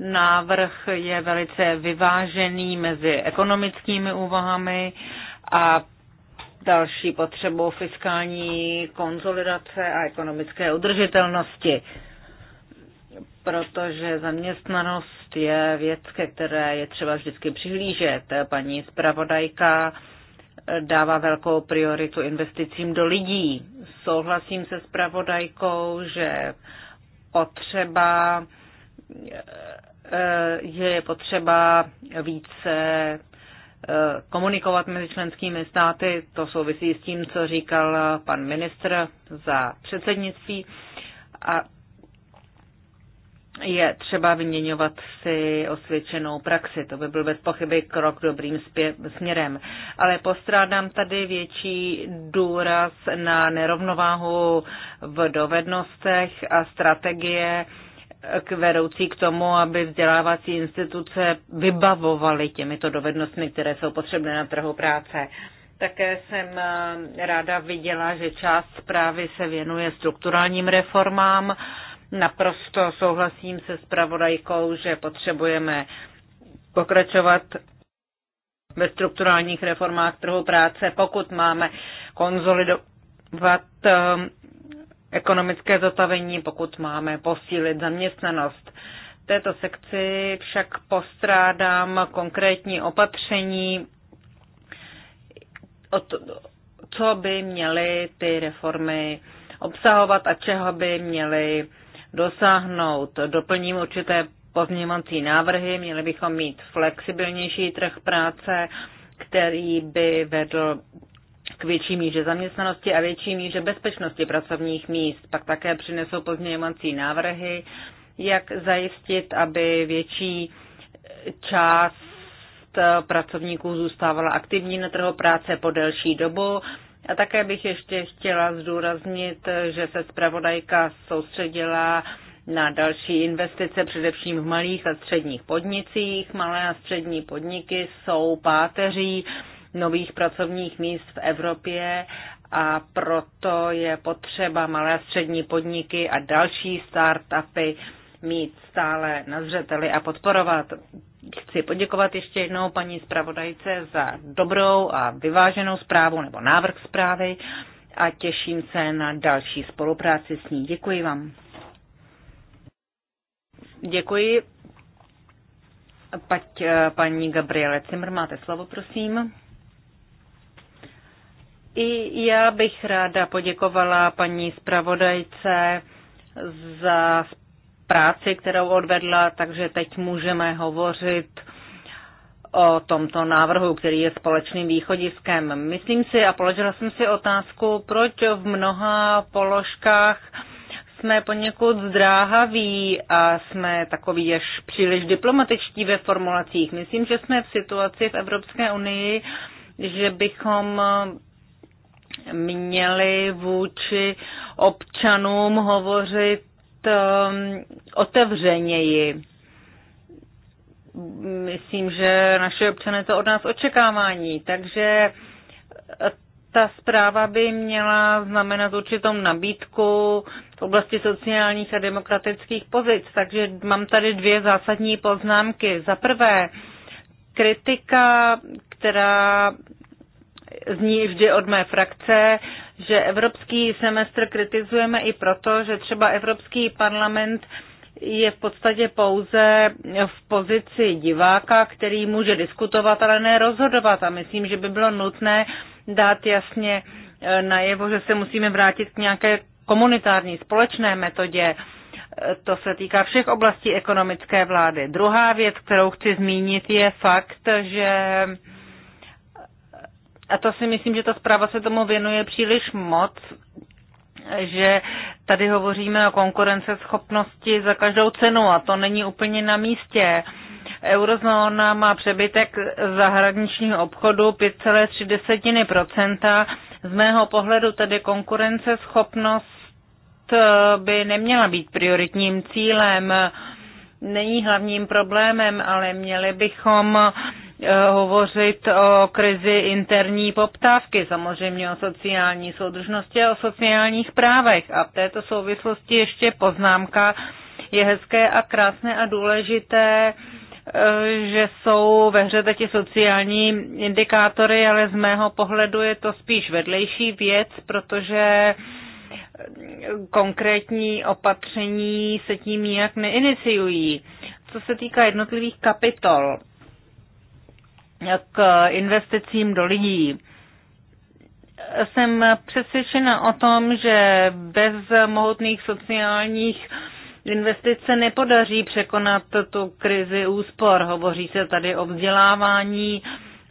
Návrh je velice vyvážený mezi ekonomickými úvahami a další potřebou fiskální konsolidace a ekonomické udržitelnosti, protože zaměstnanost je věc, ke které je třeba vždycky přihlížet. Paní zpravodajka dává velkou prioritu investicím do lidí. Souhlasím se zpravodajkou, že potřeba Eh, že je potřeba více eh, komunikovat mezi členskými státy. To souvisí s tím, co říkal pan ministr za předsednictví. A je třeba vyměňovat si osvědčenou praxi. To by byl bez pochyby krok dobrým směrem. Ale postrádám tady větší důraz na nerovnováhu v dovednostech a strategie k vedoucí k tomu, aby vzdělávací instituce vybavovaly těmito dovednostmi, které jsou potřebné na trhu práce. Také jsem eh, ráda viděla, že část zprávy se věnuje strukturálním reformám. Naprosto souhlasím se spravodajkou, že potřebujeme pokračovat ve strukturálních reformách trhu práce, pokud máme konzolidovat eh, ekonomické zotavení, pokud máme posílit zaměstnanost. V této sekci však postrádám konkrétní opatření, co by měly ty reformy obsahovat a čeho by měly dosáhnout. Doplním určité pozměňovací návrhy, měli bychom mít flexibilnější trh práce, který by vedl k větší míře zaměstnanosti a větší míře bezpečnosti pracovních míst. Pak také přinesou pozměňovací návrhy, jak zajistit, aby větší část pracovníků zůstávala aktivní na trhu práce po delší dobu. A také bych ještě chtěla zdůraznit, že se zpravodajka soustředila na další investice, především v malých a středních podnicích. Malé a střední podniky jsou páteří nových pracovních míst v Evropě a proto je potřeba malé a střední podniky a další startupy mít stále na zřeteli a podporovat. Chci poděkovat ještě jednou paní zpravodajce za dobrou a vyváženou zprávu nebo návrh zprávy a těším se na další spolupráci s ní. Děkuji vám. Děkuji. Pať, eh, paní Gabriele Cimr, máte slovo, prosím. I já bych ráda poděkovala paní zpravodajce za práci, kterou odvedla, takže teď můžeme hovořit o tomto návrhu, který je společným východiskem. Myslím si a položila jsem si otázku, proč v mnoha položkách jsme poněkud zdráhaví a jsme takový až příliš diplomatičtí ve formulacích. Myslím, že jsme v situaci v Evropské unii, že bychom měli vůči občanům hovořit um, otevřeněji. Myslím, že naše občané to od nás očekávání, takže ta zpráva by měla znamenat určitou nabídku v oblasti sociálních a demokratických pozic. Takže mám tady dvě zásadní poznámky. Za prvé, kritika, která zní vždy od mé frakce, že evropský semestr kritizujeme i proto, že třeba Evropský parlament je v podstatě pouze v pozici diváka, který může diskutovat, ale ne rozhodovat. A myslím, že by bylo nutné dát jasně e, najevo, že se musíme vrátit k nějaké komunitární společné metodě. E, to se týká všech oblastí ekonomické vlády. Druhá věc, kterou chci zmínit, je fakt, že a to si myslím, že ta zpráva se tomu věnuje příliš moc, že tady hovoříme o konkurenceschopnosti za každou cenu a to není úplně na místě. Eurozóna má přebytek zahraničního obchodu 5,3%. Z mého pohledu tedy konkurenceschopnost eh, by neměla být prioritním cílem, není hlavním problémem, ale měli bychom Eh, hovořit o krizi interní poptávky, samozřejmě o sociální soudržnosti a o sociálních právech. A v této souvislosti ještě poznámka je hezké a krásné a důležité, eh, že jsou ve hře teď sociální indikátory, ale z mého pohledu je to spíš vedlejší věc, protože konkrétní opatření se tím nijak neiniciují. Co se týká jednotlivých kapitol, k investicím do lidí. Jsem přesvědčena o tom, že bez mohutných sociálních investic se nepodaří překonat tu krizi úspor. Hovoří se tady o vzdělávání,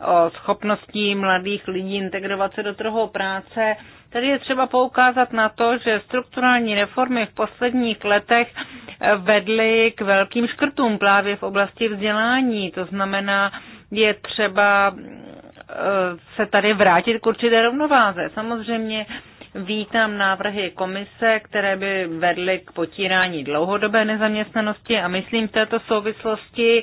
o schopnosti mladých lidí integrovat se do trhu práce. Tady je třeba poukázat na to, že strukturální reformy v posledních letech vedly k velkým škrtům právě v oblasti vzdělání. To znamená, je třeba eh, se tady vrátit k určité rovnováze. Samozřejmě vítám návrhy komise, které by vedly k potírání dlouhodobé nezaměstnanosti a myslím v této souvislosti,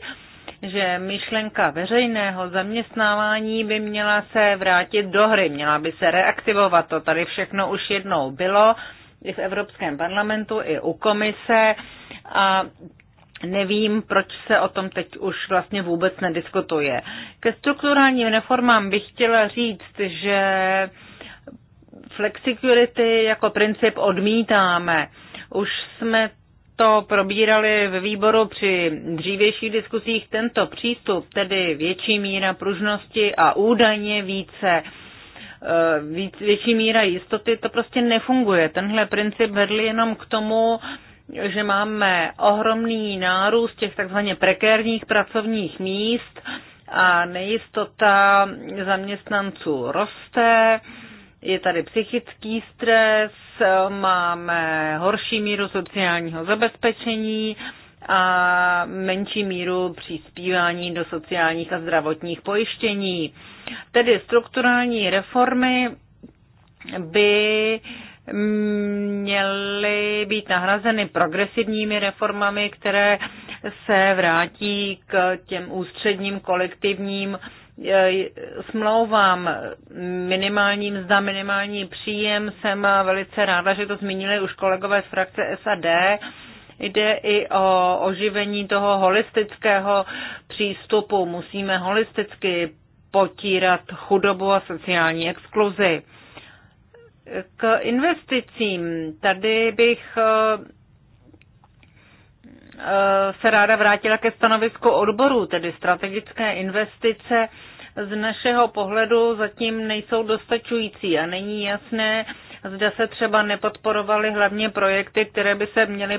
že myšlenka veřejného zaměstnávání by měla se vrátit do hry, měla by se reaktivovat. To tady všechno už jednou bylo i v Evropském parlamentu, i u komise a Nevím, proč se o tom teď už vlastně vůbec nediskutuje. Ke strukturálním reformám bych chtěla říct, že flexicurity jako princip odmítáme. Už jsme to probírali ve výboru při dřívějších diskusích tento přístup, tedy větší míra pružnosti a údajně více eh, víc, větší míra jistoty, to prostě nefunguje. Tenhle princip vedl jenom k tomu, že máme ohromný nárůst těch takzvaně prekérních pracovních míst a nejistota zaměstnanců roste, je tady psychický stres, máme horší míru sociálního zabezpečení a menší míru přispívání do sociálních a zdravotních pojištění. Tedy strukturální reformy by uh, měly být nahrazeny progresivními reformami, které se vrátí k těm ústředním kolektivním eh, smlouvám minimální mzda, minimální příjem. Jsem velice ráda, že to zmínili už kolegové z frakce SAD. Jde i o oživení toho holistického přístupu. Musíme holisticky potírat chudobu a sociální exkluzi. K investicím. Tady bych eh, eh, se ráda vrátila ke stanovisku odboru, tedy strategické investice z našeho pohledu zatím nejsou dostačující a není jasné, zda se třeba nepodporovaly hlavně projekty, které by se měly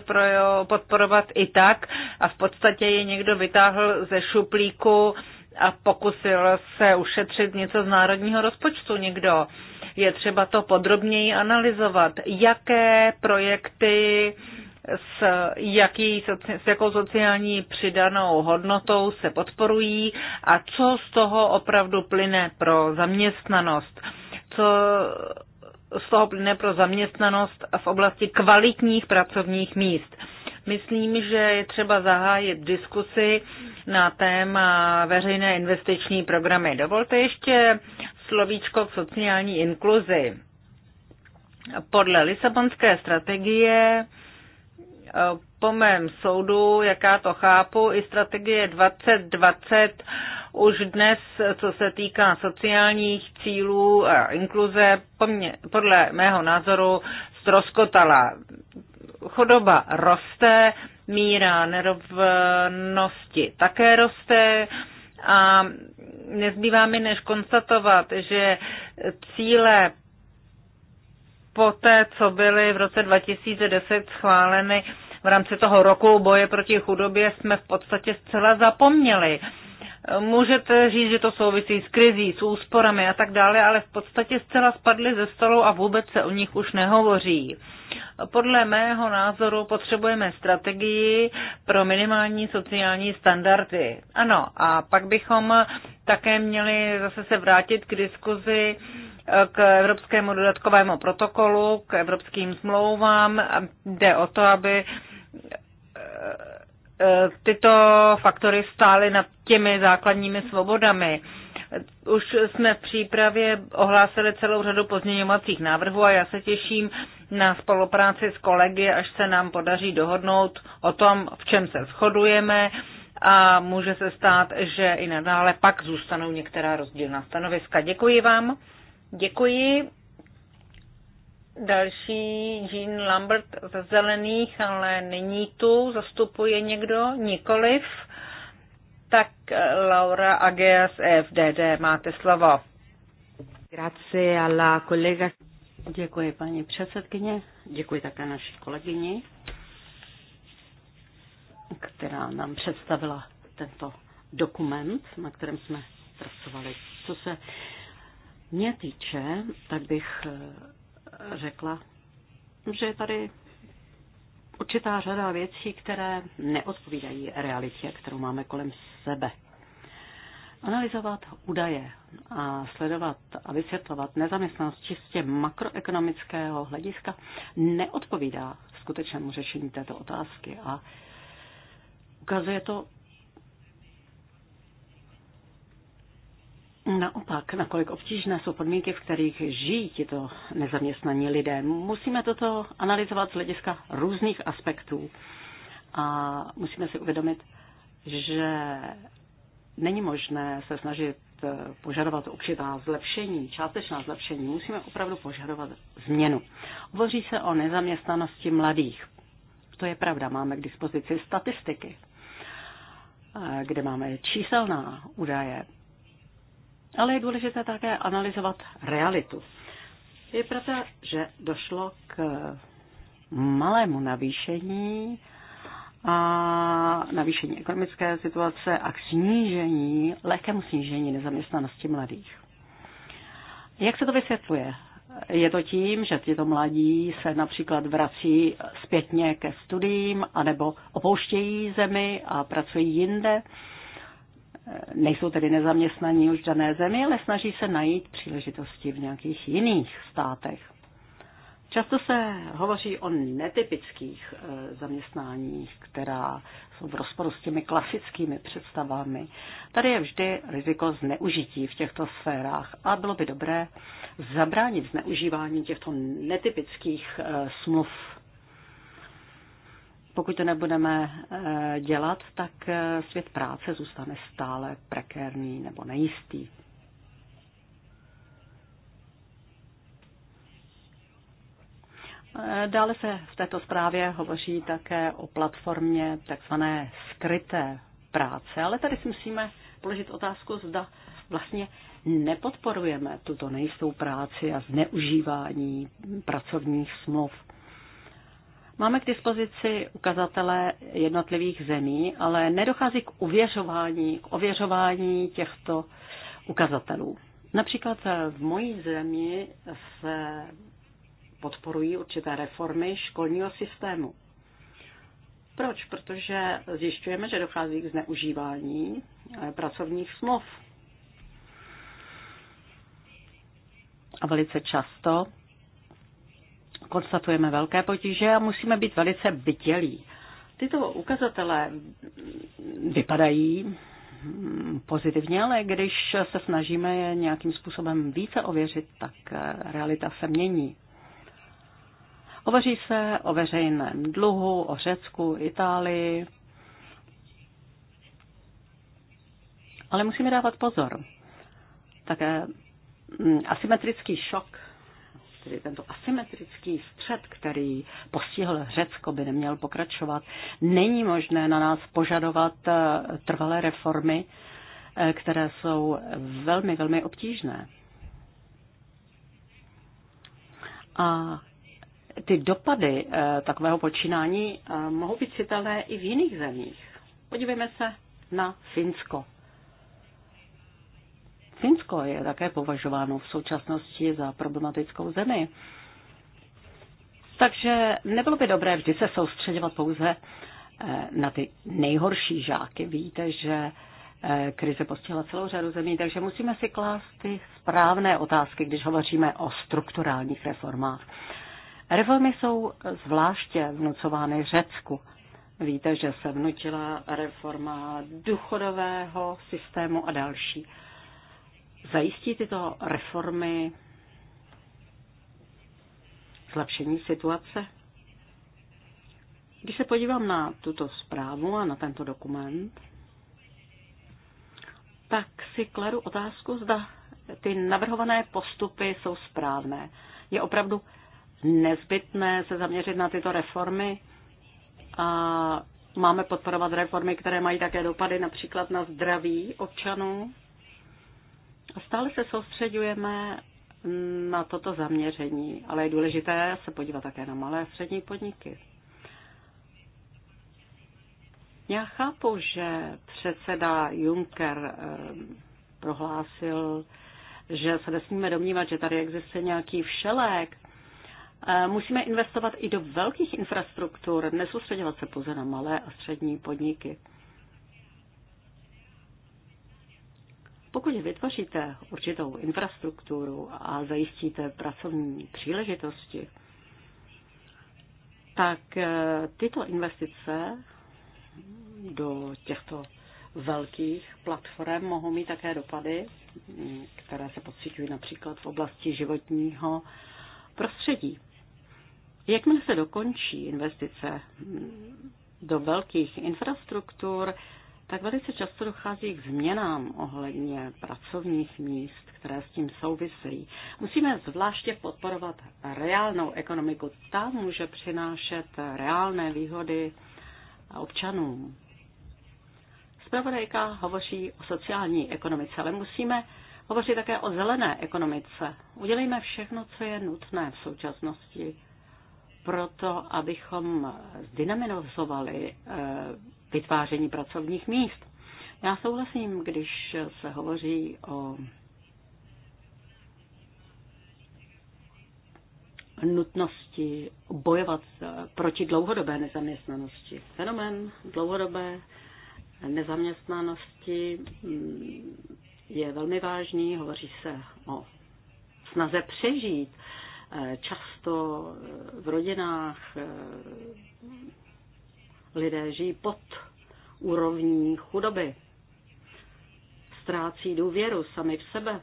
podporovat i tak a v podstatě je někdo vytáhl ze šuplíku a pokusil se ušetřit něco z národního rozpočtu někdo. Je třeba to podrobněji analyzovat, jaké projekty s, jaký, s jakou sociální přidanou hodnotou se podporují a co z toho opravdu plyne pro zaměstnanost. Co z toho plyne pro zaměstnanost v oblasti kvalitních pracovních míst. Myslím, že je třeba zahájit diskusy na téma veřejné investiční programy. Dovolte ještě slovíčko k sociální inkluzi. Podle Lisabonské strategie, eh, po mém soudu, jaká to chápu, i strategie 2020 už dnes, co se týká sociálních cílů a inkluze, podle mého názoru ztroskotala. Chodoba roste, míra nerovnosti také roste a nezbývá mi než konstatovat, že cíle po té, co byly v roce 2010 schváleny v rámci toho roku boje proti chudobě, jsme v podstatě zcela zapomněli. Můžete říct, že to souvisí s krizí, s úsporami a tak dále, ale v podstatě zcela spadly ze stolu a vůbec se o nich už nehovoří. Podle mého názoru potřebujeme strategii pro minimální sociální standardy. Ano, a pak bychom také měli zase se vrátit k diskuzi eh, k Evropskému dodatkovému protokolu, k evropským smlouvám. Jde o to, aby eh, eh, tyto faktory stály nad těmi základními svobodami. Už jsme v přípravě ohlásili celou řadu pozměňovacích návrhů a já se těším na spolupráci s kolegy, až se nám podaří dohodnout o tom, v čem se shodujeme a může se stát, že i nadále pak zůstanou některá rozdílná stanoviska. Děkuji vám. Děkuji. Další Jean Lambert ze Zelených, ale není tu. Zastupuje někdo? Nikoliv. Tak eh, Laura Ageas, e FDD máte slovo. Grazie alla Děkuji paní předsedkyně, děkuji také naší kolegyni, která nám představila tento dokument, na kterém jsme pracovali. Co se mě týče, tak bych eh, řekla, že je tady určitá řada věcí, které neodpovídají realitě, kterou máme kolem sebe. Analyzovat údaje a sledovat a vysvětlovat nezaměstnanost čistě makroekonomického hlediska neodpovídá skutečnému řešení této otázky a ukazuje to Naopak, nakolik obtížné jsou podmínky, v kterých žijí tito nezaměstnaní lidé. Musíme toto analyzovat z hlediska různých aspektů a musíme si uvědomit, že není možné se snažit eh, požadovat určitá zlepšení, částečná zlepšení. Musíme opravdu požadovat změnu. Hovoří se o nezaměstnanosti mladých. To je pravda, máme k dispozici statistiky, eh, kde máme číselná údaje ale je důležité také analyzovat realitu. Je pravda, že došlo k malému navýšení a navýšení ekonomické situace a k snížení, lehkému snížení nezaměstnanosti mladých. Jak se to vysvětluje? Je to tím, že tyto mladí se například vrací zpětně ke studiím anebo opouštějí zemi a pracují jinde? nejsou tedy nezaměstnaní už v dané zemi, ale snaží se najít příležitosti v nějakých jiných státech. Často se hovoří o netypických eh, zaměstnáních, která jsou v rozporu s těmi klasickými představami. Tady je vždy riziko zneužití v těchto sférách a bylo by dobré zabránit zneužívání těchto netypických eh, smluv pokud to nebudeme eh, dělat, tak eh, svět práce zůstane stále prekérní nebo nejistý. Eh, dále se v této zprávě hovoří také o platformě takzvané skryté práce, ale tady si musíme položit otázku, zda vlastně nepodporujeme tuto nejistou práci a zneužívání pracovních smluv. Máme k dispozici ukazatele jednotlivých zemí, ale nedochází k uvěřování, k ověřování těchto ukazatelů. Například v mojí zemi se podporují určité reformy školního systému. Proč? Protože zjišťujeme, že dochází k zneužívání eh, pracovních smluv. A velice často konstatujeme velké potíže a musíme být velice bytělí. Tyto ukazatele vypadají pozitivně, ale když se snažíme je nějakým způsobem více ověřit, tak eh, realita se mění. Hovoří se o veřejném dluhu, o Řecku, Itálii, ale musíme dávat pozor. Také mm, asymetrický šok tedy tento asymetrický střed, který postihl Řecko, by neměl pokračovat. Není možné na nás požadovat eh, trvalé reformy, eh, které jsou velmi, velmi obtížné. A ty dopady eh, takového počínání mohou být citelné i v jiných zemích. Podívejme se na Finsko. Finsko je také považováno v současnosti za problematickou zemi. Takže nebylo by dobré vždy se soustředovat pouze eh, na ty nejhorší žáky. Víte, že eh, krize postihla celou řadu zemí, takže musíme si klást ty správné otázky, když hovoříme o strukturálních reformách. Reformy jsou zvláště vnucovány Řecku. Víte, že se vnutila reforma důchodového systému a další zajistí tyto reformy zlepšení situace? Když se podívám na tuto zprávu a na tento dokument, tak si kladu otázku, zda ty navrhované postupy jsou správné. Je opravdu nezbytné se zaměřit na tyto reformy a máme podporovat reformy, které mají také dopady například na zdraví občanů. A stále se soustředujeme na toto zaměření, ale je důležité se podívat také na malé a střední podniky. Já chápu, že předseda Juncker eh, prohlásil, že se nesmíme domnívat, že tady existuje nějaký všelék. Eh, musíme investovat i do velkých infrastruktur, nesoustředovat se pouze na malé a střední podniky. Pokud vytvoříte určitou infrastrukturu a zajistíte pracovní příležitosti, tak eh, tyto investice do těchto velkých platform mohou mít také dopady, mm, které se pocitují například v oblasti životního prostředí. Jakmile se dokončí investice mm, do velkých infrastruktur, tak velice často dochází k změnám ohledně pracovních míst, které s tím souvisejí. Musíme zvláště podporovat reálnou ekonomiku. Ta může přinášet reálné výhody občanům. Zpravodajka hovoří o sociální ekonomice, ale musíme hovořit také o zelené ekonomice. Udělejme všechno, co je nutné v současnosti proto, abychom zdynamizovali eh, vytváření pracovních míst. Já souhlasím, když se hovoří o nutnosti bojovat proti dlouhodobé nezaměstnanosti. Fenomén dlouhodobé nezaměstnanosti mm, je velmi vážný, hovoří se o snaze přežít. Eh, často v rodinách eh, Lidé žijí pod úrovní chudoby. Ztrácí důvěru sami v sebe.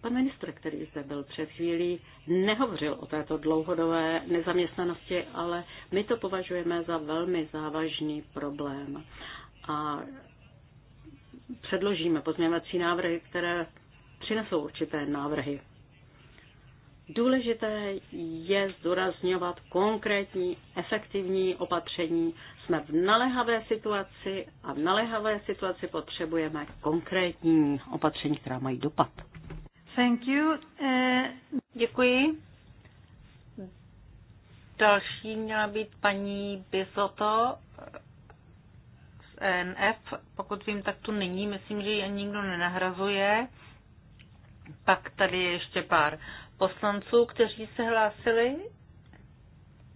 Pan ministr, který zde byl před chvílí, nehovořil o této dlouhodobé nezaměstnanosti, ale my to považujeme za velmi závažný problém. A předložíme pozměňovací návrhy, které přinesou určité návrhy. Důležité je zdůrazňovat konkrétní, efektivní opatření. Jsme v naléhavé situaci a v naléhavé situaci potřebujeme konkrétní opatření, která mají dopad. Thank you. Uh, děkuji. Další měla být paní Bisoto z ENF. Pokud vím, tak tu není. Myslím, že ji ani nikdo nenahrazuje. Pak tady je ještě pár poslanců, kteří se hlásili.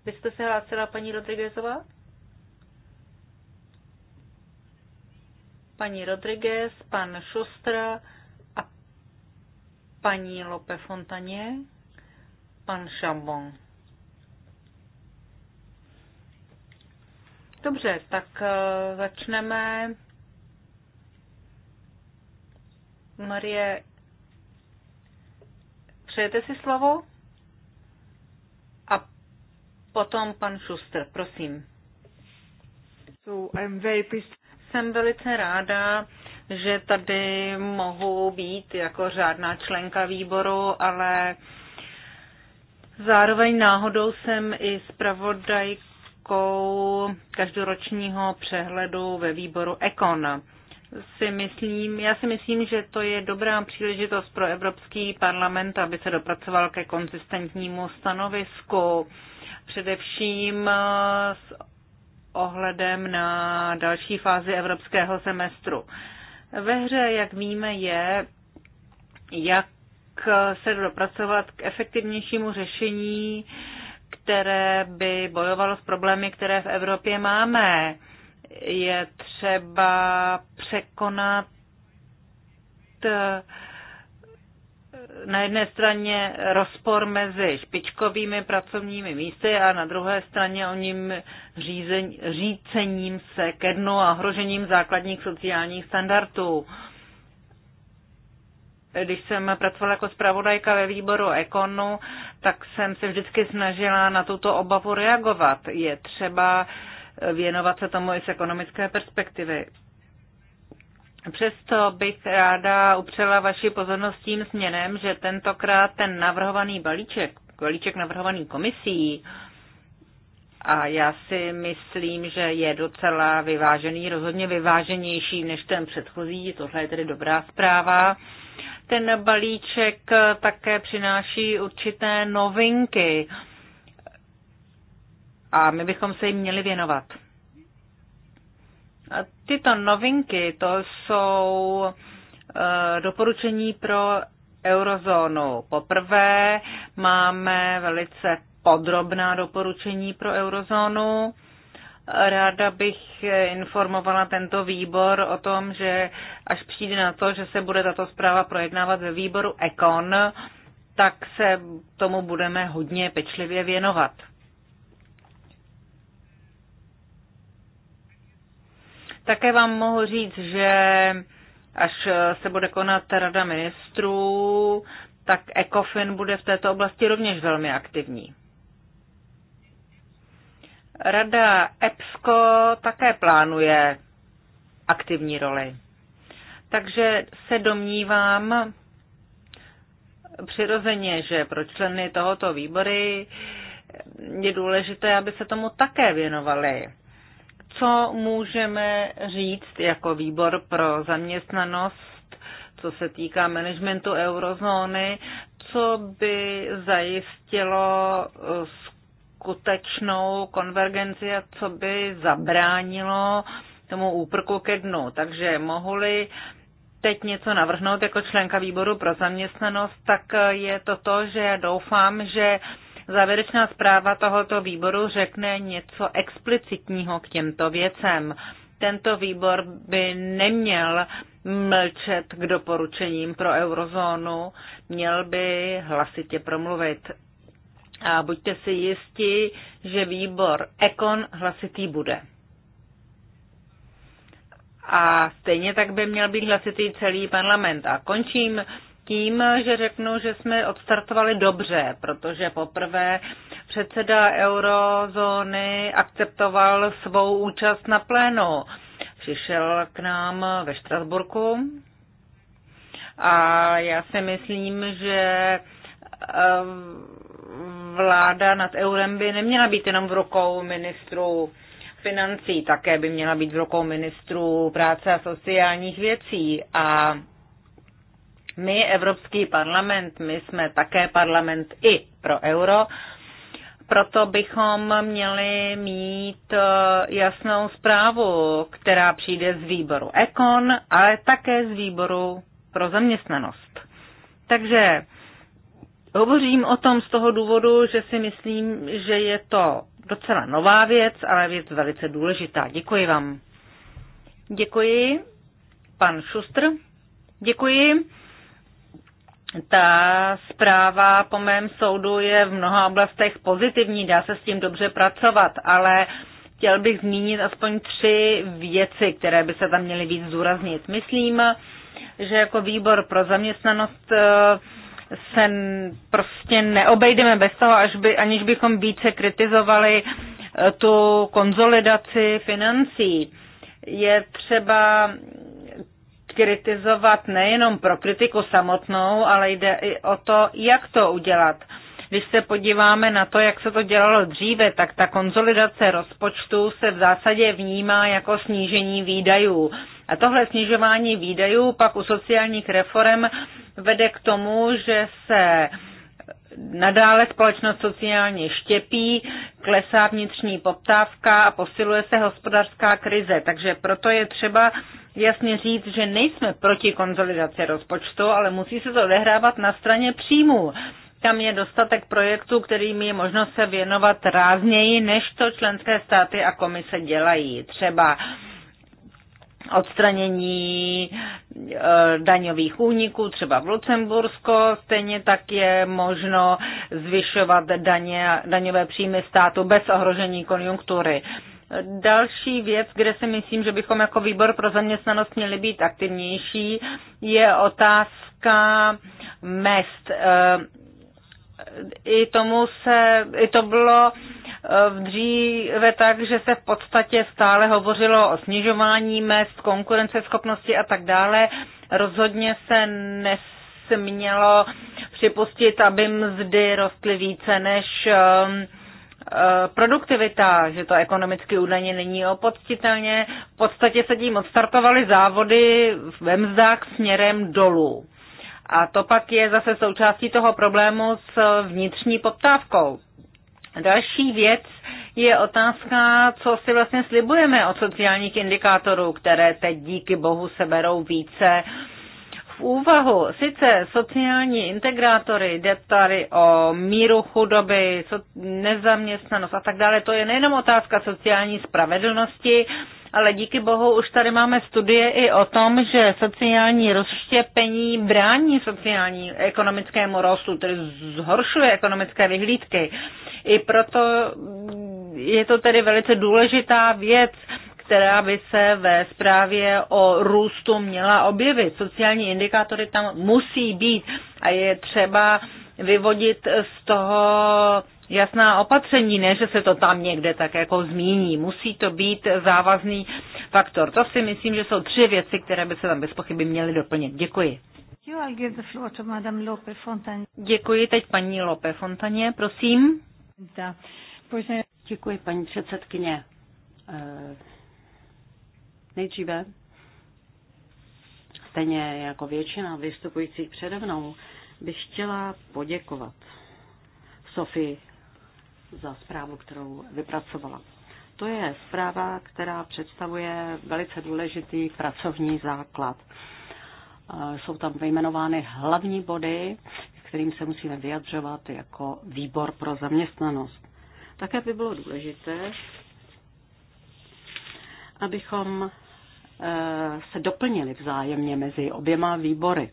Vy jste se hlásila, paní Rodriguezová? Paní Rodriguez, pan Šustra a paní Lope Fontaně, pan Šambon. Dobře, tak eh, začneme. Marie Přejete si slovo? A potom pan Šuster, prosím. So I'm very pleased. Jsem velice ráda, že tady mohu být jako řádná členka výboru, ale zároveň náhodou jsem i zpravodajkou každoročního přehledu ve výboru Econ si myslím, já si myslím, že to je dobrá příležitost pro Evropský parlament, aby se dopracoval ke konzistentnímu stanovisku, především eh, s ohledem na další fázi evropského semestru. Ve hře, jak víme, je, jak se dopracovat k efektivnějšímu řešení, které by bojovalo s problémy, které v Evropě máme je třeba překonat eh, na jedné straně rozpor mezi špičkovými pracovními místy a na druhé straně o ním řízen, řícením se ke dnu a ohrožením základních sociálních standardů. Když jsem pracovala jako zpravodajka ve výboru Ekonu, tak jsem se vždycky snažila na tuto obavu reagovat. Je třeba uh, věnovat se tomu i z ekonomické perspektivy. Přesto bych ráda upřela vaši pozornost tím směrem, že tentokrát ten navrhovaný balíček, balíček navrhovaný komisí, a já si myslím, že je docela vyvážený, rozhodně vyváženější než ten předchozí, tohle je tedy dobrá zpráva. Ten balíček také přináší určité novinky. Uh, a my bychom se jim měli věnovat. A tyto novinky, to jsou eh, doporučení pro eurozónu. Poprvé máme velice podrobná doporučení pro eurozónu. Ráda bych informovala tento výbor o tom, že až přijde na to, že se bude tato zpráva projednávat ve výboru ECON, tak se tomu budeme hodně pečlivě věnovat. Také vám mohu říct, že až se bude konat Rada ministrů, tak ECOFIN bude v této oblasti rovněž velmi aktivní. Rada EPSCO také plánuje aktivní roli. Takže se domnívám přirozeně, že pro členy tohoto výbory je důležité, aby se tomu také věnovali co můžeme říct jako výbor pro zaměstnanost, co se týká managementu eurozóny, co by zajistilo eh, skutečnou konvergenci a co by zabránilo tomu úprku ke dnu. Takže mohli teď něco navrhnout jako členka výboru pro zaměstnanost, tak je to to, že doufám, že Závěrečná zpráva tohoto výboru řekne něco explicitního k těmto věcem. Tento výbor by neměl mlčet k doporučením pro eurozónu, měl by hlasitě promluvit. A buďte si jisti, že výbor Ekon hlasitý bude. A stejně tak by měl být hlasitý celý parlament. A končím tím, že řeknu, že jsme odstartovali dobře, protože poprvé předseda eurozóny akceptoval svou účast na plénu. Přišel k nám ve Štrasburku a já si myslím, že eh, vláda nad eurem by neměla být jenom v rukou ministru financí, také by měla být v rukou ministru práce a sociálních věcí. A my, Evropský parlament, my jsme také parlament i pro euro, proto bychom měli mít eh, jasnou zprávu, která přijde z výboru Ekon, ale také z výboru pro zaměstnanost. Takže hovořím o tom z toho důvodu, že si myslím, že je to docela nová věc, ale věc velice důležitá. Děkuji vám. Děkuji. Pan Šustr. Děkuji ta zpráva po mém soudu je v mnoha oblastech pozitivní, dá se s tím dobře pracovat, ale chtěl bych zmínit aspoň tři věci, které by se tam měly víc zúraznit. Myslím, že jako výbor pro zaměstnanost eh, se prostě neobejdeme bez toho, až by, aniž bychom více kritizovali eh, tu konzolidaci financí. Je třeba kritizovat nejenom pro kritiku samotnou, ale jde i o to, jak to udělat. Když se podíváme na to, jak se to dělalo dříve, tak ta konzolidace rozpočtu se v zásadě vnímá jako snížení výdajů. A tohle snižování výdajů pak u sociálních reform vede k tomu, že se uh, Nadále společnost sociálně štěpí, klesá vnitřní poptávka a posiluje se hospodářská krize. Takže proto je třeba jasně říct, že nejsme proti konzolidaci rozpočtu, ale musí se to odehrávat na straně příjmů. Tam je dostatek projektů, kterým je možno se věnovat rázněji, než to členské státy a komise dělají. Třeba uh, odstranění e, daňových úniků, třeba v Lucembursko. Stejně tak je možno zvyšovat daně, daňové příjmy státu bez ohrožení konjunktury. Další věc, kde si myslím, že bychom jako výbor pro zaměstnanost měli být aktivnější, je otázka mest. E, I tomu se, i to bylo dříve tak, že se v podstatě stále hovořilo o snižování mest, konkurenceschopnosti a tak dále. Rozhodně se nesmělo připustit, aby mzdy rostly více než um, uh, produktivita, že to ekonomicky údajně není opodstitelně. V podstatě se tím odstartovaly závody ve mzdách směrem dolů. A to pak je zase součástí toho problému s vnitřní poptávkou. Další věc je otázka, co si vlastně slibujeme od sociálních indikátorů, které teď díky bohu seberou více v úvahu. Sice sociální integrátory, jde tady o míru chudoby, nezaměstnanost a tak dále, to je nejenom otázka sociální spravedlnosti, ale díky bohu už tady máme studie i o tom, že sociální rozštěpení brání sociální ekonomickému rostu, tedy zhoršuje ekonomické vyhlídky. I proto je to tedy velice důležitá věc, která by se ve zprávě o růstu měla objevit. Sociální indikátory tam musí být a je třeba vyvodit z toho jasná opatření, ne, že se to tam někde tak jako zmíní. Musí to být závazný faktor. To si myslím, že jsou tři věci, které by se tam bez pochyby měly doplnit. Děkuji. Děkuji, teď paní Lope Fontaně, prosím. Děkuji, paní předsedkyně. Eh, nejdříve, stejně jako většina vystupujících přede mnou, bych chtěla poděkovat Sofii za zprávu, kterou vypracovala. To je zpráva, která představuje velice důležitý pracovní základ. Jsou tam vyjmenovány hlavní body, kterým se musíme vyjadřovat jako výbor pro zaměstnanost. Také by bylo důležité, abychom eh, se doplnili vzájemně mezi oběma výbory.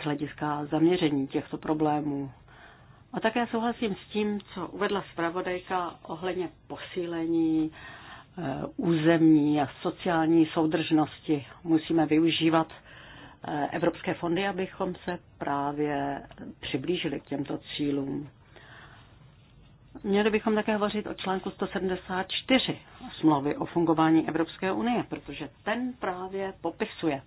Z hlediska zaměření těchto problémů. A také souhlasím s tím, co uvedla zpravodajka ohledně posílení uh, Eh, územní a sociální soudržnosti. Musíme využívat eh, evropské fondy, abychom se právě přiblížili k těmto cílům. Měli bychom také hovořit o článku 174 smlouvy o fungování Evropské unie, protože ten právě popisuje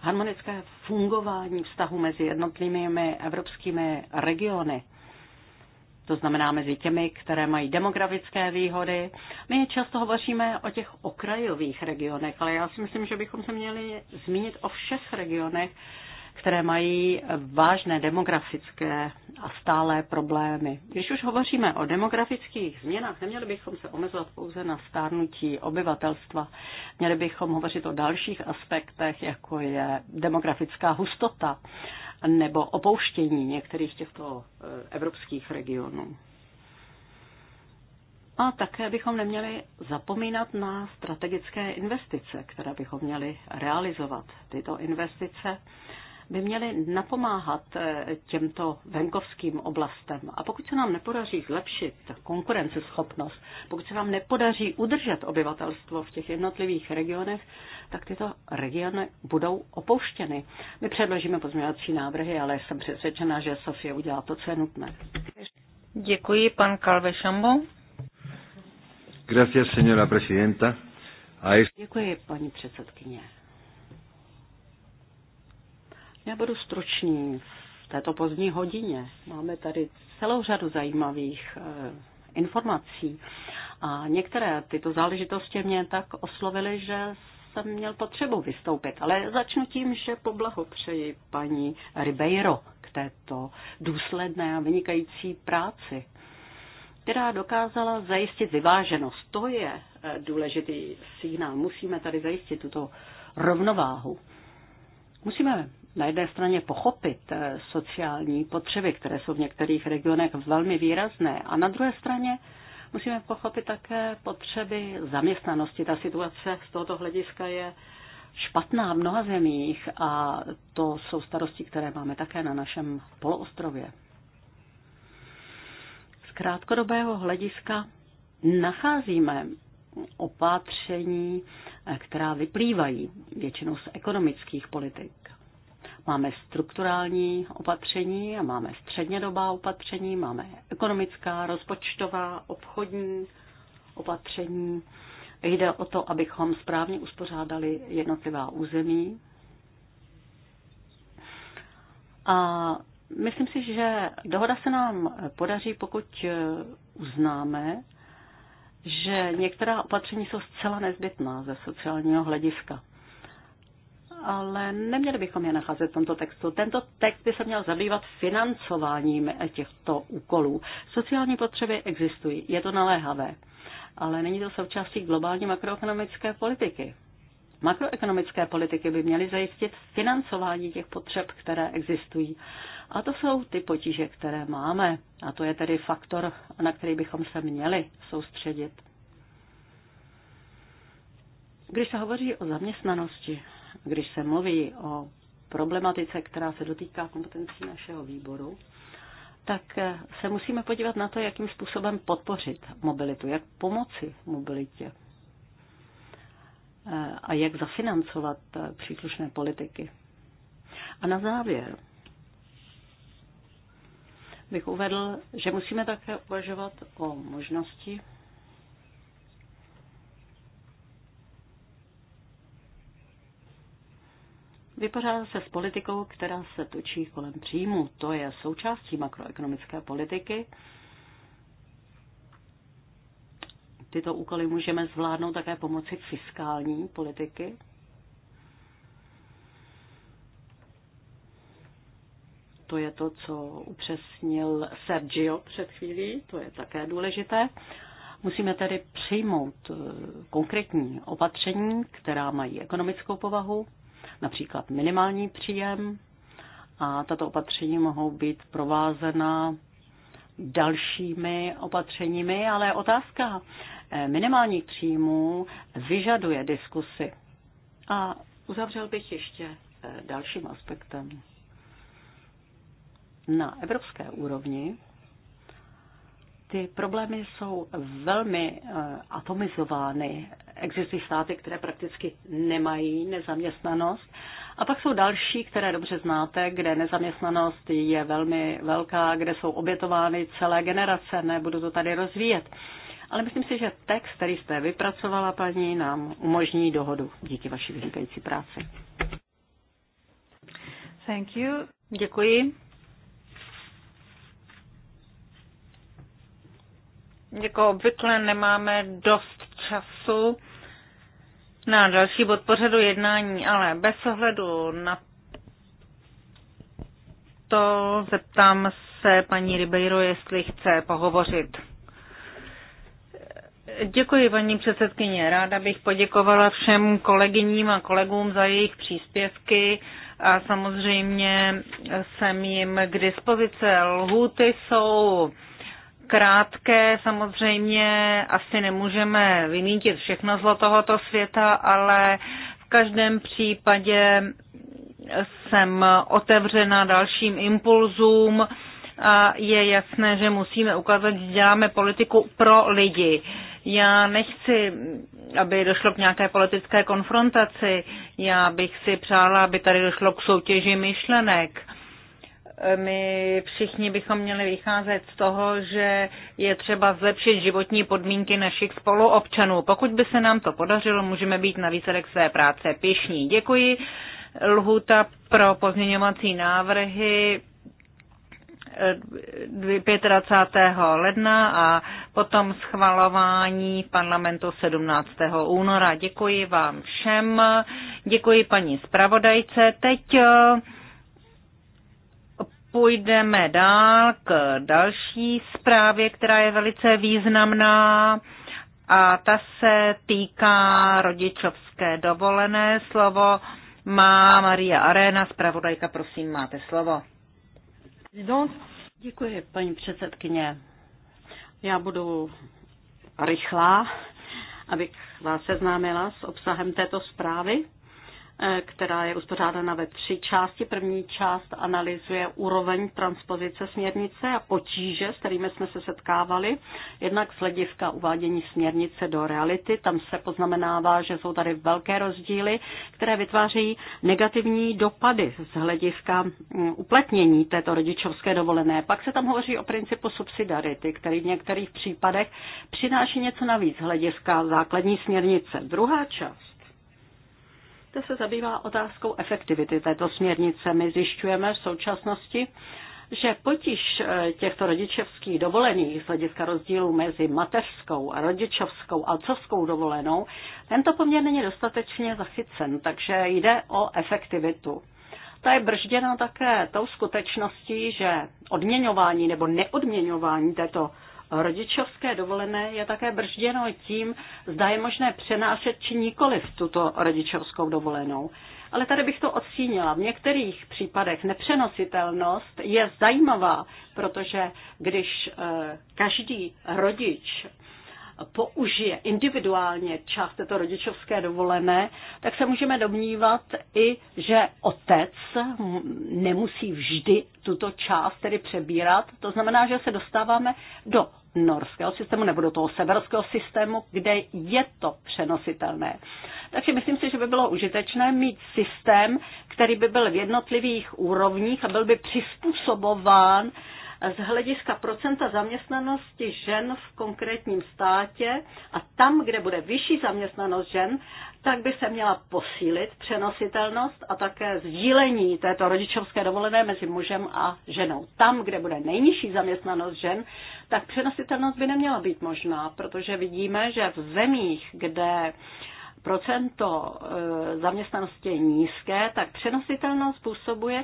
harmonické fungování vztahu mezi jednotlivými evropskými regiony to znamená mezi těmi, které mají demografické výhody. My často hovoříme o těch okrajových regionech, ale já si myslím, že bychom se měli zmínit o všech regionech, které mají vážné demografické a stálé problémy. Když už hovoříme o demografických změnách, neměli bychom se omezovat pouze na stárnutí obyvatelstva. Měli bychom hovořit o dalších aspektech, jako je demografická hustota nebo opouštění některých těchto eh, evropských regionů. A také bychom neměli zapomínat na strategické investice, které bychom měli realizovat. Tyto investice by měly napomáhat eh, těmto venkovským oblastem. A pokud se nám nepodaří zlepšit konkurenceschopnost, pokud se nám nepodaří udržet obyvatelstvo v těch jednotlivých regionech, tak tyto regiony budou opouštěny. My předložíme pozměňovací návrhy, ale jsem přesvědčena, že Sofie udělá to, co je nutné. Děkuji, pan Kalve Šambo. Gracias, señora presidenta. Děkuji, paní předsedkyně. Já budu stručný v této pozdní hodině. Máme tady celou řadu zajímavých eh, informací a některé tyto záležitosti mě tak oslovily, že jsem měl potřebu vystoupit, ale začnu tím, že poblahopřeji paní Ribeiro k této důsledné a vynikající práci, která dokázala zajistit vyváženost. To je eh, důležitý signál. Musíme tady zajistit tuto rovnováhu. Musíme na jedné straně pochopit eh, sociální potřeby, které jsou v některých regionech velmi výrazné, a na druhé straně musíme pochopit také potřeby zaměstnanosti. Ta situace z tohoto hlediska je špatná v mnoha zemích a to jsou starosti, které máme také na našem poloostrově. Z krátkodobého hlediska nacházíme opatření, eh, která vyplývají většinou z ekonomických politik. Máme strukturální opatření a máme střednědobá opatření, máme ekonomická, rozpočtová, obchodní opatření. Jde o to, abychom správně uspořádali jednotlivá území. A myslím si, že dohoda se nám podaří, pokud uznáme, že některá opatření jsou zcela nezbytná ze sociálního hlediska ale neměli bychom je nacházet v tomto textu. Tento text by se měl zabývat financováním těchto úkolů. Sociální potřeby existují, je to naléhavé, ale není to součástí globální makroekonomické politiky. Makroekonomické politiky by měly zajistit financování těch potřeb, které existují. A to jsou ty potíže, které máme. A to je tedy faktor, na který bychom se měli soustředit. Když se hovoří o zaměstnanosti, když se mluví o problematice, která se dotýká kompetencí našeho výboru, tak eh, se musíme podívat na to, jakým způsobem podpořit mobilitu, jak pomoci mobilitě eh, a jak zafinancovat eh, příslušné politiky. A na závěr bych uvedl, že musíme také uvažovat o možnosti vypořádá se s politikou, která se točí kolem příjmu. To je součástí makroekonomické politiky. Tyto úkoly můžeme zvládnout také pomocí fiskální politiky. To je to, co upřesnil Sergio před chvílí, to je také důležité. Musíme tedy přijmout eh, konkrétní opatření, která mají ekonomickou povahu, například minimální příjem a tato opatření mohou být provázena dalšími opatřeními, ale otázka eh, minimálních příjmů vyžaduje diskusy. A uzavřel bych ještě eh, dalším aspektem. Na evropské úrovni ty problémy jsou velmi eh, atomizovány. Existují státy, které prakticky nemají nezaměstnanost. A pak jsou další, které dobře znáte, kde nezaměstnanost je velmi velká, kde jsou obětovány celé generace, nebudu to tady rozvíjet. Ale myslím si, že text, který jste vypracovala, paní, nám umožní dohodu díky vaší vynikající práci. Thank you. Děkuji. Jako obvykle nemáme dost času na další bod pořadu jednání, ale bez ohledu na to zeptám se paní Ribeiro, jestli chce pohovořit. Děkuji, paní předsedkyně. Ráda bych poděkovala všem kolegyním a kolegům za jejich příspěvky a samozřejmě jsem jim k dispozice. Lhuty jsou krátké samozřejmě asi nemůžeme vymítit všechno zlo tohoto světa, ale v každém případě jsem otevřena dalším impulzům a je jasné, že musíme ukázat, že děláme politiku pro lidi. Já nechci, aby došlo k nějaké politické konfrontaci. Já bych si přála, aby tady došlo k soutěži myšlenek my všichni bychom měli vycházet z toho, že je třeba zlepšit životní podmínky našich spoluobčanů. Pokud by se nám to podařilo, můžeme být na výsledek své práce pišní. Děkuji. Lhuta pro pozměňovací návrhy 25. Eh, ledna a potom schvalování v parlamentu 17. února. Děkuji vám všem, děkuji paní zpravodajce. Teď eh, půjdeme dál k další zprávě, která je velice významná a ta se týká rodičovské dovolené. Slovo má Maria Arena, zpravodajka, prosím, máte slovo. Děkuji, paní předsedkyně. Já budu rychlá, abych vás seznámila s obsahem této zprávy. Eh, která je uspořádána ve tři části. První část analyzuje úroveň transpozice směrnice a potíže, s kterými jsme se setkávali. Jednak z hlediska uvádění směrnice do reality, tam se poznamenává, že jsou tady velké rozdíly, které vytvářejí negativní dopady z hlediska mm, uplatnění této rodičovské dovolené. Pak se tam hovoří o principu subsidiarity, který v některých případech přináší něco navíc z hlediska základní směrnice. Druhá část kde se zabývá otázkou efektivity této směrnice. My zjišťujeme v současnosti, že potíž eh, těchto rodičovských dovolených z hlediska rozdílu mezi mateřskou a rodičovskou a otcovskou dovolenou, tento poměr není dostatečně zachycen, takže jde o efektivitu. Ta je bržděna také tou skutečností, že odměňování nebo neodměňování této rodičovské dovolené je také bržděno tím, zda je možné přenášet či nikoli v tuto rodičovskou dovolenou. Ale tady bych to odstínila. V některých případech nepřenositelnost je zajímavá, protože když eh, každý rodič použije individuálně část této rodičovské dovolené, tak se můžeme domnívat i, že otec nemusí vždy tuto část tedy přebírat. To znamená, že se dostáváme do norského systému nebo do toho severského systému, kde je to přenositelné. Takže myslím si, že by bylo užitečné mít systém, který by byl v jednotlivých úrovních a byl by přizpůsobován z hlediska procenta zaměstnanosti žen v konkrétním státě a tam, kde bude vyšší zaměstnanost žen, tak by se měla posílit přenositelnost a také sdílení této rodičovské dovolené mezi mužem a ženou. Tam, kde bude nejnižší zaměstnanost žen, tak přenositelnost by neměla být možná, protože vidíme, že v zemích, kde procento e, zaměstnanosti je nízké, tak přenositelnost způsobuje,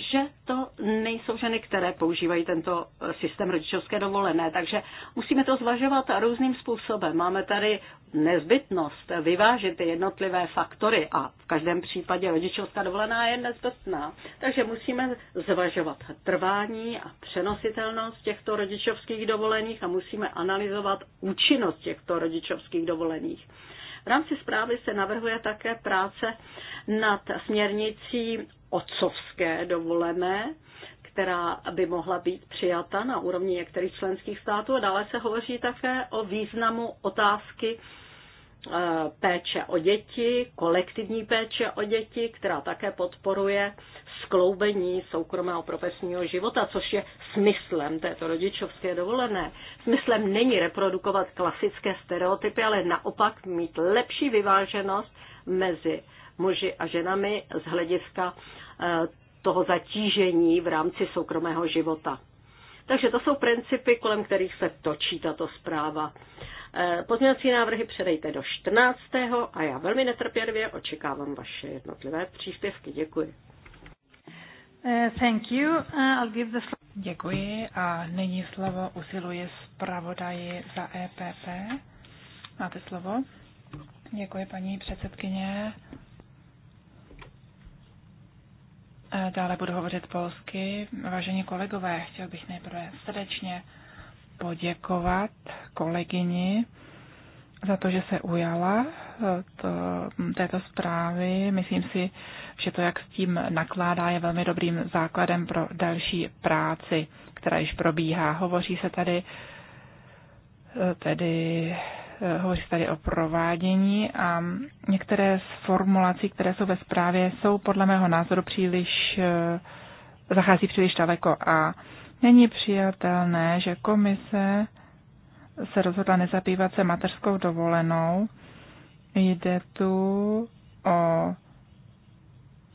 že to nejsou ženy, které používají tento eh, systém rodičovské dovolené. Takže musíme to zvažovat různým způsobem. Máme tady nezbytnost vyvážit ty jednotlivé faktory a v každém případě rodičovská dovolená je nezbytná. Takže musíme zvažovat trvání a přenositelnost těchto rodičovských dovolených a musíme analyzovat účinnost těchto rodičovských dovolených. V rámci zprávy se navrhuje také práce nad směrnicí otcovské dovolené, která by mohla být přijata na úrovni některých členských států. A dále se hovoří také o významu otázky e, péče o děti, kolektivní péče o děti, která také podporuje skloubení soukromého profesního života, což je smyslem této rodičovské dovolené. Smyslem není reprodukovat klasické stereotypy, ale naopak mít lepší vyváženost mezi muži a ženami z hlediska eh, toho zatížení v rámci soukromého života. Takže to jsou principy, kolem kterých se točí tato zpráva. Eh, pozměňovací návrhy předejte do 14. a já velmi netrpělivě očekávám vaše jednotlivé příspěvky. Děkuji. Eh, thank you. I'll give the Děkuji a nyní slovo usiluje zpravodaji za EPP. Máte slovo. Děkuji, paní předsedkyně. Eh, dále budu hovořit polsky. Vážení kolegové, chtěl bych nejprve srdečně poděkovat kolegyni za to, že se ujala eh, to, této zprávy. Myslím si, že to, jak s tím nakládá, je velmi dobrým základem pro další práci, která již probíhá. Hovoří se tady eh, tedy Eh, hovoří tady o provádění a některé z formulací, které jsou ve zprávě, jsou podle mého názoru příliš, eh, zachází příliš daleko a není přijatelné, že komise se rozhodla nezabývat se mateřskou dovolenou. Jde tu o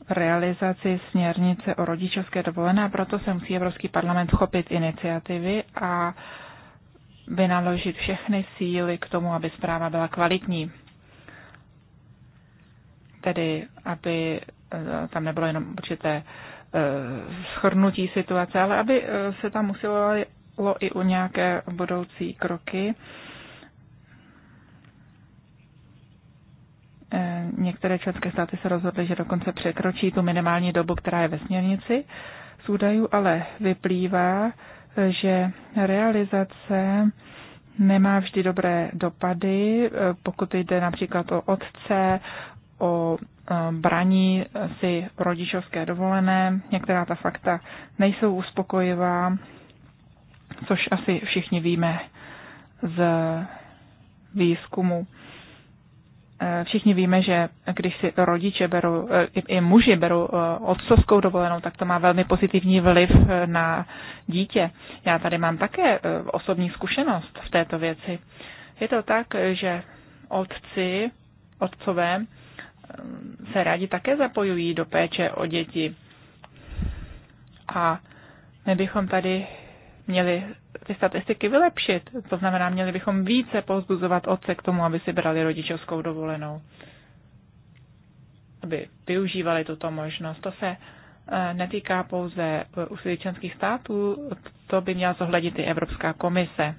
realizaci směrnice o rodičovské dovolené a proto se musí Evropský parlament chopit iniciativy a uh, vynaložit všechny síly k tomu, aby zpráva byla kvalitní. Tedy, aby e, tam nebylo jenom určité e, schrnutí situace, ale aby e, se tam usilovalo i o nějaké budoucí kroky. Některé členské státy se rozhodly, že dokonce překročí tu minimální dobu, která je ve směrnici. Z údajů ale vyplývá, že realizace nemá vždy dobré dopady, pokud jde například o otce, o e, braní si rodičovské dovolené. Některá ta fakta nejsou uspokojivá, což asi všichni víme z výzkumu. Eh, všichni víme, že když si rodiče berou, eh, i muži berou eh, otcovskou dovolenou, tak to má velmi pozitivní vliv na dítě. Já tady mám také osobní zkušenost v této věci. Je to tak, že otci, otcové se rádi také zapojují do péče o děti. A my bychom tady měli ty statistiky vylepšit. To znamená, měli bychom více pozbuzovat otce k tomu, aby si brali rodičovskou dovolenou. Aby využívali tuto možnost. To se eh, netýká pouze u eh, svědčenských států, to by měla zohlednit i Evropská komise.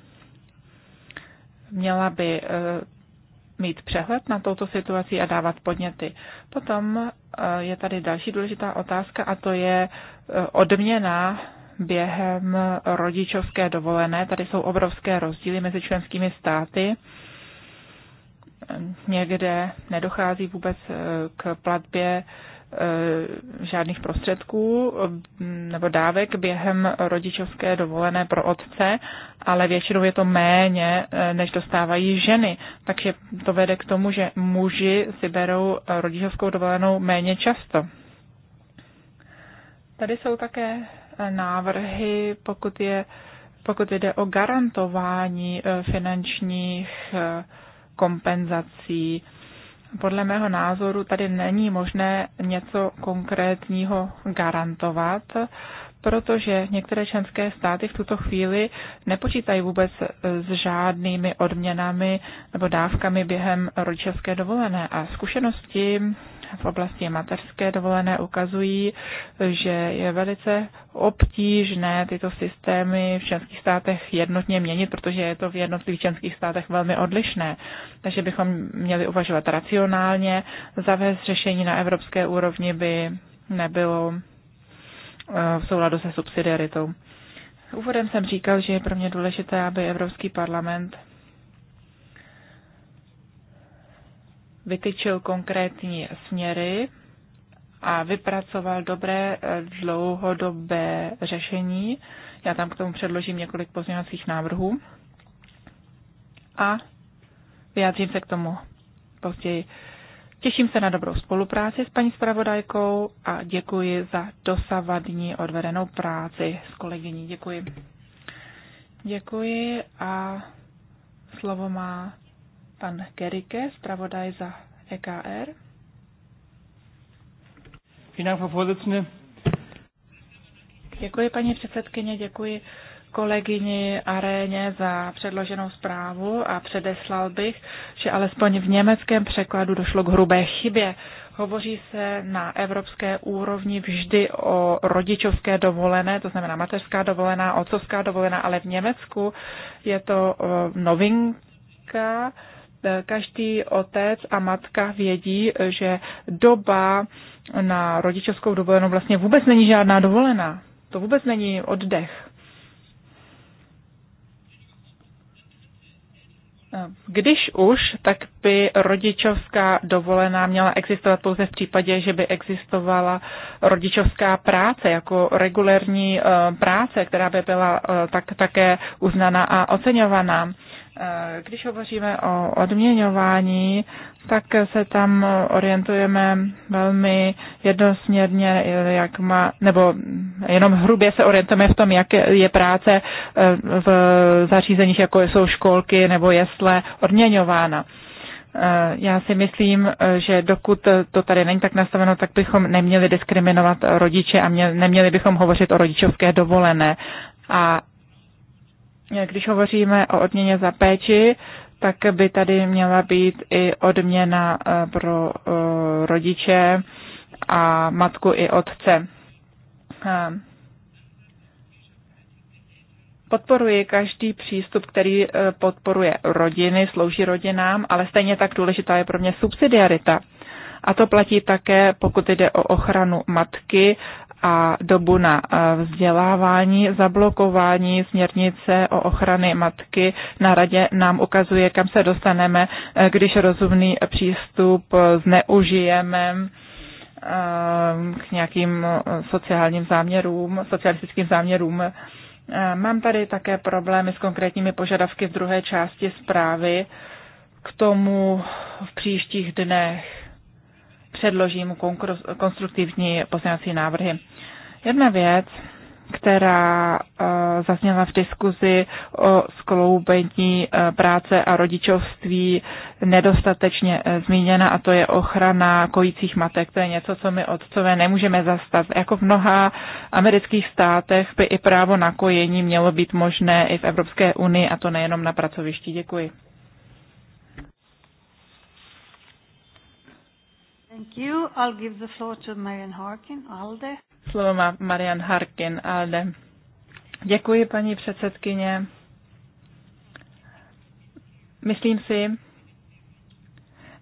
Měla by eh, mít přehled na touto situaci a dávat podněty. Potom je tady další důležitá otázka a to je odměna během rodičovské dovolené. Tady jsou obrovské rozdíly mezi členskými státy. Někde nedochází vůbec eh, k platbě eh, žádných prostředků mm, nebo dávek během rodičovské dovolené pro otce, ale většinou je to méně, eh, než dostávají ženy. Takže to vede k tomu, že muži si berou rodičovskou dovolenou méně často. Tady jsou také návrhy, pokud, je, pokud jde o garantování eh, finančních eh, kompenzací. Podle mého názoru tady není možné něco konkrétního garantovat, protože některé členské státy v tuto chvíli nepočítají vůbec eh, s žádnými odměnami nebo dávkami během rodičovské dovolené. A zkušenosti v oblasti mateřské dovolené ukazují, že je velice obtížné tyto systémy v členských státech jednotně měnit, protože je to v jednotlivých členských státech velmi odlišné. Takže bychom měli uvažovat racionálně, zavést řešení na evropské úrovni by nebylo eh, v souladu se subsidiaritou. Úvodem jsem říkal, že je pro mě důležité, aby Evropský parlament vytyčil konkrétní směry a vypracoval dobré eh, dlouhodobé řešení. Já tam k tomu předložím několik pozměňovacích návrhů a vyjádřím se k tomu později. Těším se na dobrou spolupráci s paní zpravodajkou a děkuji za dosavadní odvedenou práci s kolegyní. Děkuji. Děkuji a slovo má Pan Gerike, zpravodaj za EKR. Děkuji, paní předsedkyně, děkuji kolegyni Aréně za předloženou zprávu a předeslal bych, že alespoň v německém překladu došlo k hrubé chybě. Hovoří se na evropské úrovni vždy o rodičovské dovolené, to znamená mateřská dovolená, otcovská dovolená, ale v Německu je to eh, novinka, Každý otec a matka vědí, že doba na rodičovskou dovolenou vlastně vůbec není žádná dovolená. To vůbec není oddech. Když už, tak by rodičovská dovolená měla existovat pouze v případě, že by existovala rodičovská práce jako regulérní eh, práce, která by byla eh, tak, také uznaná a oceňovaná. Eh, když hovoříme o odměňování, tak se tam orientujeme velmi jednosměrně, jak má, nebo jenom hrubě se orientujeme v tom, jak je práce eh, v zařízeních, jako jsou školky nebo jesle, odměňována. Eh, já si myslím, že dokud to tady není tak nastaveno, tak bychom neměli diskriminovat rodiče a neměli bychom hovořit o rodičovské dovolené. A když hovoříme o odměně za péči, tak by tady měla být i odměna eh, pro eh, rodiče a matku i otce. Eh, podporuji každý přístup, který podporuje rodiny, slouží rodinám, ale stejně tak důležitá je pro mě subsidiarita. A to platí také, pokud jde o ochranu matky a dobu na eh, vzdělávání, zablokování směrnice o ochrany matky na radě nám ukazuje, kam se dostaneme, eh, když rozumný přístup zneužijeme eh, k nějakým sociálním záměrům, socialistickým záměrům. Mám tady také problémy s konkrétními požadavky v druhé části zprávy k tomu v příštích dnech předložím konstruktivní pozměňovací návrhy. Jedna věc, která eh, zazněla v diskuzi o skloubení eh, práce a rodičovství nedostatečně eh, zmíněna a to je ochrana kojících matek. To je něco, co my otcové nemůžeme zastat. Jako v mnoha amerických státech by i právo na kojení mělo být možné i v Evropské unii a to nejenom na pracovišti. Děkuji. Thank you. I'll give the floor to Marian Harkin, ALDE. Slovo má Marian Harkin, ALDE. Děkuji, paní předsedkyně. Myslím si,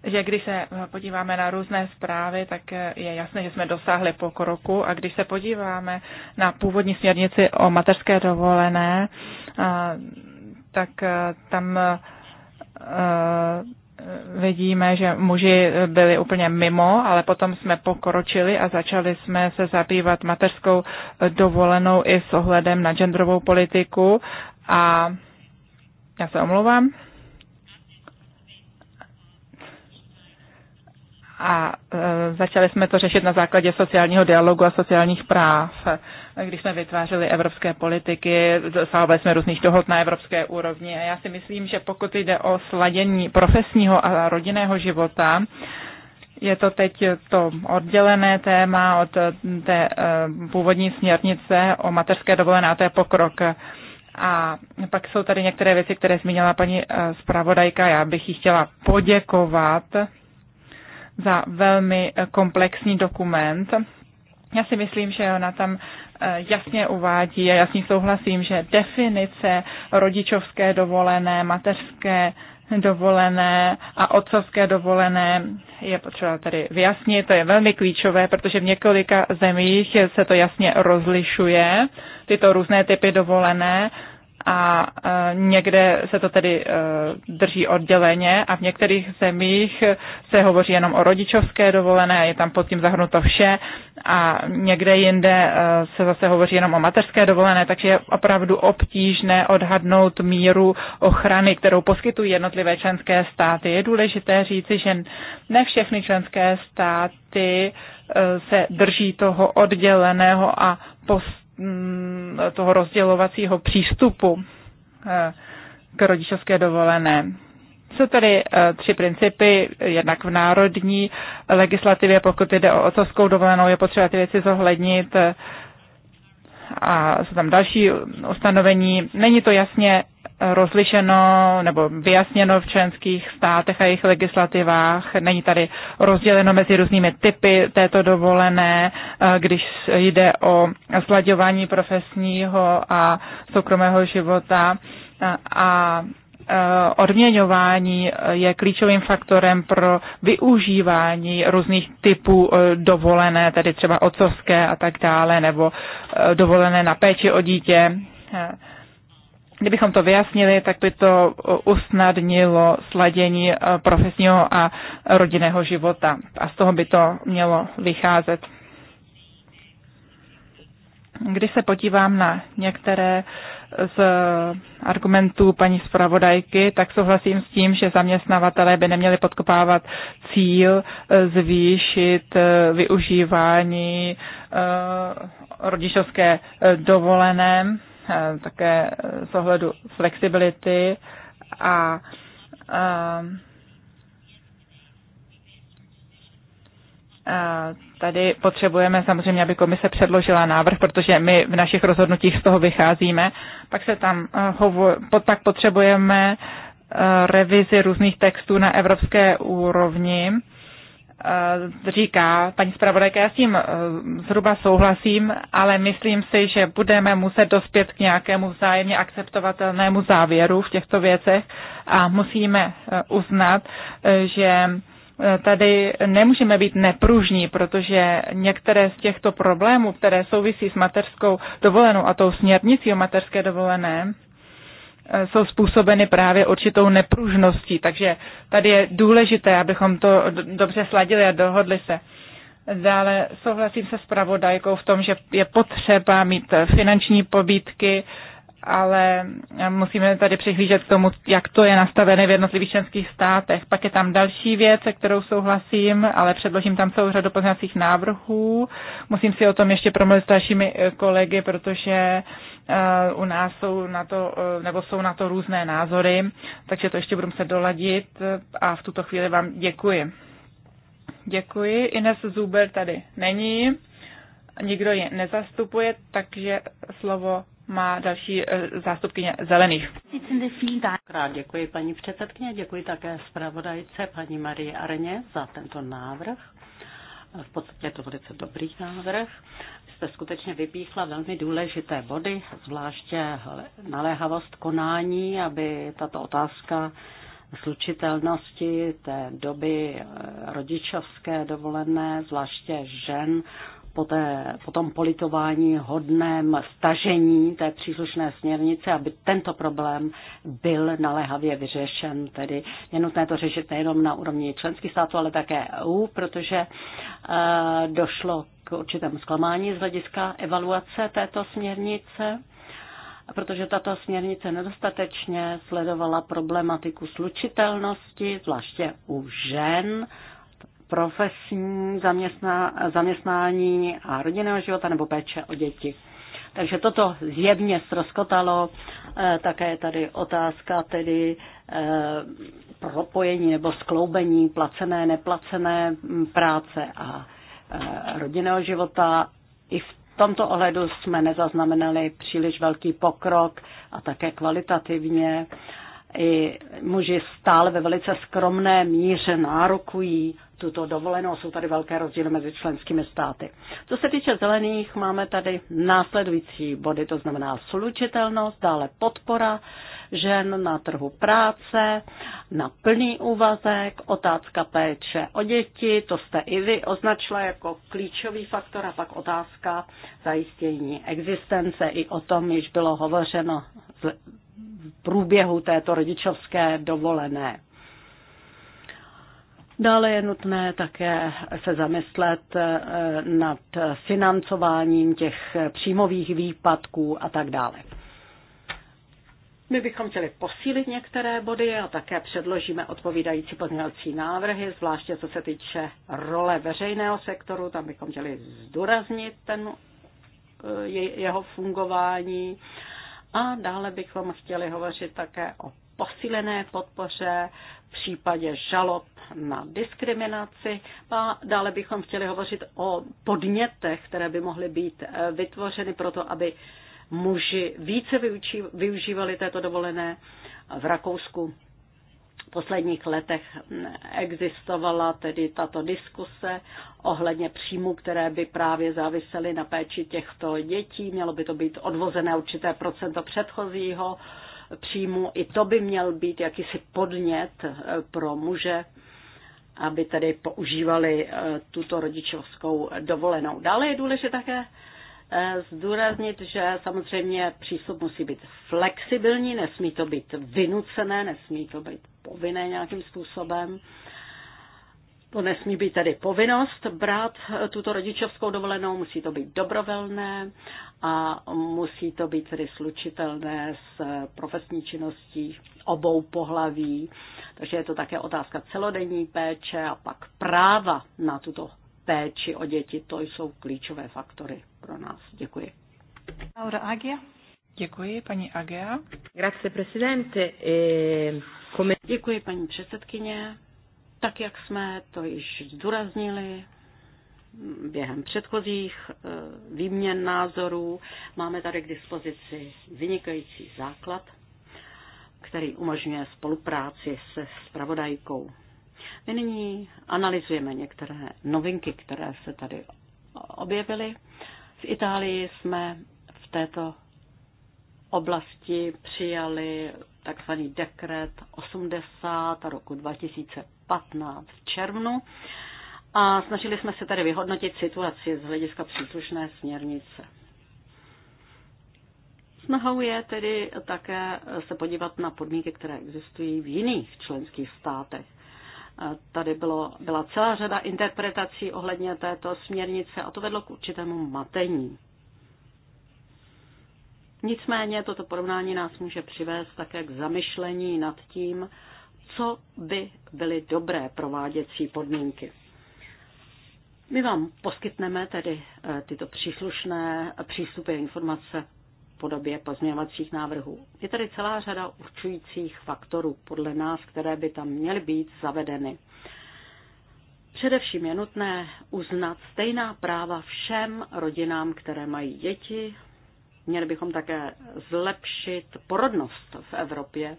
že když se podíváme na různé zprávy, tak je jasné, že jsme dosáhli pokroku a když se podíváme na původní směrnici o mateřské dovolené, tak tam vidíme, že muži byli úplně mimo, ale potom jsme pokročili a začali jsme se zabývat mateřskou dovolenou i s ohledem na genderovou politiku. A já se omlouvám. a e, začali jsme to řešit na základě sociálního dialogu a sociálních práv. Když jsme vytvářeli evropské politiky, dosahovali jsme různých dohod na evropské úrovni a já si myslím, že pokud jde o sladění profesního a rodinného života, je to teď to oddělené téma od té e, původní směrnice o mateřské dovolené a to je pokrok. A pak jsou tady některé věci, které zmínila paní e, zpravodajka. Já bych jí chtěla poděkovat za velmi eh, komplexní dokument. Já si myslím, že ona tam eh, jasně uvádí a já s ní souhlasím, že definice rodičovské dovolené, mateřské dovolené a otcovské dovolené je potřeba tady vyjasnit, to je velmi klíčové, protože v několika zemích se to jasně rozlišuje, tyto různé typy dovolené a e, někde se to tedy e, drží odděleně a v některých zemích se hovoří jenom o rodičovské dovolené, je tam pod tím zahrnuto vše a někde jinde e, se zase hovoří jenom o mateřské dovolené, takže je opravdu obtížné odhadnout míru ochrany, kterou poskytují jednotlivé členské státy. Je důležité říci, že ne všechny členské státy se drží toho odděleného a post Mm, toho rozdělovacího přístupu eh, k rodičovské dovolené. Jsou tady eh, tři principy, jednak v národní legislativě, pokud jde o otcovskou dovolenou, je potřeba ty věci zohlednit eh, a jsou tam další ustanovení. Není to jasně rozlišeno nebo vyjasněno v členských státech a jejich legislativách. Není tady rozděleno mezi různými typy této dovolené, když jde o slaďování profesního a soukromého života. A odměňování je klíčovým faktorem pro využívání různých typů e, dovolené, tedy třeba otcovské a tak dále, nebo e, dovolené na péči o dítě Kdybychom to vyjasnili, tak by to uh, usnadnilo sladění uh, profesního a rodinného života. A z toho by to mělo vycházet. Když se podívám na některé z argumentů paní zpravodajky, tak souhlasím s tím, že zaměstnavatelé by neměli podkopávat cíl eh, zvýšit eh, využívání eh, rodičovské dovolené Eh, také z ohledu flexibility a, a eh, eh, Tady potřebujeme samozřejmě, aby komise předložila návrh, protože my v našich rozhodnutích z toho vycházíme. Pak se tam tak potřebujeme revizi různých textů na evropské úrovni Eh, říká paní zpravodajka, já s tím eh, zhruba souhlasím, ale myslím si, že budeme muset dospět k nějakému vzájemně akceptovatelnému závěru v těchto věcech a musíme eh, uznat, že tady nemůžeme být nepružní, protože některé z těchto problémů, které souvisí s mateřskou dovolenou a tou směrnicí o mateřské dovolené, Eh, jsou způsobeny právě určitou nepružností. Takže tady je důležité, abychom to dobře sladili a dohodli se. Dále souhlasím se s pravodajkou v tom, že je potřeba mít eh, finanční pobídky, ale eh, musíme tady přihlížet k tomu, jak to je nastavené v jednotlivých členských státech. Pak je tam další věc, se kterou souhlasím, ale předložím tam celou řadu poznacích návrhů. Musím si o tom ještě promluvit s dalšími kolegy, protože uh, Eh, u nás jsou na to, eh, nebo jsou na to různé názory, takže to ještě budu muset doladit eh, a v tuto chvíli vám děkuji. Děkuji. Ines Zuber tady není, nikdo je nezastupuje, takže slovo má další zástupkyně zelených. děkuji paní předsedkyně, děkuji také zpravodajce paní Marie Areně za tento návrh. V podstatě je to velice dobrý návrh jste skutečně vypíchla velmi důležité body, zvláště naléhavost konání, aby tato otázka slučitelnosti té doby rodičovské dovolené, zvláště žen, po, té, po tom politování hodném stažení té příslušné směrnice, aby tento problém byl naléhavě vyřešen. Tedy je nutné to řešit nejenom na úrovni členských států, ale také EU, protože uh, došlo k určitému zklamání z hlediska evaluace této směrnice protože tato směrnice nedostatečně sledovala problematiku slučitelnosti, zvláště u žen, profesní zaměstná, zaměstnání a rodinného života nebo péče o děti. Takže toto zjevně ztroskotalo. Eh, také je tady otázka tedy eh, propojení nebo skloubení placené, neplacené mm, práce a eh, rodinného života. I v tomto ohledu jsme nezaznamenali příliš velký pokrok a také kvalitativně i muži stále ve velice skromné míře nárokují tuto dovolenou. Jsou tady velké rozdíly mezi členskými státy. Co se týče zelených, máme tady následující body, to znamená slučitelnost, dále podpora žen na trhu práce, na plný úvazek, otázka péče o děti, to jste i vy označila jako klíčový faktor a pak otázka zajistění existence. I o tom již bylo hovořeno v průběhu této rodičovské dovolené. Dále je nutné také se zamyslet eh, nad financováním těch příjmových výpadků a tak dále. My bychom chtěli posílit některé body a také předložíme odpovídající pozměňovací návrhy, zvláště co se týče role veřejného sektoru, tam bychom chtěli zdůraznit ten, eh, je, jeho fungování. A dále bychom chtěli hovořit také o posílené podpoře v případě žalob na diskriminaci. A dále bychom chtěli hovořit o podnětech, které by mohly být eh, vytvořeny pro to, aby muži více využívali této dovolené v Rakousku. V posledních letech mm, existovala tedy tato diskuse ohledně příjmů, které by právě závisely na péči těchto dětí. Mělo by to být odvozené určité procento předchozího příjmu. I to by měl být jakýsi podnět eh, pro muže, aby tedy používali eh, tuto rodičovskou dovolenou. Dále je důležité také eh, zdůraznit, že samozřejmě přístup musí být flexibilní, nesmí to být vynucené, nesmí to být povinné nějakým způsobem. To nesmí být tedy povinnost brát tuto rodičovskou dovolenou, musí to být dobrovelné a musí to být tedy slučitelné s profesní činností obou pohlaví. Takže je to také otázka celodenní péče a pak práva na tuto péči o děti. To jsou klíčové faktory pro nás. Děkuji. Laura Agia. Děkuji, paní Agia. Grazie, presidente. E, Děkuji, paní předsedkyně. Tak, jak jsme to již zdůraznili během předchozích eh, výměn názorů, máme tady k dispozici vynikající základ, který umožňuje spolupráci se spravodajkou. My nyní analyzujeme některé novinky, které se tady objevily. V Itálii jsme v této oblasti přijali takzvaný dekret 80 roku 2005 2015 v červnu a snažili jsme se tady vyhodnotit situaci z hlediska příslušné směrnice. Snahou je tedy také se podívat na podmínky, které existují v jiných členských státech. Tady bylo, byla celá řada interpretací ohledně této směrnice a to vedlo k určitému matení. Nicméně toto porovnání nás může přivést také k zamyšlení nad tím, co by byly dobré prováděcí podmínky. My vám poskytneme tedy eh, tyto příslušné přístupy a informace v podobě pozměňovacích návrhů. Je tady celá řada určujících faktorů podle nás, které by tam měly být zavedeny. Především je nutné uznat stejná práva všem rodinám, které mají děti. Měli bychom také zlepšit porodnost v Evropě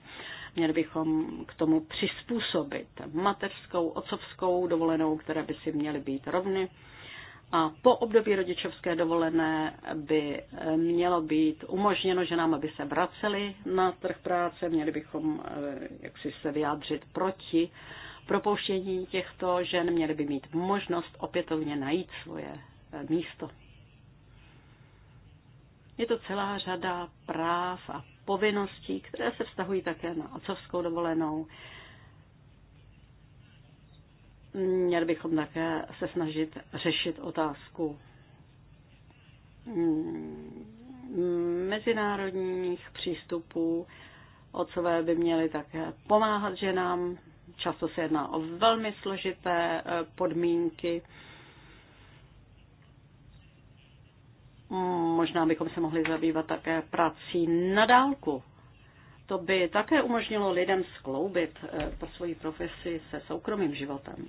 Měli bychom k tomu přizpůsobit mateřskou, otcovskou dovolenou, které by si měly být rovny. A po období rodičovské dovolené by eh, mělo být umožněno že nám aby se vraceli na trh práce, měli bychom eh, jak si se vyjádřit proti propouštění těchto žen, měli by mít možnost opětovně najít svoje eh, místo. Je to celá řada práv a povinností, které se vztahují také na otcovskou dovolenou. Měli bychom také se snažit řešit otázku mm, mezinárodních přístupů. Otcové by měli také pomáhat ženám. Často se jedná o velmi složité eh, podmínky Možná bychom se mohli zabývat také prací na dálku. To by také umožnilo lidem skloubit po eh, svoji profesi se soukromým životem.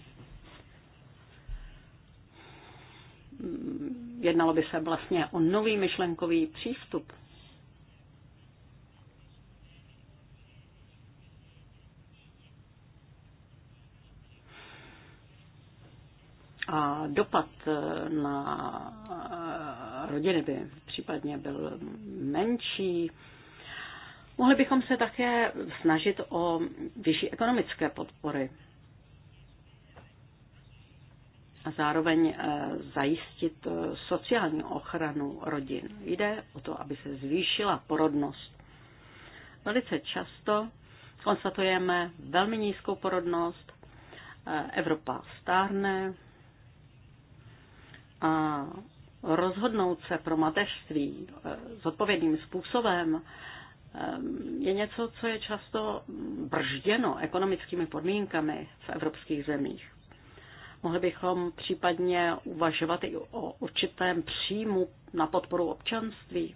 Mm, jednalo by se vlastně o nový myšlenkový přístup a dopad eh, na rodiny by případně byl menší. Mohli bychom se také snažit o vyšší ekonomické podpory a zároveň eh, zajistit eh, sociální ochranu rodin. Jde o to, aby se zvýšila porodnost. Velice často konstatujeme velmi nízkou porodnost, eh, Evropa stárne a rozhodnout se pro mateřství eh, zodpovědným způsobem eh, je něco, co je často bržděno ekonomickými podmínkami v evropských zemích. Mohli bychom případně uvažovat i o určitém příjmu na podporu občanství.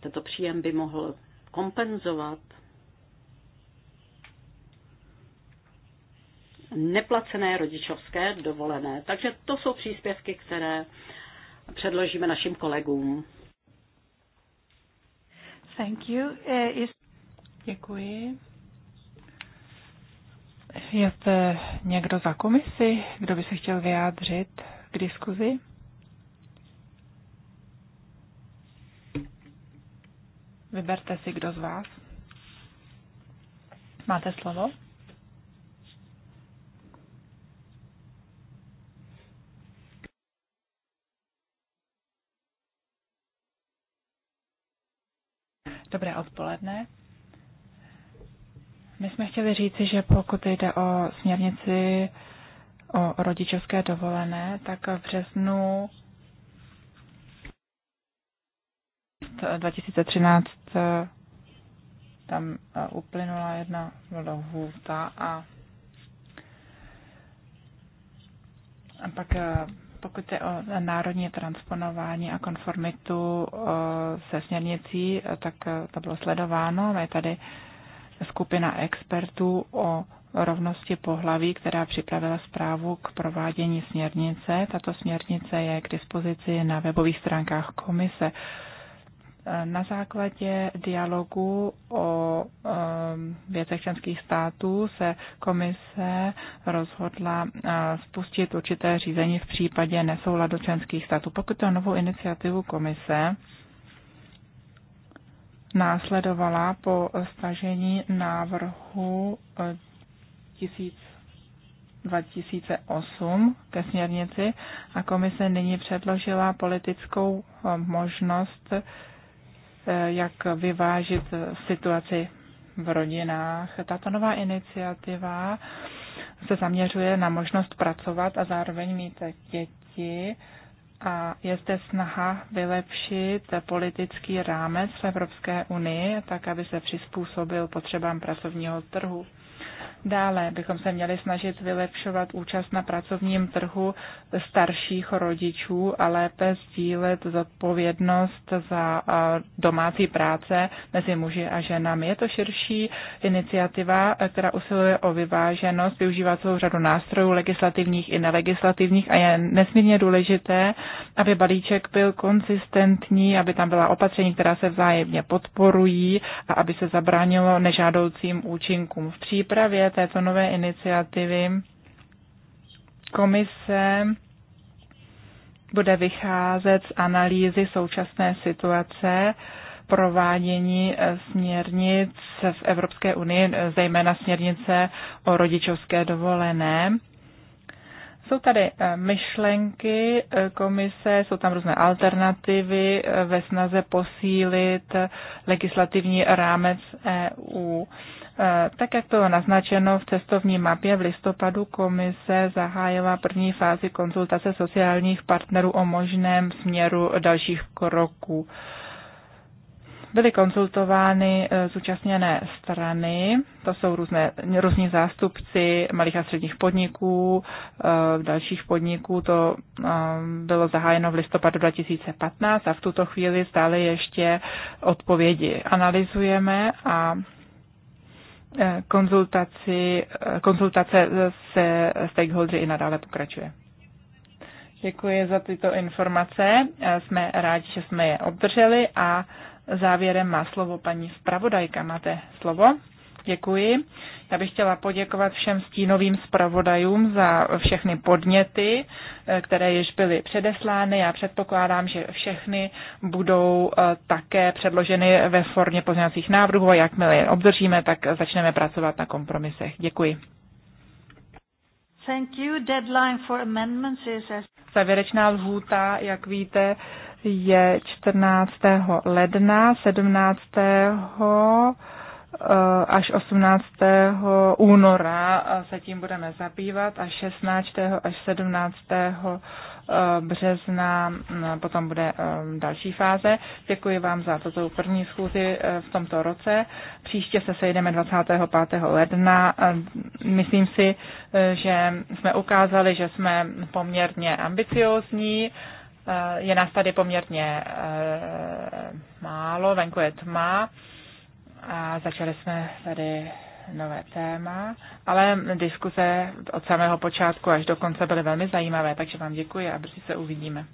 Tento příjem by mohl kompenzovat neplacené rodičovské dovolené. Takže to jsou příspěvky, které předložíme našim kolegům. Thank you. Eh, is... Děkuji. Je zde někdo za komisi, kdo by se chtěl vyjádřit k diskuzi? Vyberte si, kdo z vás. Máte slovo? Dobré odpoledne. My jsme chtěli říci, že pokud jde o směrnici o rodičovské dovolené, tak v březnu 2013 eh, tam eh, uplynula jedna lhůta a a pak eh, pokud je o národní transponování a konformitu eh, se směrnicí, eh, tak eh, to bylo sledováno. Je tady skupina expertů o rovnosti pohlaví, která připravila zprávu k provádění směrnice. Tato směrnice je k dispozici na webových stránkách komise na základě dialogu o věcech členských států se komise rozhodla spustit určité řízení v případě nesouladu členských států. Pokud to novou iniciativu komise následovala po stažení návrhu 2008 eh, ke směrnici a komise nyní předložila politickou eh, možnost Eh, jak vyvážit situaci v rodinách. Tato nová iniciativa se zaměřuje na možnost pracovat a zároveň mít děti a je zde snaha vylepšit politický rámec v Evropské unii, tak aby se přizpůsobil potřebám pracovního trhu. Dále bychom se měli snažit vylepšovat účast na pracovním trhu starších rodičů a lépe sdílet zodpovědnost za domácí práce mezi muži a ženami. Je to širší iniciativa, která usiluje o vyváženost, využívá celou řadu nástrojů legislativních i nelegislativních a je nesmírně důležité, aby balíček byl konzistentní, aby tam byla opatření, která se vzájemně podporují a aby se zabránilo nežádoucím účinkům. V přípravě této nové iniciativy komise bude vycházet z analýzy současné situace provádění eh, směrnic v Evropské unii, zejména směrnice o rodičovské dovolené. Jsou tady eh, myšlenky eh, komise, jsou tam různé alternativy ve snaze posílit legislativní rámec EU. Eh, tak, jak bylo naznačeno v cestovní mapě, v listopadu komise zahájila první fázi konzultace sociálních partnerů o možném směru dalších kroků. Byly konzultovány eh, zúčastněné strany, to jsou různé, různí zástupci malých a středních podniků, eh, dalších podniků, to bylo zahájeno v listopadu 2015 a v tuto chvíli stále ještě odpovědi analyzujeme a Eh, konzultaci, eh, konzultace se stakeholdery i nadále pokračuje. Děkuji za tyto informace. Eh, jsme rádi, že jsme je obdrželi a závěrem má slovo paní zpravodajka. Máte slovo? Děkuji. Já bych chtěla poděkovat všem stínovým zpravodajům za všechny podněty, eh, které již byly předeslány. Já předpokládám, že všechny budou eh, také předloženy ve formě pozměňovacích návrhů a jakmile je obdržíme, tak začneme pracovat na kompromisech. Děkuji. Thank you. Deadline for amendments is as... Zavěrečná lhůta, jak víte, je 14. ledna, 17. Eh, až 18. února se tím budeme zabývat a 16. až 17. Eh, března mm, potom bude eh, další fáze. Děkuji vám za toto první schůzi v tomto roce. Příště se sejdeme 25. ledna. Myslím si, že jsme ukázali, že jsme poměrně ambiciózní. Je nás tady poměrně málo, venku je tma a začali jsme tady nové téma, ale diskuze od samého počátku až do konce byly velmi zajímavé, takže vám děkuji a brzy se uvidíme.